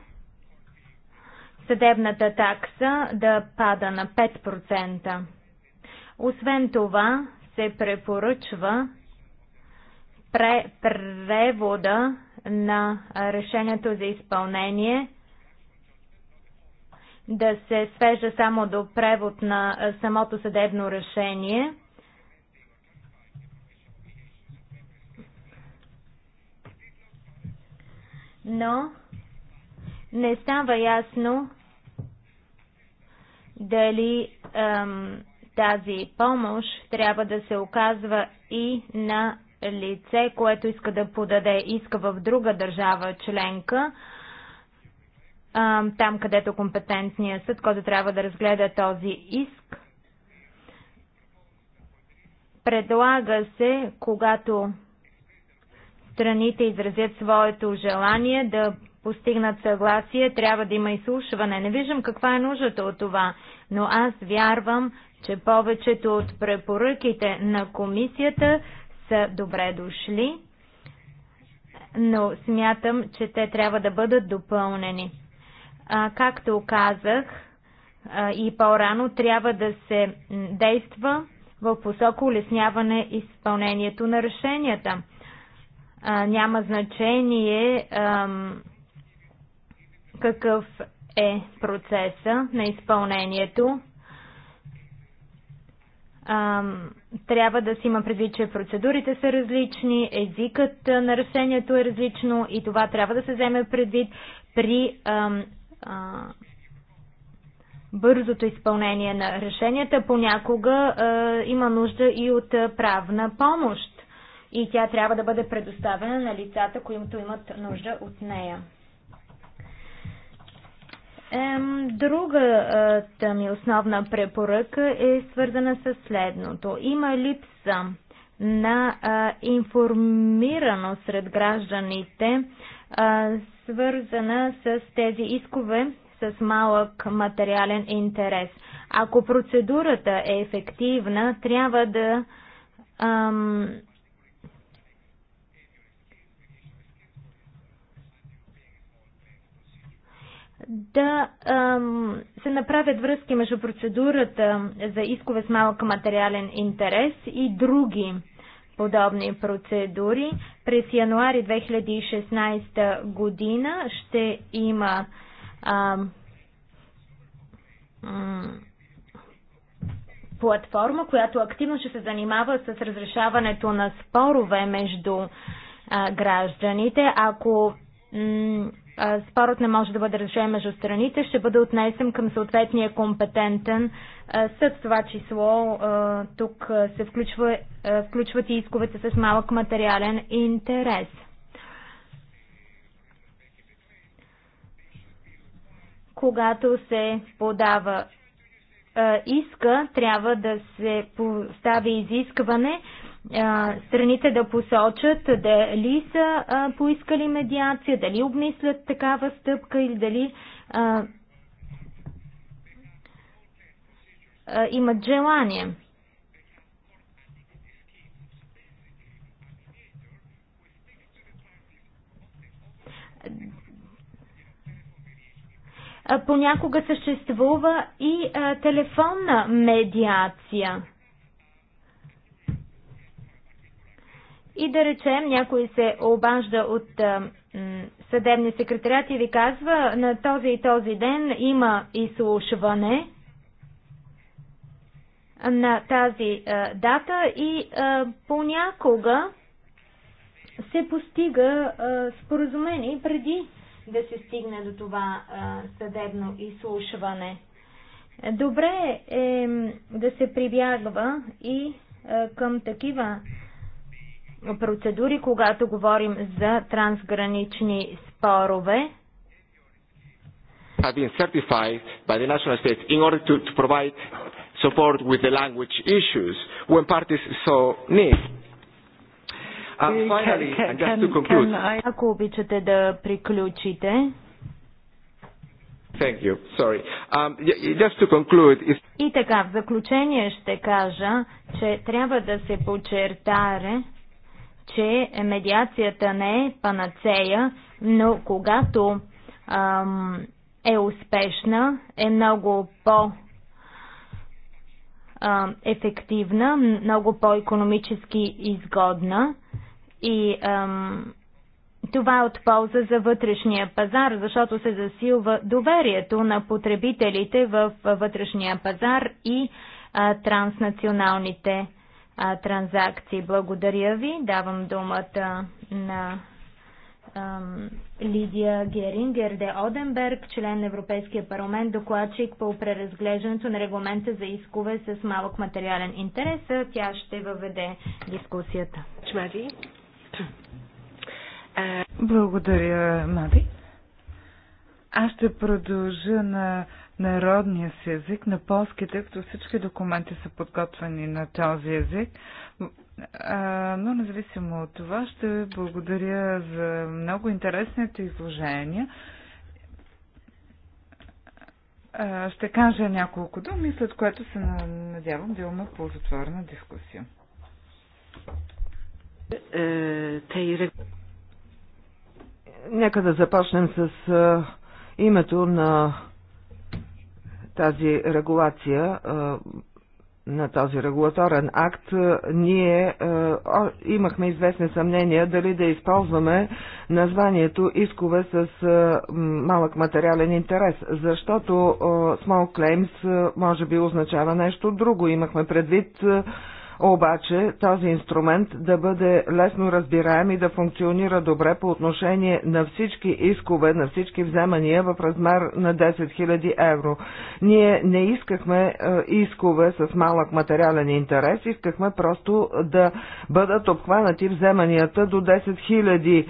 съдебната такса да пада на 5%. Освен това се препоръчва пре, превода на решението за изпълнение да се свежда само до превод на самото съдебно решение – но не става ясно дали ем, тази помощ трябва да се оказва и на лице, което иска да подаде иска в друга държава членка, ем, там където компетентният съд, който трябва да разгледа този иск. Предлага се, когато страните изразят своето желание да постигнат съгласие, трябва да има изслушване. Не виждам каква е нуждата от това, но аз вярвам, че повечето от препоръките на комисията са добре дошли, но смятам, че те трябва да бъдат допълнени. А, както казах а, и по-рано, трябва да се действа в посока улесняване изпълнението на решенията а, няма значение какъв е процеса на изпълнението. трябва да си има предвид, че процедурите са различни, езикът на решението е различно и това трябва да се вземе предвид при а, бързото изпълнение на решенията. Понякога а, има нужда и от правна помощ и тя трябва да бъде предоставена на лицата, които имат нужда от нея. Другата ми основна препоръка е свързана с следното. Има липса на а, информирано сред гражданите, а, свързана с тези искове с малък материален интерес. Ако процедурата е ефективна, трябва да ам, да ем, се направят връзки между процедурата за искове с малък материален интерес и други подобни процедури. През януари 2016 година ще има ем, платформа, която активно ще се занимава с разрешаването на спорове между а, гражданите. Ако спорът не може да бъде решен между страните, ще бъде отнесен към съответния компетентен съд. Това число тук се включва, включват и исковете с малък материален интерес. Когато се подава иска, трябва да се постави изискване страните да посочат дали са поискали медиация, дали обмислят такава стъпка или дали имат желание. Понякога съществува и телефонна медиация. И да речем, някой се обажда от съдебния секретарят и ви казва, на този и този ден има изслушване на тази а, дата и а, понякога се постига а, споразумение преди да се стигне до това а, съдебно изслушване. Добре е да се прибягва и а, към такива процедури, когато говорим за трансгранични спорове. Have been certified by the national states in order to, to provide support with the language issues when parties so need. And finally, can, and just can, to conclude. I... Thank you. Sorry. Um, just to conclude, if... И така, в заключение ще кажа, че трябва да се почертае, че медиацията не е панацея, но когато ам, е успешна, е много по- ефективна, много по-економически изгодна и ам, това е от полза за вътрешния пазар, защото се засилва доверието на потребителите в вътрешния пазар и а, транснационалните а, транзакции. Благодаря ви. Давам думата на ам, Лидия Герингер де Оденберг, член на Европейския парламент, докладчик по преразглеждането на регламента за искове с малък материален интерес. Тя ще въведе дискусията. Чмави. Е, благодаря, Мави. Аз ще продължа на Народния си език, на полски, тъй като всички документи са подготвени на този език. но независимо от това, ще благодаря за много интересните изложения. ще кажа няколко думи, след което се надявам да имаме ползотворна дискусия. Е, Нека да започнем с името на тази регулация, на този регулаторен акт, ние имахме известни съмнения дали да използваме названието искове с малък материален интерес, защото small claims може би означава нещо друго. Имахме предвид обаче този инструмент да бъде лесно разбираем и да функционира добре по отношение на всички искове, на всички вземания в размер на 10 000 евро. Ние не искахме е, искове с малък материален интерес, искахме просто да бъдат обхванати вземанията до 10 000 евро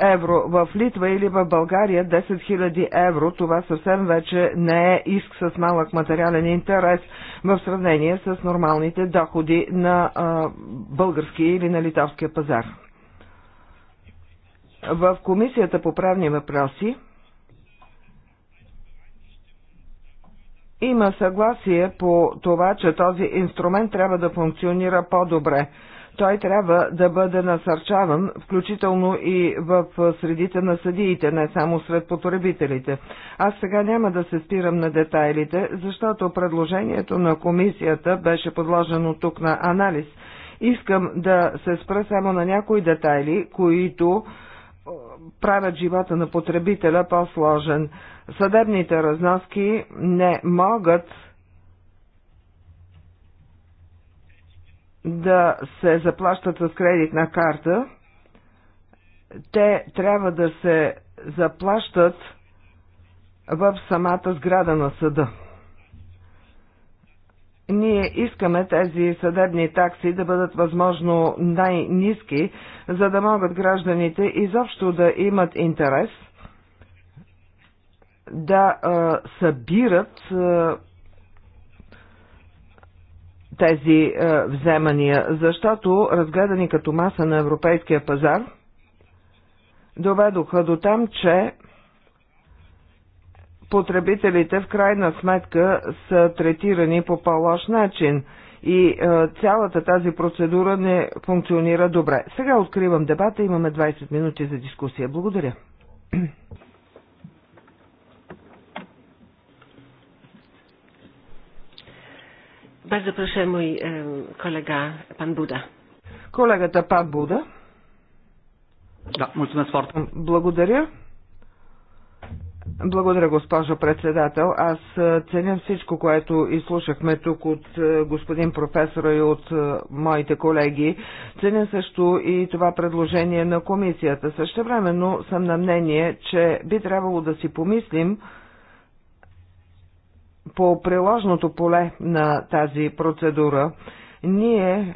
евро. В Литва или в България 10 000 евро, това съвсем вече не е иск с малък материален интерес в сравнение с нормалните доходи на а, български или на литовския пазар. В Комисията по правни въпроси има съгласие по това, че този инструмент трябва да функционира по-добре той трябва да бъде насърчаван, включително и в средите на съдиите, не само сред потребителите. Аз сега няма да се спирам на детайлите, защото предложението на комисията беше подложено тук на анализ. Искам да се спра само на някои детайли, които правят живота на потребителя по-сложен. Съдебните разноски не могат да се заплащат с кредитна карта, те трябва да се заплащат в самата сграда на съда. Ние искаме тези съдебни такси да бъдат възможно най-низки, за да могат гражданите изобщо да имат интерес да а, събират а, тези е, вземания, защото разгледани като маса на европейския пазар, доведоха до там, че потребителите в крайна сметка са третирани по по-лош начин и е, цялата тази процедура не функционира добре. Сега откривам дебата, имаме 20 минути за дискусия. Благодаря. Bardzo proszę, mój kolega, pan Buda. Колегата Пан Буда. Да, mulțumesc foarte. Благодаря. Благодаря, госпожо председател. Аз е, ценя всичко, което изслушахме тук от е, господин професора и от е, моите колеги. Ценя също и това предложение на комисията. Същевременно съм на мнение, че би трябвало да си помислим, по приложното поле на тази процедура, ние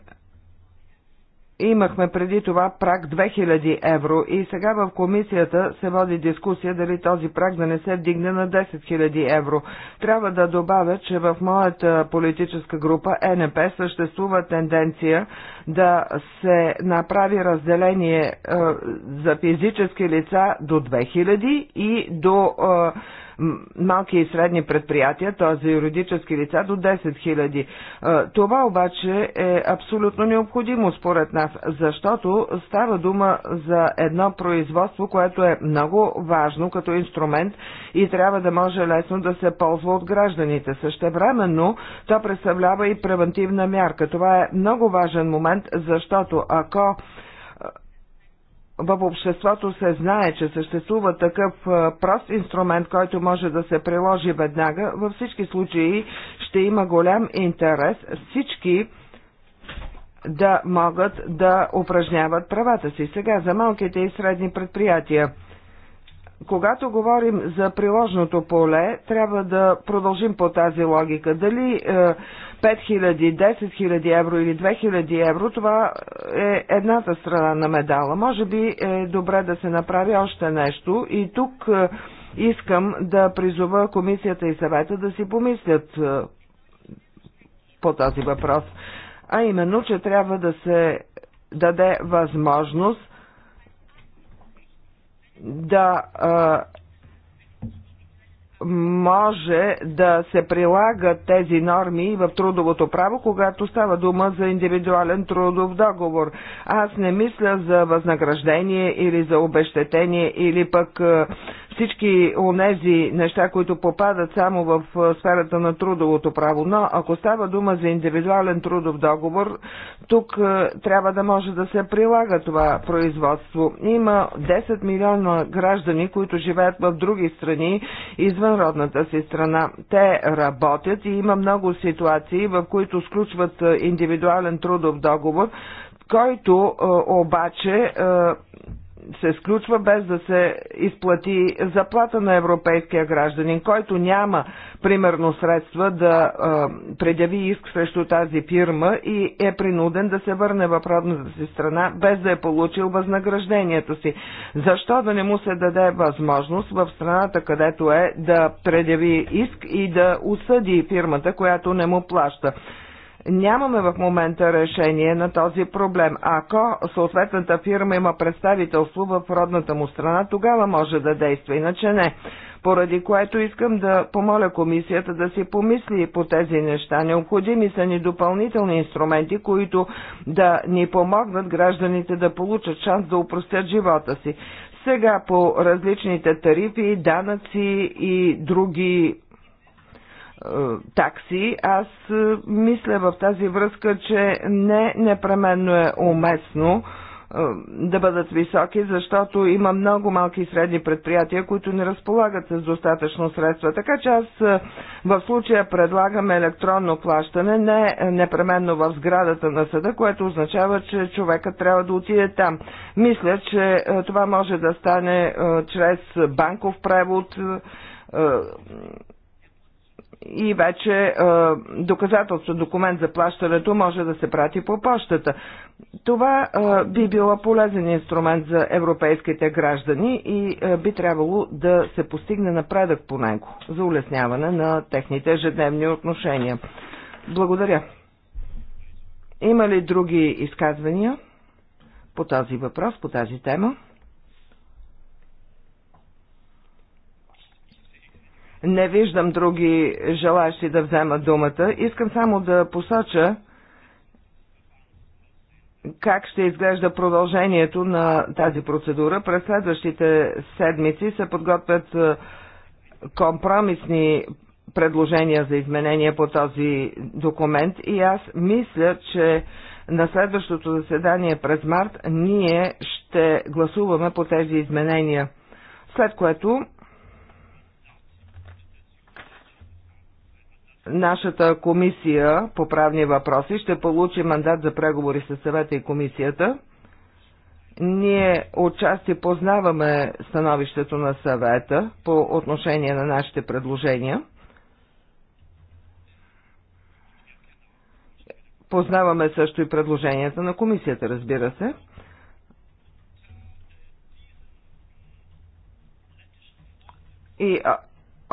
имахме преди това праг 2000 евро и сега в комисията се води дискусия дали този праг да не се вдигне на 10 000 евро. Трябва да добавя, че в моята политическа група е НП съществува тенденция да се направи разделение е, за физически лица до 2000 и до е, малки и средни предприятия, т.е. за юридически лица до 10 000. Е, това обаче е абсолютно необходимо според нас, защото става дума за едно производство, което е много важно като инструмент и трябва да може лесно да се ползва от гражданите. Същевременно то представлява и превентивна мярка. Това е много важен момент, защото ако в обществото се знае, че съществува такъв прост инструмент, който може да се приложи веднага, във всички случаи ще има голям интерес всички да могат да упражняват правата си. Сега за малките и средни предприятия. Когато говорим за приложното поле, трябва да продължим по тази логика. Дали 5000, 10 000 евро или 2000 евро, това е едната страна на медала. Може би е добре да се направи още нещо и тук е, искам да призова комисията и съвета да си помислят е, по този въпрос. А именно, че трябва да се даде възможност да може да се прилагат тези норми в трудовото право, когато става дума за индивидуален трудов договор. Аз не мисля за възнаграждение или за обещетение или пък всички онези неща, които попадат само в сферата на трудовото право. Но ако става дума за индивидуален трудов договор, тук трябва да може да се прилага това производство. Има 10 милиона граждани, които живеят в други страни, извън родната си страна. Те работят и има много ситуации, в които сключват индивидуален трудов договор, който обаче се сключва без да се изплати заплата на европейския гражданин, който няма примерно средства да а, предяви иск срещу тази фирма и е принуден да се върне в родната си страна без да е получил възнаграждението си. Защо да не му се даде възможност в страната, където е, да предяви иск и да осъди фирмата, която не му плаща? Нямаме в момента решение на този проблем. Ако съответната фирма има представителство в родната му страна, тогава може да действа, иначе не. Поради което искам да помоля комисията да си помисли по тези неща. Необходими са ни допълнителни инструменти, които да ни помогнат гражданите да получат шанс да упростят живота си. Сега по различните тарифи, данъци и други е, такси. Аз е, мисля в тази връзка, че не непременно е уместно е, да бъдат високи, защото има много малки и средни предприятия, които не разполагат с достатъчно средства. Така че аз в случая предлагам електронно плащане, не непременно в сградата на съда, което означава, че човека трябва да отиде там. Мисля, че това може да стане чрез банков превод, и вече е, доказателство, документ за плащането може да се прати по почтата. Това е, би било полезен инструмент за европейските граждани и е, би трябвало да се постигне напредък по него за улесняване на техните ежедневни отношения. Благодаря. Има ли други изказвания по този въпрос, по тази тема? Не виждам други желащи да вземат думата. Искам само да посоча как ще изглежда продължението на тази процедура. През следващите седмици се подготвят е, компромисни предложения за изменения по този документ и аз мисля, че на следващото заседание през март ние ще гласуваме по тези изменения, след което нашата комисия по правни въпроси ще получи мандат за преговори с съвета и комисията. Ние отчасти познаваме становището на съвета по отношение на нашите предложения. Познаваме също и предложенията на комисията, разбира се. И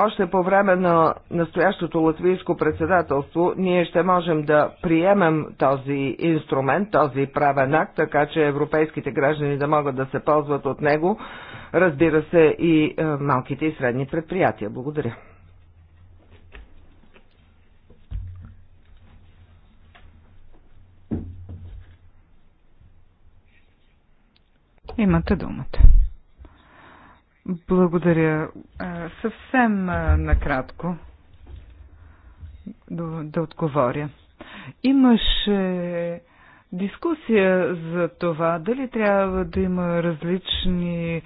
още по време на настоящото латвийско председателство ние ще можем да приемем този инструмент, този правен акт, така че европейските граждани да могат да се ползват от него, разбира се и е, малките и средни предприятия. Благодаря. Имате думата. Благодаря. Съвсем накратко да, да отговоря. Имаше дискусия за това дали трябва да има различни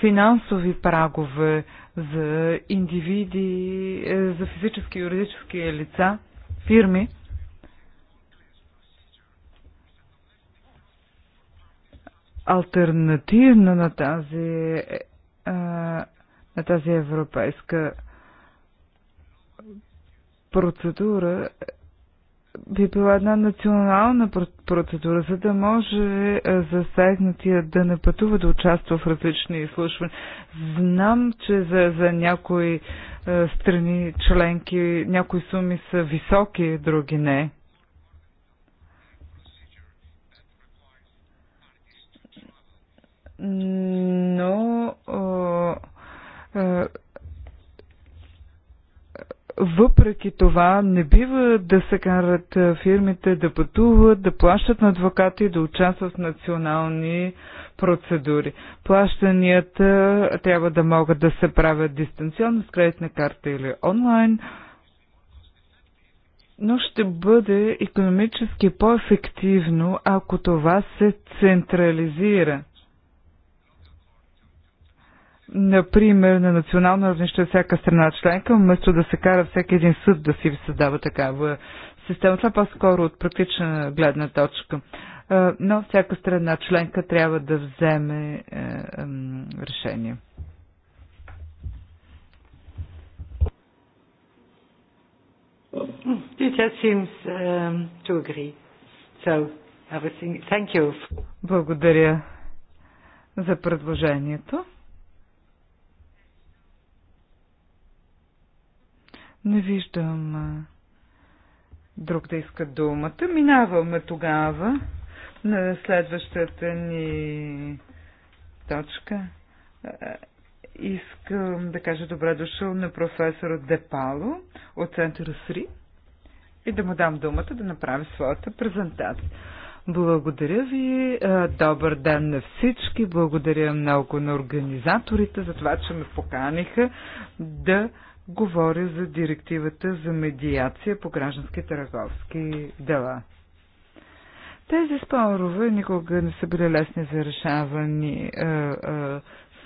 финансови прагове за индивиди, е, за физически и юридически лица, фирми. Альтернативна на тази на тази европейска процедура би била една национална процедура, за да може засегнатия да не пътува да участва в различни изслушвания. Знам, че за, за някои страни членки някои суми са високи, други не. но въпреки това не бива да се карат фирмите да пътуват, да плащат на адвокати и да участват в национални процедури. Плащанията трябва да могат да се правят дистанционно с кредитна карта или онлайн, но ще бъде економически по-ефективно, ако това се централизира. Например, на национално равнище всяка страна членка, вместо да се кара всеки един съд да си създава такава система. Това е по-скоро от практична гледна точка. Но всяка страна членка трябва да вземе е, решение. Um, Благодаря за предложението. Не виждам друг да иска думата. Минаваме тогава на следващата ни точка. Искам да кажа добре дошъл на професор Депало от центъра СРИ и да му дам думата да направи своята презентация. Благодаря ви. Добър ден на всички. Благодаря много на организаторите за това, че ме поканиха да Говоря за директивата за медиация по граждански търговски дела. Тези спорове никога не са били лесни за решавани е, е,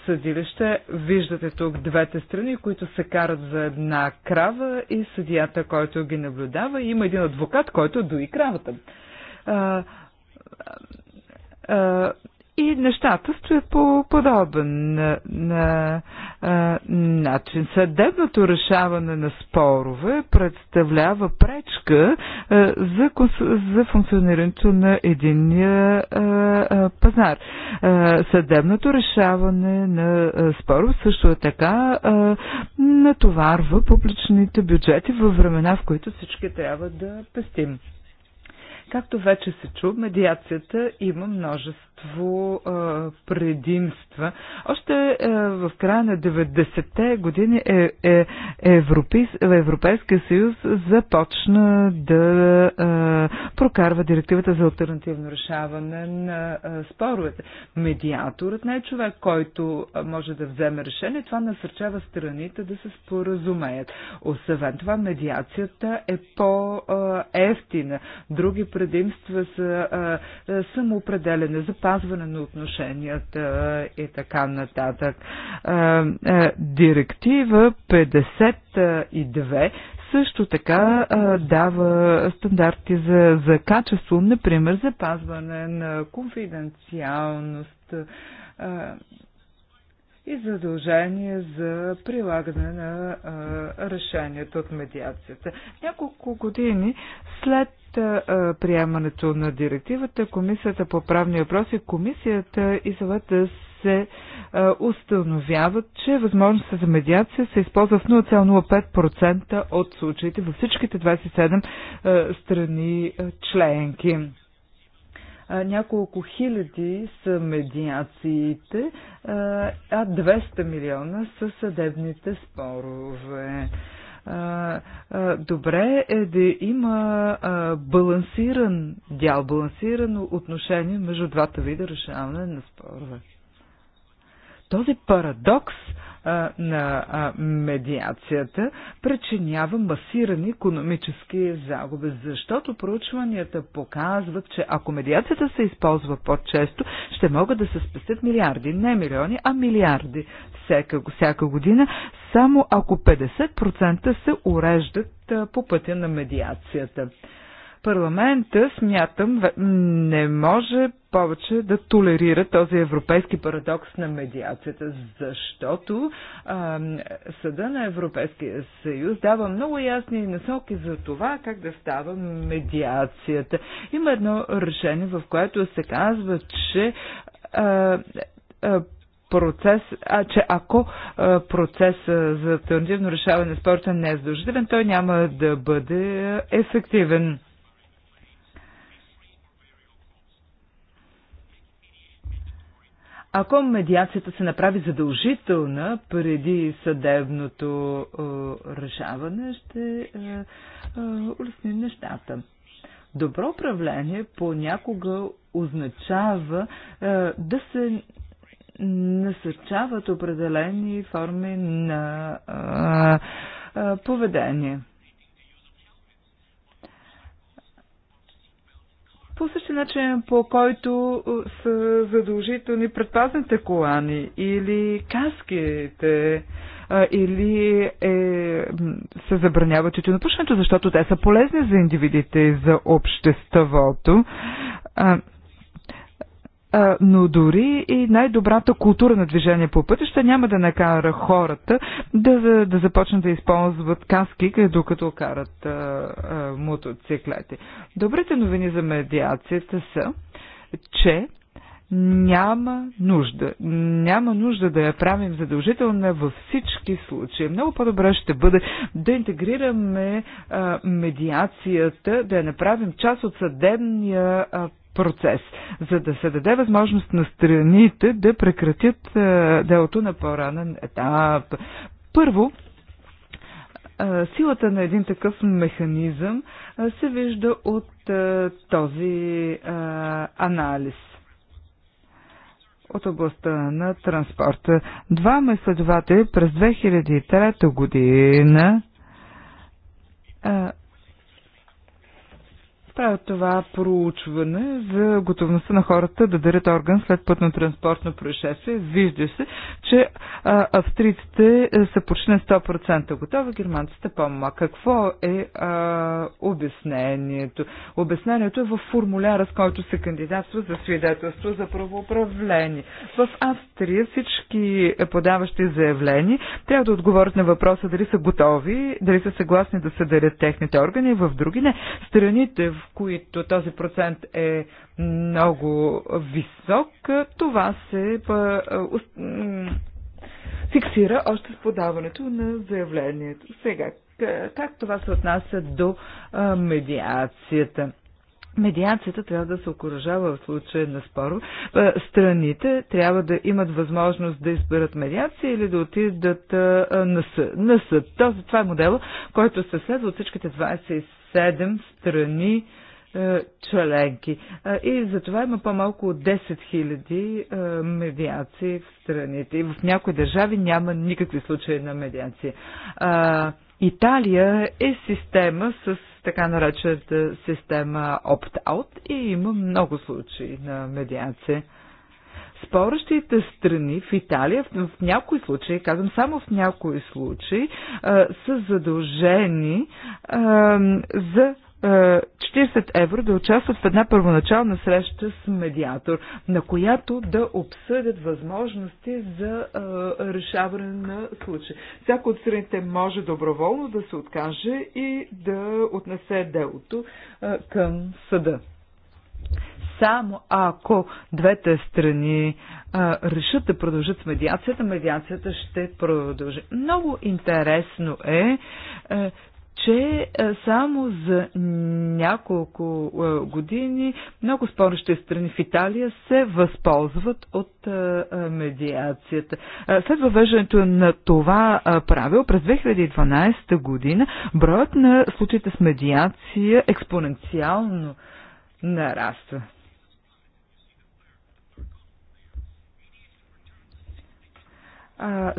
съдилища. Виждате тук двете страни, които се карат за една крава и съдията, който ги наблюдава. И има един адвокат, който дои кравата. Е, е, е и нещата стоят по подобен на, на, а, начин. Съдебното решаване на спорове представлява пречка а, за, за функционирането на единния а, а, пазар. А, съдебното решаване на а, спорове също е така а, натоварва публичните бюджети във времена, в които всички трябва да пестим. Както вече се чу, медиацията има множество множество а, предимства. Още а, в края на 90-те години е, е, Европейс, Европейския съюз започна да а, прокарва директивата за альтернативно решаване на а, споровете. Медиаторът не е човек, който може да вземе решение. Това насърчава страните да се споразумеят. Освен това, медиацията е по-ефтина. Други предимства са а, самоопределене, за запазване на отношенията и така нататък. Директива 52 също така а, дава стандарти за, за качество, например, запазване на конфиденциалност, а, и задължение за прилагане на а, решението от медиацията. Няколко години след а, приемането на директивата, Комисията по правни въпроси, Комисията и съвета се а, установяват, че възможността за медиация се използва в 0,05% от случаите във всичките 27 а, страни а, членки. Няколко хиляди са медиациите, а 200 милиона са съдебните спорове добре е да има балансиран дял, балансирано отношение между двата вида решаване на спорове. Този парадокс на медиацията причинява масирани економически загуби, защото проучванията показват, че ако медиацията се използва по-често, ще могат да се спестят милиарди, не милиони, а милиарди всяка, всяка година, само ако 50% се уреждат по пътя на медиацията. Парламента, смятам, не може повече да толерира този европейски парадокс на медиацията, защото а, Съда на Европейския съюз дава много ясни насоки за това как да става медиацията. Има едно решение, в което се казва, че а, а, процес, а че ако а, процес за альтернативно решаване на спорта не е задължителен, той няма да бъде ефективен. Ако медиацията се направи задължителна преди съдебното е, решаване, ще е, е, улесним нещата. Добро управление понякога означава е, да се насърчават определени форми на е, е, поведение. по същия начин, по който е, са задължителни предпазните колани или каските, е, или е, се забранява тютюнопушенето, защото те са полезни за индивидите и за обществото но дори и най-добрата култура на движение по пътища няма да накара хората да, да, да започнат да използват каски, докато карат а, а, мотоциклети. Добрите новини за медиацията са, че няма нужда. Няма нужда да я правим задължителна във всички случаи. Много по-добре ще бъде да интегрираме а, медиацията, да я направим част от съдебния а, процес, за да се даде възможност на страните да прекратят делото на по-ранен етап. Първо, силата на един такъв механизъм се вижда от този анализ от областта на транспорта. Двама изследователи през 2003 година правят това проучване за готовността на хората да дарят орган след пътно-транспортно происшествие. Вижда се, че а, австрийците е, са почти на 100% готови, германците по-ма. Какво е а, обяснението? Обяснението е в формуляра, с който се кандидатства за свидетелство за правоуправление. В Австрия всички подаващи заявления трябва да отговорят на въпроса дали са готови, дали са съгласни да се дарят техните органи, в други не. Страните, в които този процент е много висок, това се фиксира още с подаването на заявлението. Сега, как това се отнася до медиацията? Медиацията трябва да се окоръжава в случая на споро. Страните трябва да имат възможност да изберат медиация или да отидат на съд. На съд. Този, това е модел, който се следва от всичките 7 страни е, членки. Е, и затова има по-малко от 10 000 е, медиации в страните. И в някои държави няма никакви случаи на медиация. Италия е система с така наречената система opt-out и има много случаи на медиация. Спорещите страни в Италия, в, някои случаи, казвам само в някои случаи, са задължени за 40 евро да участват в една първоначална среща с медиатор, на която да обсъдят възможности за решаване на случаи. Всяко от страните може доброволно да се откаже и да отнесе делото към съда. Само ако двете страни а, решат да продължат с медиацията, медиацията ще продължи. Много интересно е, а, че само за няколко години много спорещи страни в Италия се възползват от медиацията. След въвеждането на това правило през 2012 година броят на случаите с медиация експоненциално нараства.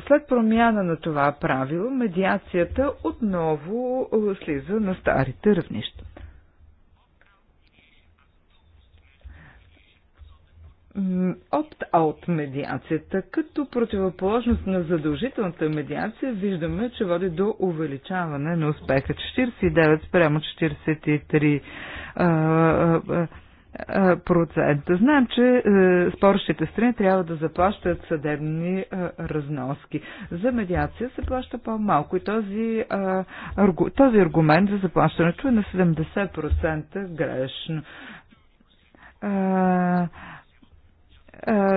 След промяна на това правило, медиацията отново слиза на старите равнища. опт-аут медиацията, като противоположност на задължителната медиация, виждаме, че води до увеличаване на успеха. 49 спрямо 43 процента. Знаем, че спорщите страни трябва да заплащат съдебни разноски. За медиация се плаща по-малко и този, този аргумент за заплащането е на 70% грешно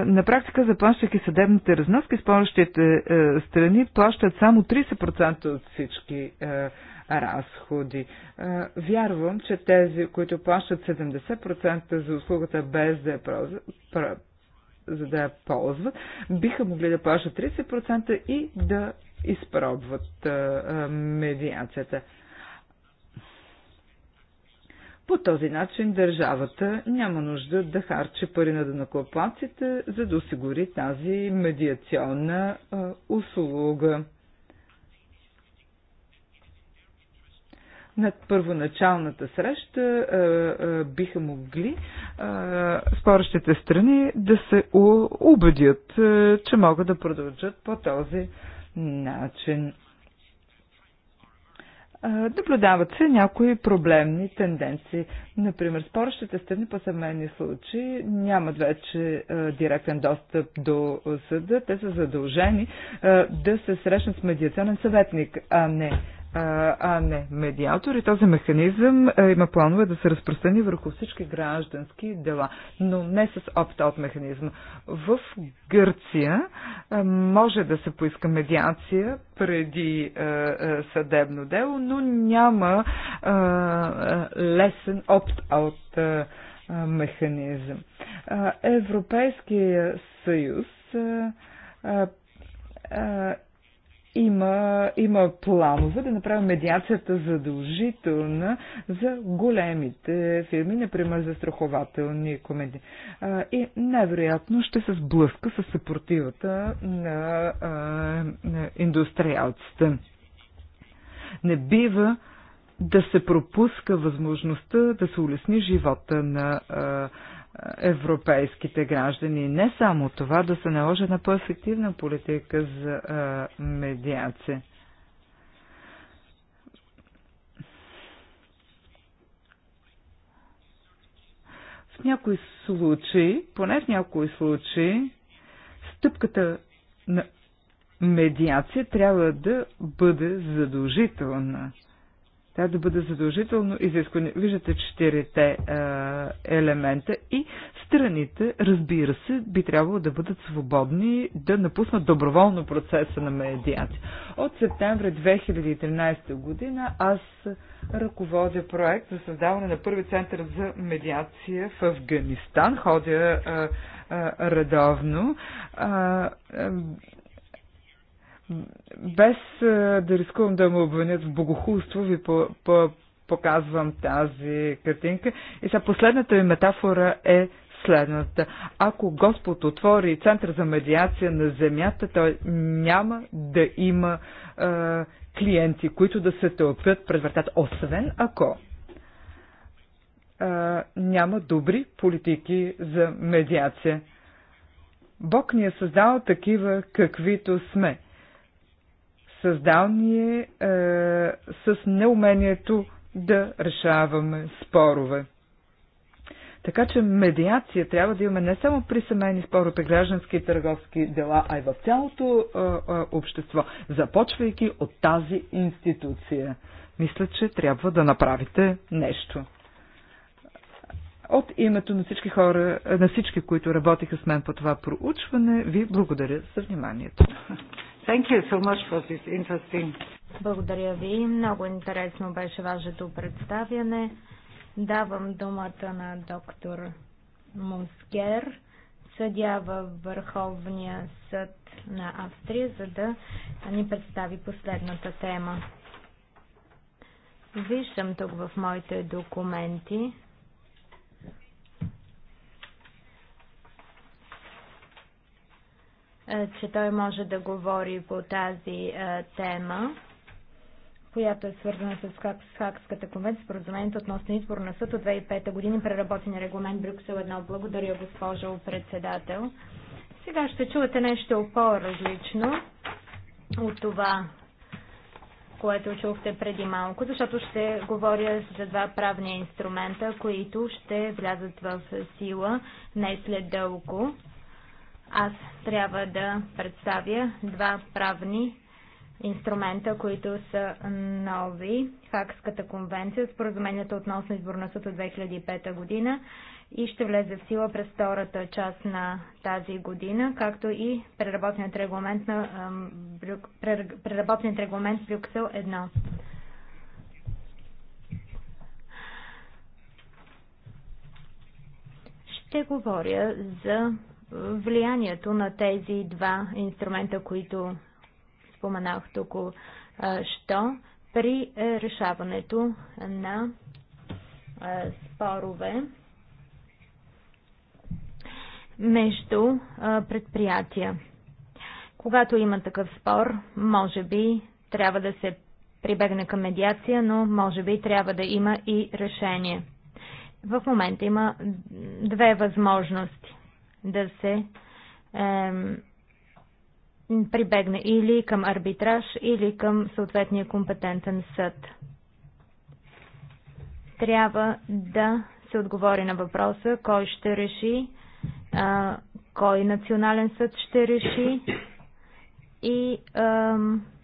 на практика, заплащайки съдебните разноски, спорещите страни плащат само 30% от всички разходи. Е, вярвам, че тези, които плащат 70% за услугата без да я за да я ползват, биха могли да плащат 30% и да изпробват е, е, медиацията. По този начин държавата няма нужда да харчи пари на дънакоплаците, за да осигури тази медиационна услуга. на първоначалната среща е, е, биха могли е, спорещите страни да се убедят, че могат да продължат по този начин. Наблюдават се някои проблемни тенденции. Например, спорещите страни по съвместни случаи нямат вече директен достъп до съда. Те са задължени да се срещнат с медиационен съветник, а не а не медиатор и този механизъм е, има планове да се разпространи върху всички граждански дела, но не с опт-аут механизма. В Гърция може да се поиска медиация преди е, е, съдебно дело, но няма лесен опт-аут механизъм. Европейския съюз има, има планове да направим медиацията задължителна за големите фирми, например за страхователни комедии. И най-вероятно ще се сблъска с съпротивата на, на индустриалците. Не бива да се пропуска възможността да се улесни живота на а, европейските граждани. Не само това, да се наложи на по-ефективна политика за а, медиация. В някои случаи, поне в някои случаи, стъпката на медиация трябва да бъде задължителна трябва да бъде задължително изискване. Виждате четирите е, елемента и страните, разбира се, би трябвало да бъдат свободни да напуснат доброволно процеса на медиация. От септември 2013 година аз ръководя проект за създаване на първи център за медиация в Афганистан. Ходя е, е, редовно. Е, е, без е, да рискувам да ме обвинят в богохулство, ви по, по, показвам тази картинка. И сега последната ми метафора е следната. Ако Господ отвори център за медиация на земята, той няма да има е, клиенти, които да се тълпят пред вратата, освен ако е, няма добри политики за медиация. Бог ни е създал такива, каквито сме. Създал ни е, е с неумението да решаваме спорове. Така че медиация трябва да имаме не само при семейни спорове, граждански и търговски дела, а и в цялото е, е, общество, започвайки от тази институция. Мисля, че трябва да направите нещо. От името на всички хора, на всички, които работиха с мен по това проучване, ви благодаря за вниманието. Thank you so much for this interesting... Благодаря ви. Много интересно беше вашето представяне. Давам думата на доктор Мускер, съдя във Върховния съд на Австрия, за да ни представи последната тема. Виждам тук в моите документи, Е, че той може да говори по тази е, тема, която е свързана с Хакската конвенция, споразумението относно избор на съд от 2005 година, преработен е регламент Брюксел 1. Благодаря, госпожо председател. Сега ще чувате нещо по-различно от това, което чухте преди малко, защото ще говоря за два правни инструмента, които ще влязат в сила не след дълго аз трябва да представя два правни инструмента, които са нови. Хакската конвенция, споразумението относно изборността от 2005 година и ще влезе в сила през втората част на тази година, както и преработният регламент, на, брюк, преработният регламент Брюксел 1. Ще говоря за влиянието на тези два инструмента, които споменах тук що при е, решаването на спорове между предприятия. Когато има такъв спор, може би трябва да се прибегне към медиация, но може би трябва да има и решение. В момента има две възможности да се ем, прибегне или към арбитраж, или към съответния компетентен съд. Трябва да се отговори на въпроса кой ще реши, а, кой национален съд ще реши и а,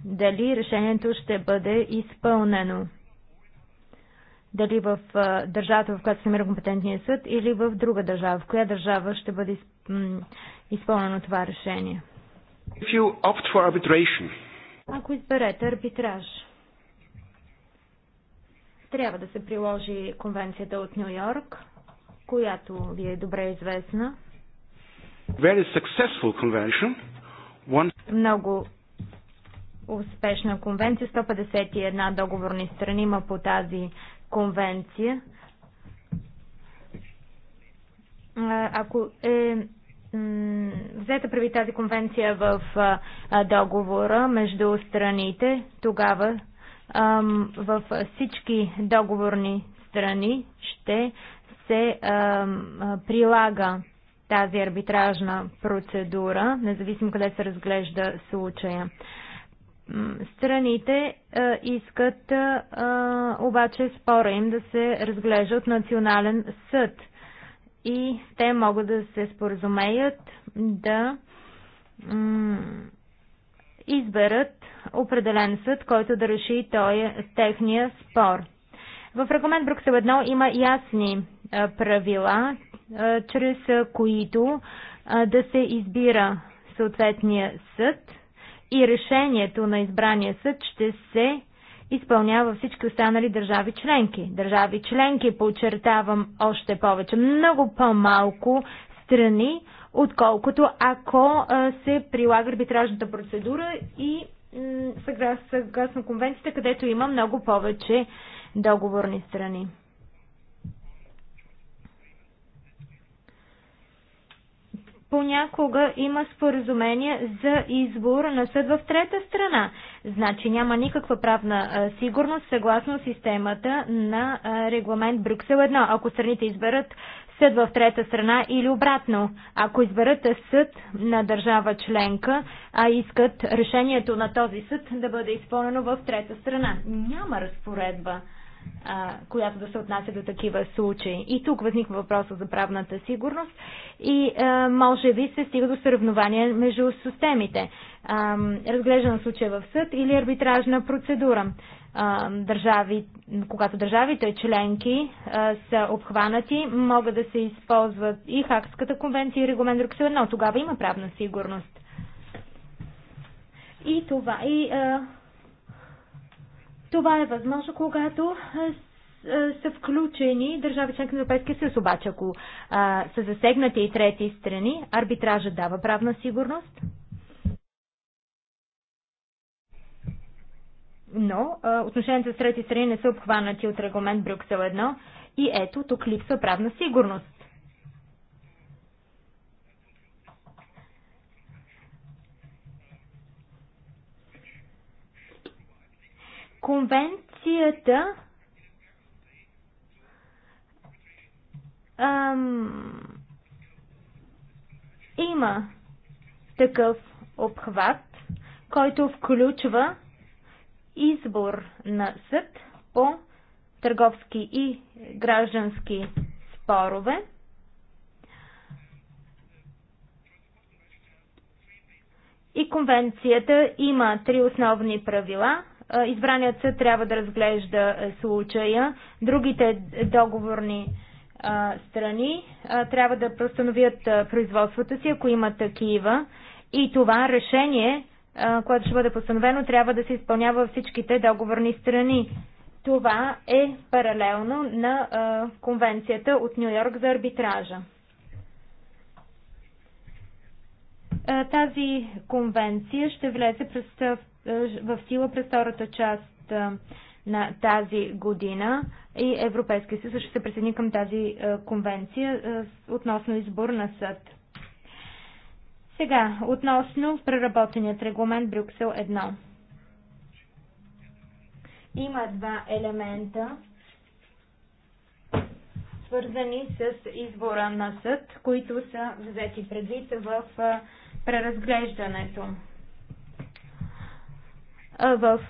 дали решението ще бъде изпълнено. Дали в а, държавата, в която се намира компетентния съд, или в друга държава, в коя държава ще бъде изпълнено това решение. If you opt for arbitration, ако изберете арбитраж, трябва да се приложи конвенцията от Нью Йорк, която ви е добре известна. Very successful convention. One... Много успешна конвенция. 151 договорни страни има по тази конвенция ако е взета преди тази конвенция в договора между страните, тогава в всички договорни страни ще се прилага тази арбитражна процедура, независимо къде се разглежда случая. Страните искат обаче спора им да се разглежда от национален съд – и те могат да се споразумеят да изберат определен съд, който да реши той, техния спор. В регламент Бруксел 1 има ясни правила, чрез които да се избира съответния съд и решението на избрания съд ще се изпълнява всички останали държави членки. Държави членки, подчертавам още повече, много по-малко страни, отколкото ако се прилага арбитражната процедура и съгласно конвенцията, където има много повече договорни страни. понякога има споразумение за избор на съд в трета страна. Значи няма никаква правна сигурност съгласно системата на регламент Брюксел 1, ако страните изберат съд в трета страна или обратно. Ако изберат съд на държава членка, а искат решението на този съд да бъде изпълнено в трета страна. Няма разпоредба а, която да се отнася до такива случаи. И тук възниква въпроса за правната сигурност и а, може би се стига до съревнование между системите. А, разглеждан случай в съд или арбитражна процедура. А, държави, когато държавите членки а, са обхванати, могат да се използват и Хакската конвенция и регламент Брюксел 1. Тогава има правна сигурност. И това. И а, това е възможно, когато са включени държави членки на Европейския съюз, обаче ако а, са засегнати и трети страни, арбитража дава правна сигурност. Но а, отношенията с трети страни не са обхванати от регламент Брюксел 1 и ето тук липсва правна сигурност. Конвенцията ам, има такъв обхват, който включва избор на съд по търговски и граждански спорове. И конвенцията има три основни правила избраният съд трябва да разглежда случая. Другите договорни страни трябва да простановят производствата си, ако има такива. И това решение, което ще бъде постановено, трябва да се изпълнява във всичките договорни страни. Това е паралелно на конвенцията от Нью Йорк за арбитража. Тази конвенция ще влезе през е, в сила през втората част е, на тази година и Европейския съюз ще се присъедини към тази е, конвенция относно избор на съд. Сега, относно преработеният регламент Брюксел 1. Има два елемента, свързани с избора на съд, които са взети предвид в преразглеждането в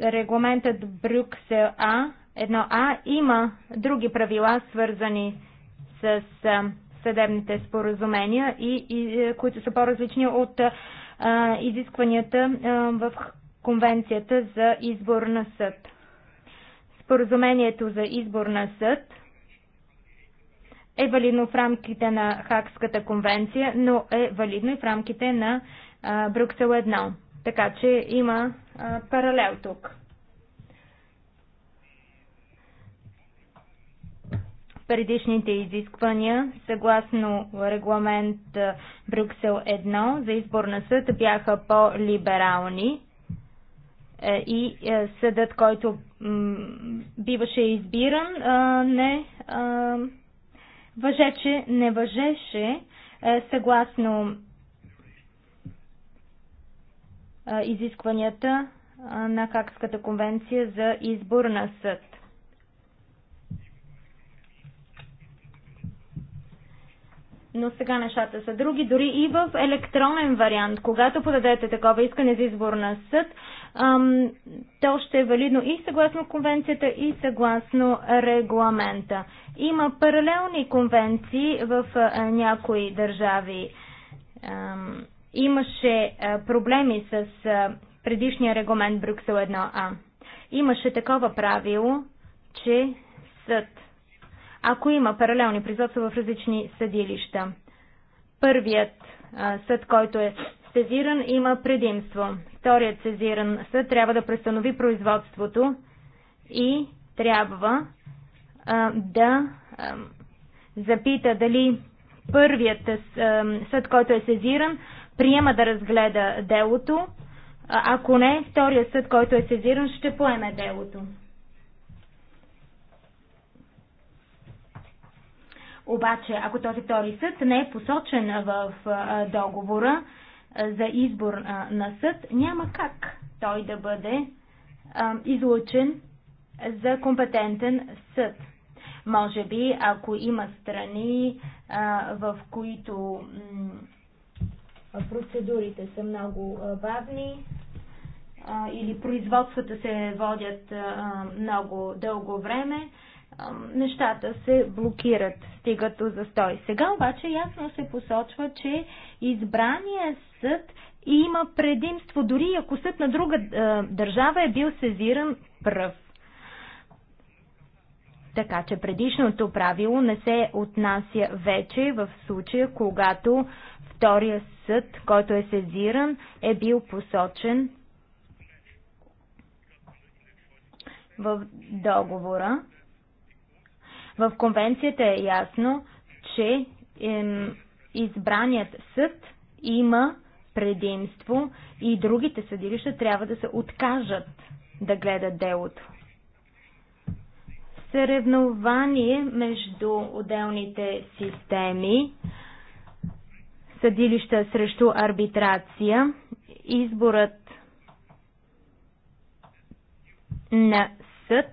регламентът Брюксел А, 1А има други правила, свързани с съдебните споразумения, и, и, е, които са по-различни от а, изискванията а, в Конвенцията за избор на съд. Споразумението за избор на съд е валидно в рамките на Хакската конвенция, но е валидно и в рамките на а, Брюксел 1. Така че има а, паралел тук. Предишните изисквания, съгласно регламент Брюксел 1 за избор на съд, бяха по-либерални е, и е, съдът, който биваше избиран, не въжеше, не въжеше е, съгласно изискванията на Хакската конвенция за избор на съд. Но сега нещата са други. Дори и в електронен вариант, когато подадете такова искане за избор на съд, то ще е валидно и съгласно конвенцията, и съгласно регламента. Има паралелни конвенции в някои държави Имаше проблеми с предишния регламент Брюксел 1А. Имаше такова правило, че съд, ако има паралелни производства в различни съдилища, първият съд, който е сезиран, има предимство. Вторият сезиран съд трябва да престанови производството и трябва а, да а, запита дали първият съд, който е сезиран, приема да разгледа делото. Ако не, втория съд, който е сезиран, ще поеме делото. Обаче, ако този втори съд не е посочен в договора за избор на съд, няма как той да бъде излучен за компетентен съд. Може би, ако има страни, в които процедурите са много бавни или производствата се водят много дълго време, нещата се блокират, стигат до застой. Сега обаче ясно се посочва, че избрания съд има предимство, дори ако съд на друга държава е бил сезиран пръв. Така че предишното правило не се отнася вече в случая, когато втория съд, който е сезиран, е бил посочен в договора. В конвенцията е ясно, че избраният съд има предимство и другите съдилища трябва да се откажат да гледат делото. Съревнование между отделните системи съдилища срещу арбитрация. Изборът на съд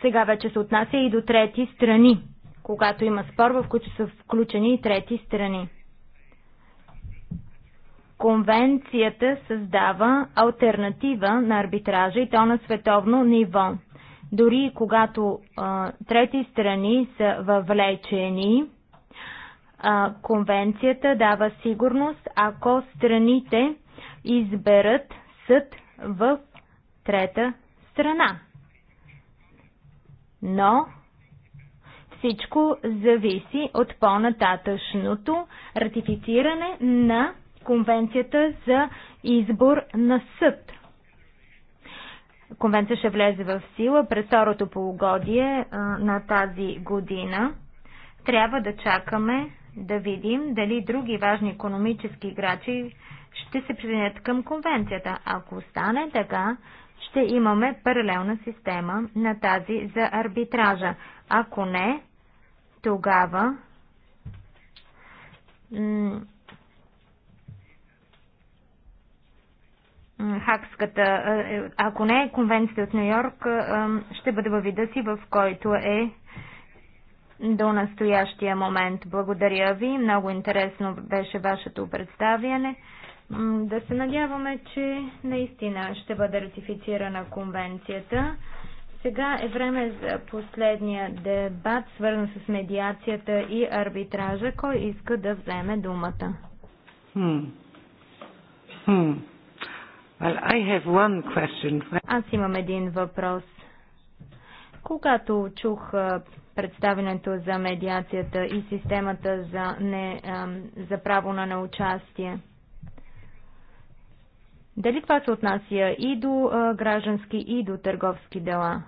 сега вече се отнася и до трети страни, когато има спор, в които са включени и трети страни. Конвенцията създава альтернатива на арбитража и то на световно ниво. Дори когато а, трети страни са въвлечени, а, конвенцията дава сигурност, ако страните изберат съд в трета страна. Но всичко зависи от по-нататъчното ратифициране на Конвенцията за избор на съд. Конвенция ще влезе в сила през второто полугодие на тази година. Трябва да чакаме да видим дали други важни економически играчи ще се присъединят към конвенцията. Ако стане така, ще имаме паралелна система на тази за арбитража. Ако не, тогава Хакската, е, е, ако не е конвенцията от Нью Йорк, е, ще бъде във вида си, в който е до настоящия момент. Благодаря ви. Много интересно беше вашето представяне. Да се надяваме, че наистина ще бъде ратифицирана конвенцията. Сега е време за последния дебат, свързан с медиацията и арбитража. Кой иска да вземе думата? Hmm. Hmm. Well, I have one question. Аз имам един въпрос. Когато чух представенето за медиацията и системата за, не, за право на неучастие. Дали това се отнася и до граждански, и до търговски дела?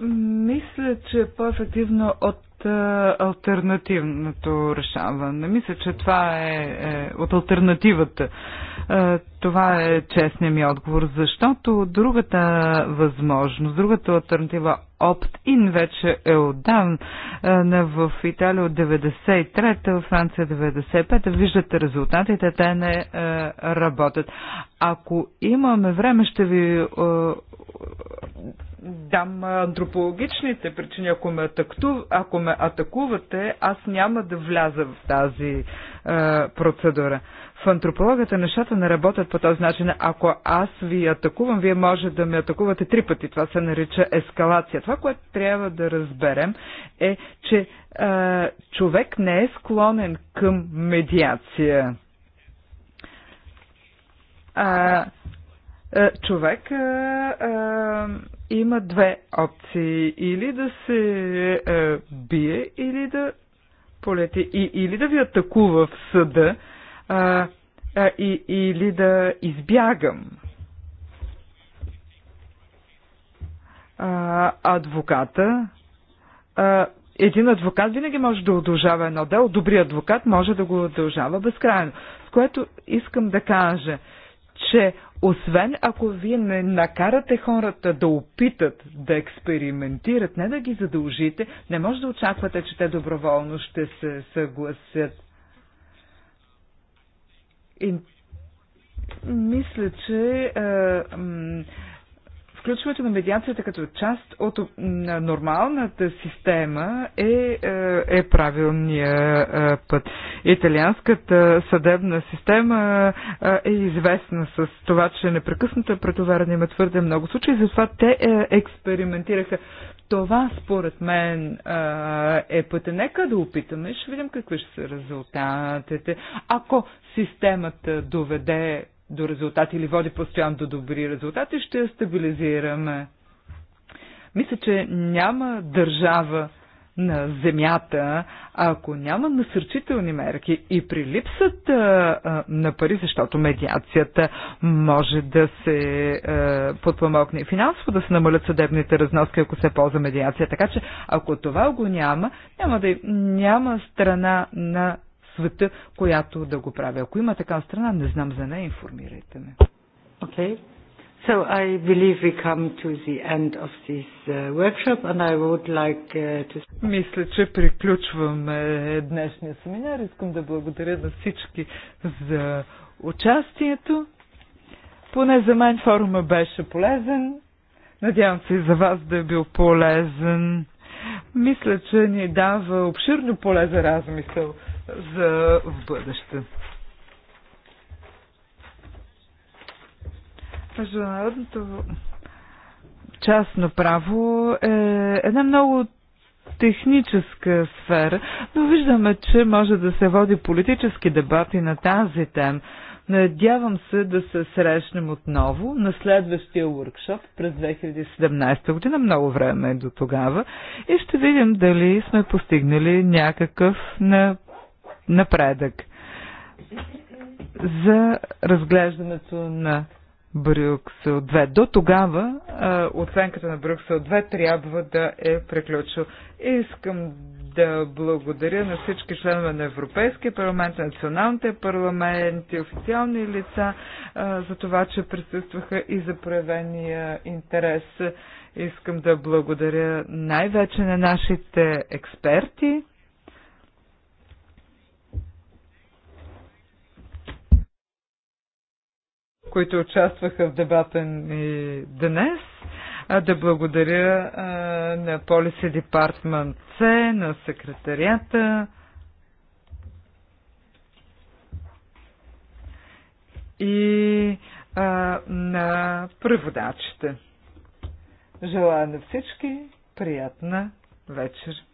Мисля, че е по-ефективно от а, альтернативното решаване. Мисля, че това е, е от альтернативата. А, е, това е честният ми отговор, защото другата възможност, другата альтернатива опт-ин вече е отдан е, в Италия от 93-та, в Франция 95-та. Виждате резултатите, те не е, работят. Ако имаме време, ще ви дам антропологичните причини. Ако ме, атакту, ако ме атакувате, аз няма да вляза в тази е, процедура в антропологата нещата не работят по този начин. Ако аз ви атакувам, вие може да ме атакувате три пъти. Това се нарича ескалация. Това, което трябва да разберем е, че а, човек не е склонен към медиация. А, човек а, а, има две опции. Или да се а, бие, или да полети. И, или да ви атакува в съда, а, а, и, или да избягам. А, адвоката. А, един адвокат винаги може да удължава едно дело, добри адвокат може да го удължава безкрайно. С което искам да кажа, че освен ако вие не накарате хората да опитат да експериментират, не да ги задължите, не може да очаквате, че те доброволно ще се съгласят. И мисля, че е, включването на медиацията като част от нормалната система е, е, е правилния е, път. Италианската съдебна система е известна с това, че непрекъснато претоварена има твърде много случаи, затова те експериментираха това, според мен, е пътя. Нека да опитаме ще видим какви ще са резултатите. Ако системата доведе до резултати или води постоянно до добри резултати, ще я стабилизираме. Мисля, че няма държава на земята, ако няма насърчителни мерки и при липсата на пари, защото медиацията може да се подпомогне и финансово, да се намалят съдебните разноски, ако се ползва медиация. Така че, ако това го няма, няма, да, няма страна на света, която да го прави. Ако има такава страна, не знам за нея, информирайте ме. Окей. Okay. So I believe we come to the end of this uh, workshop and I would like uh, to... Мисля, че приключваме днешния семинар. Искам да благодаря на всички за участието. Поне за мен форума беше полезен. Надявам се и за вас да е бил полезен. Мисля, че ни дава обширно поле за размисъл за в бъдеще. Международното частно право е една много техническа сфера, но виждаме, че може да се води политически дебати на тази тема. Надявам се да се срещнем отново на следващия workshop през 2017 година. Много време е до тогава. И ще видим дали сме постигнали някакъв на... напредък за разглеждането на Брюксел 2. До тогава а, оценката на Брюксел 2 трябва да е приключил. Искам да благодаря на всички членове на Европейския парламент, на националните парламенти, официални лица а, за това, че присъстваха и за проявения интерес. Искам да благодаря най-вече на нашите експерти, които участваха в дебата ни днес. Да благодаря на Policy Department C, на секретарията. и а, на преводачите. Желая на всички приятна вечер.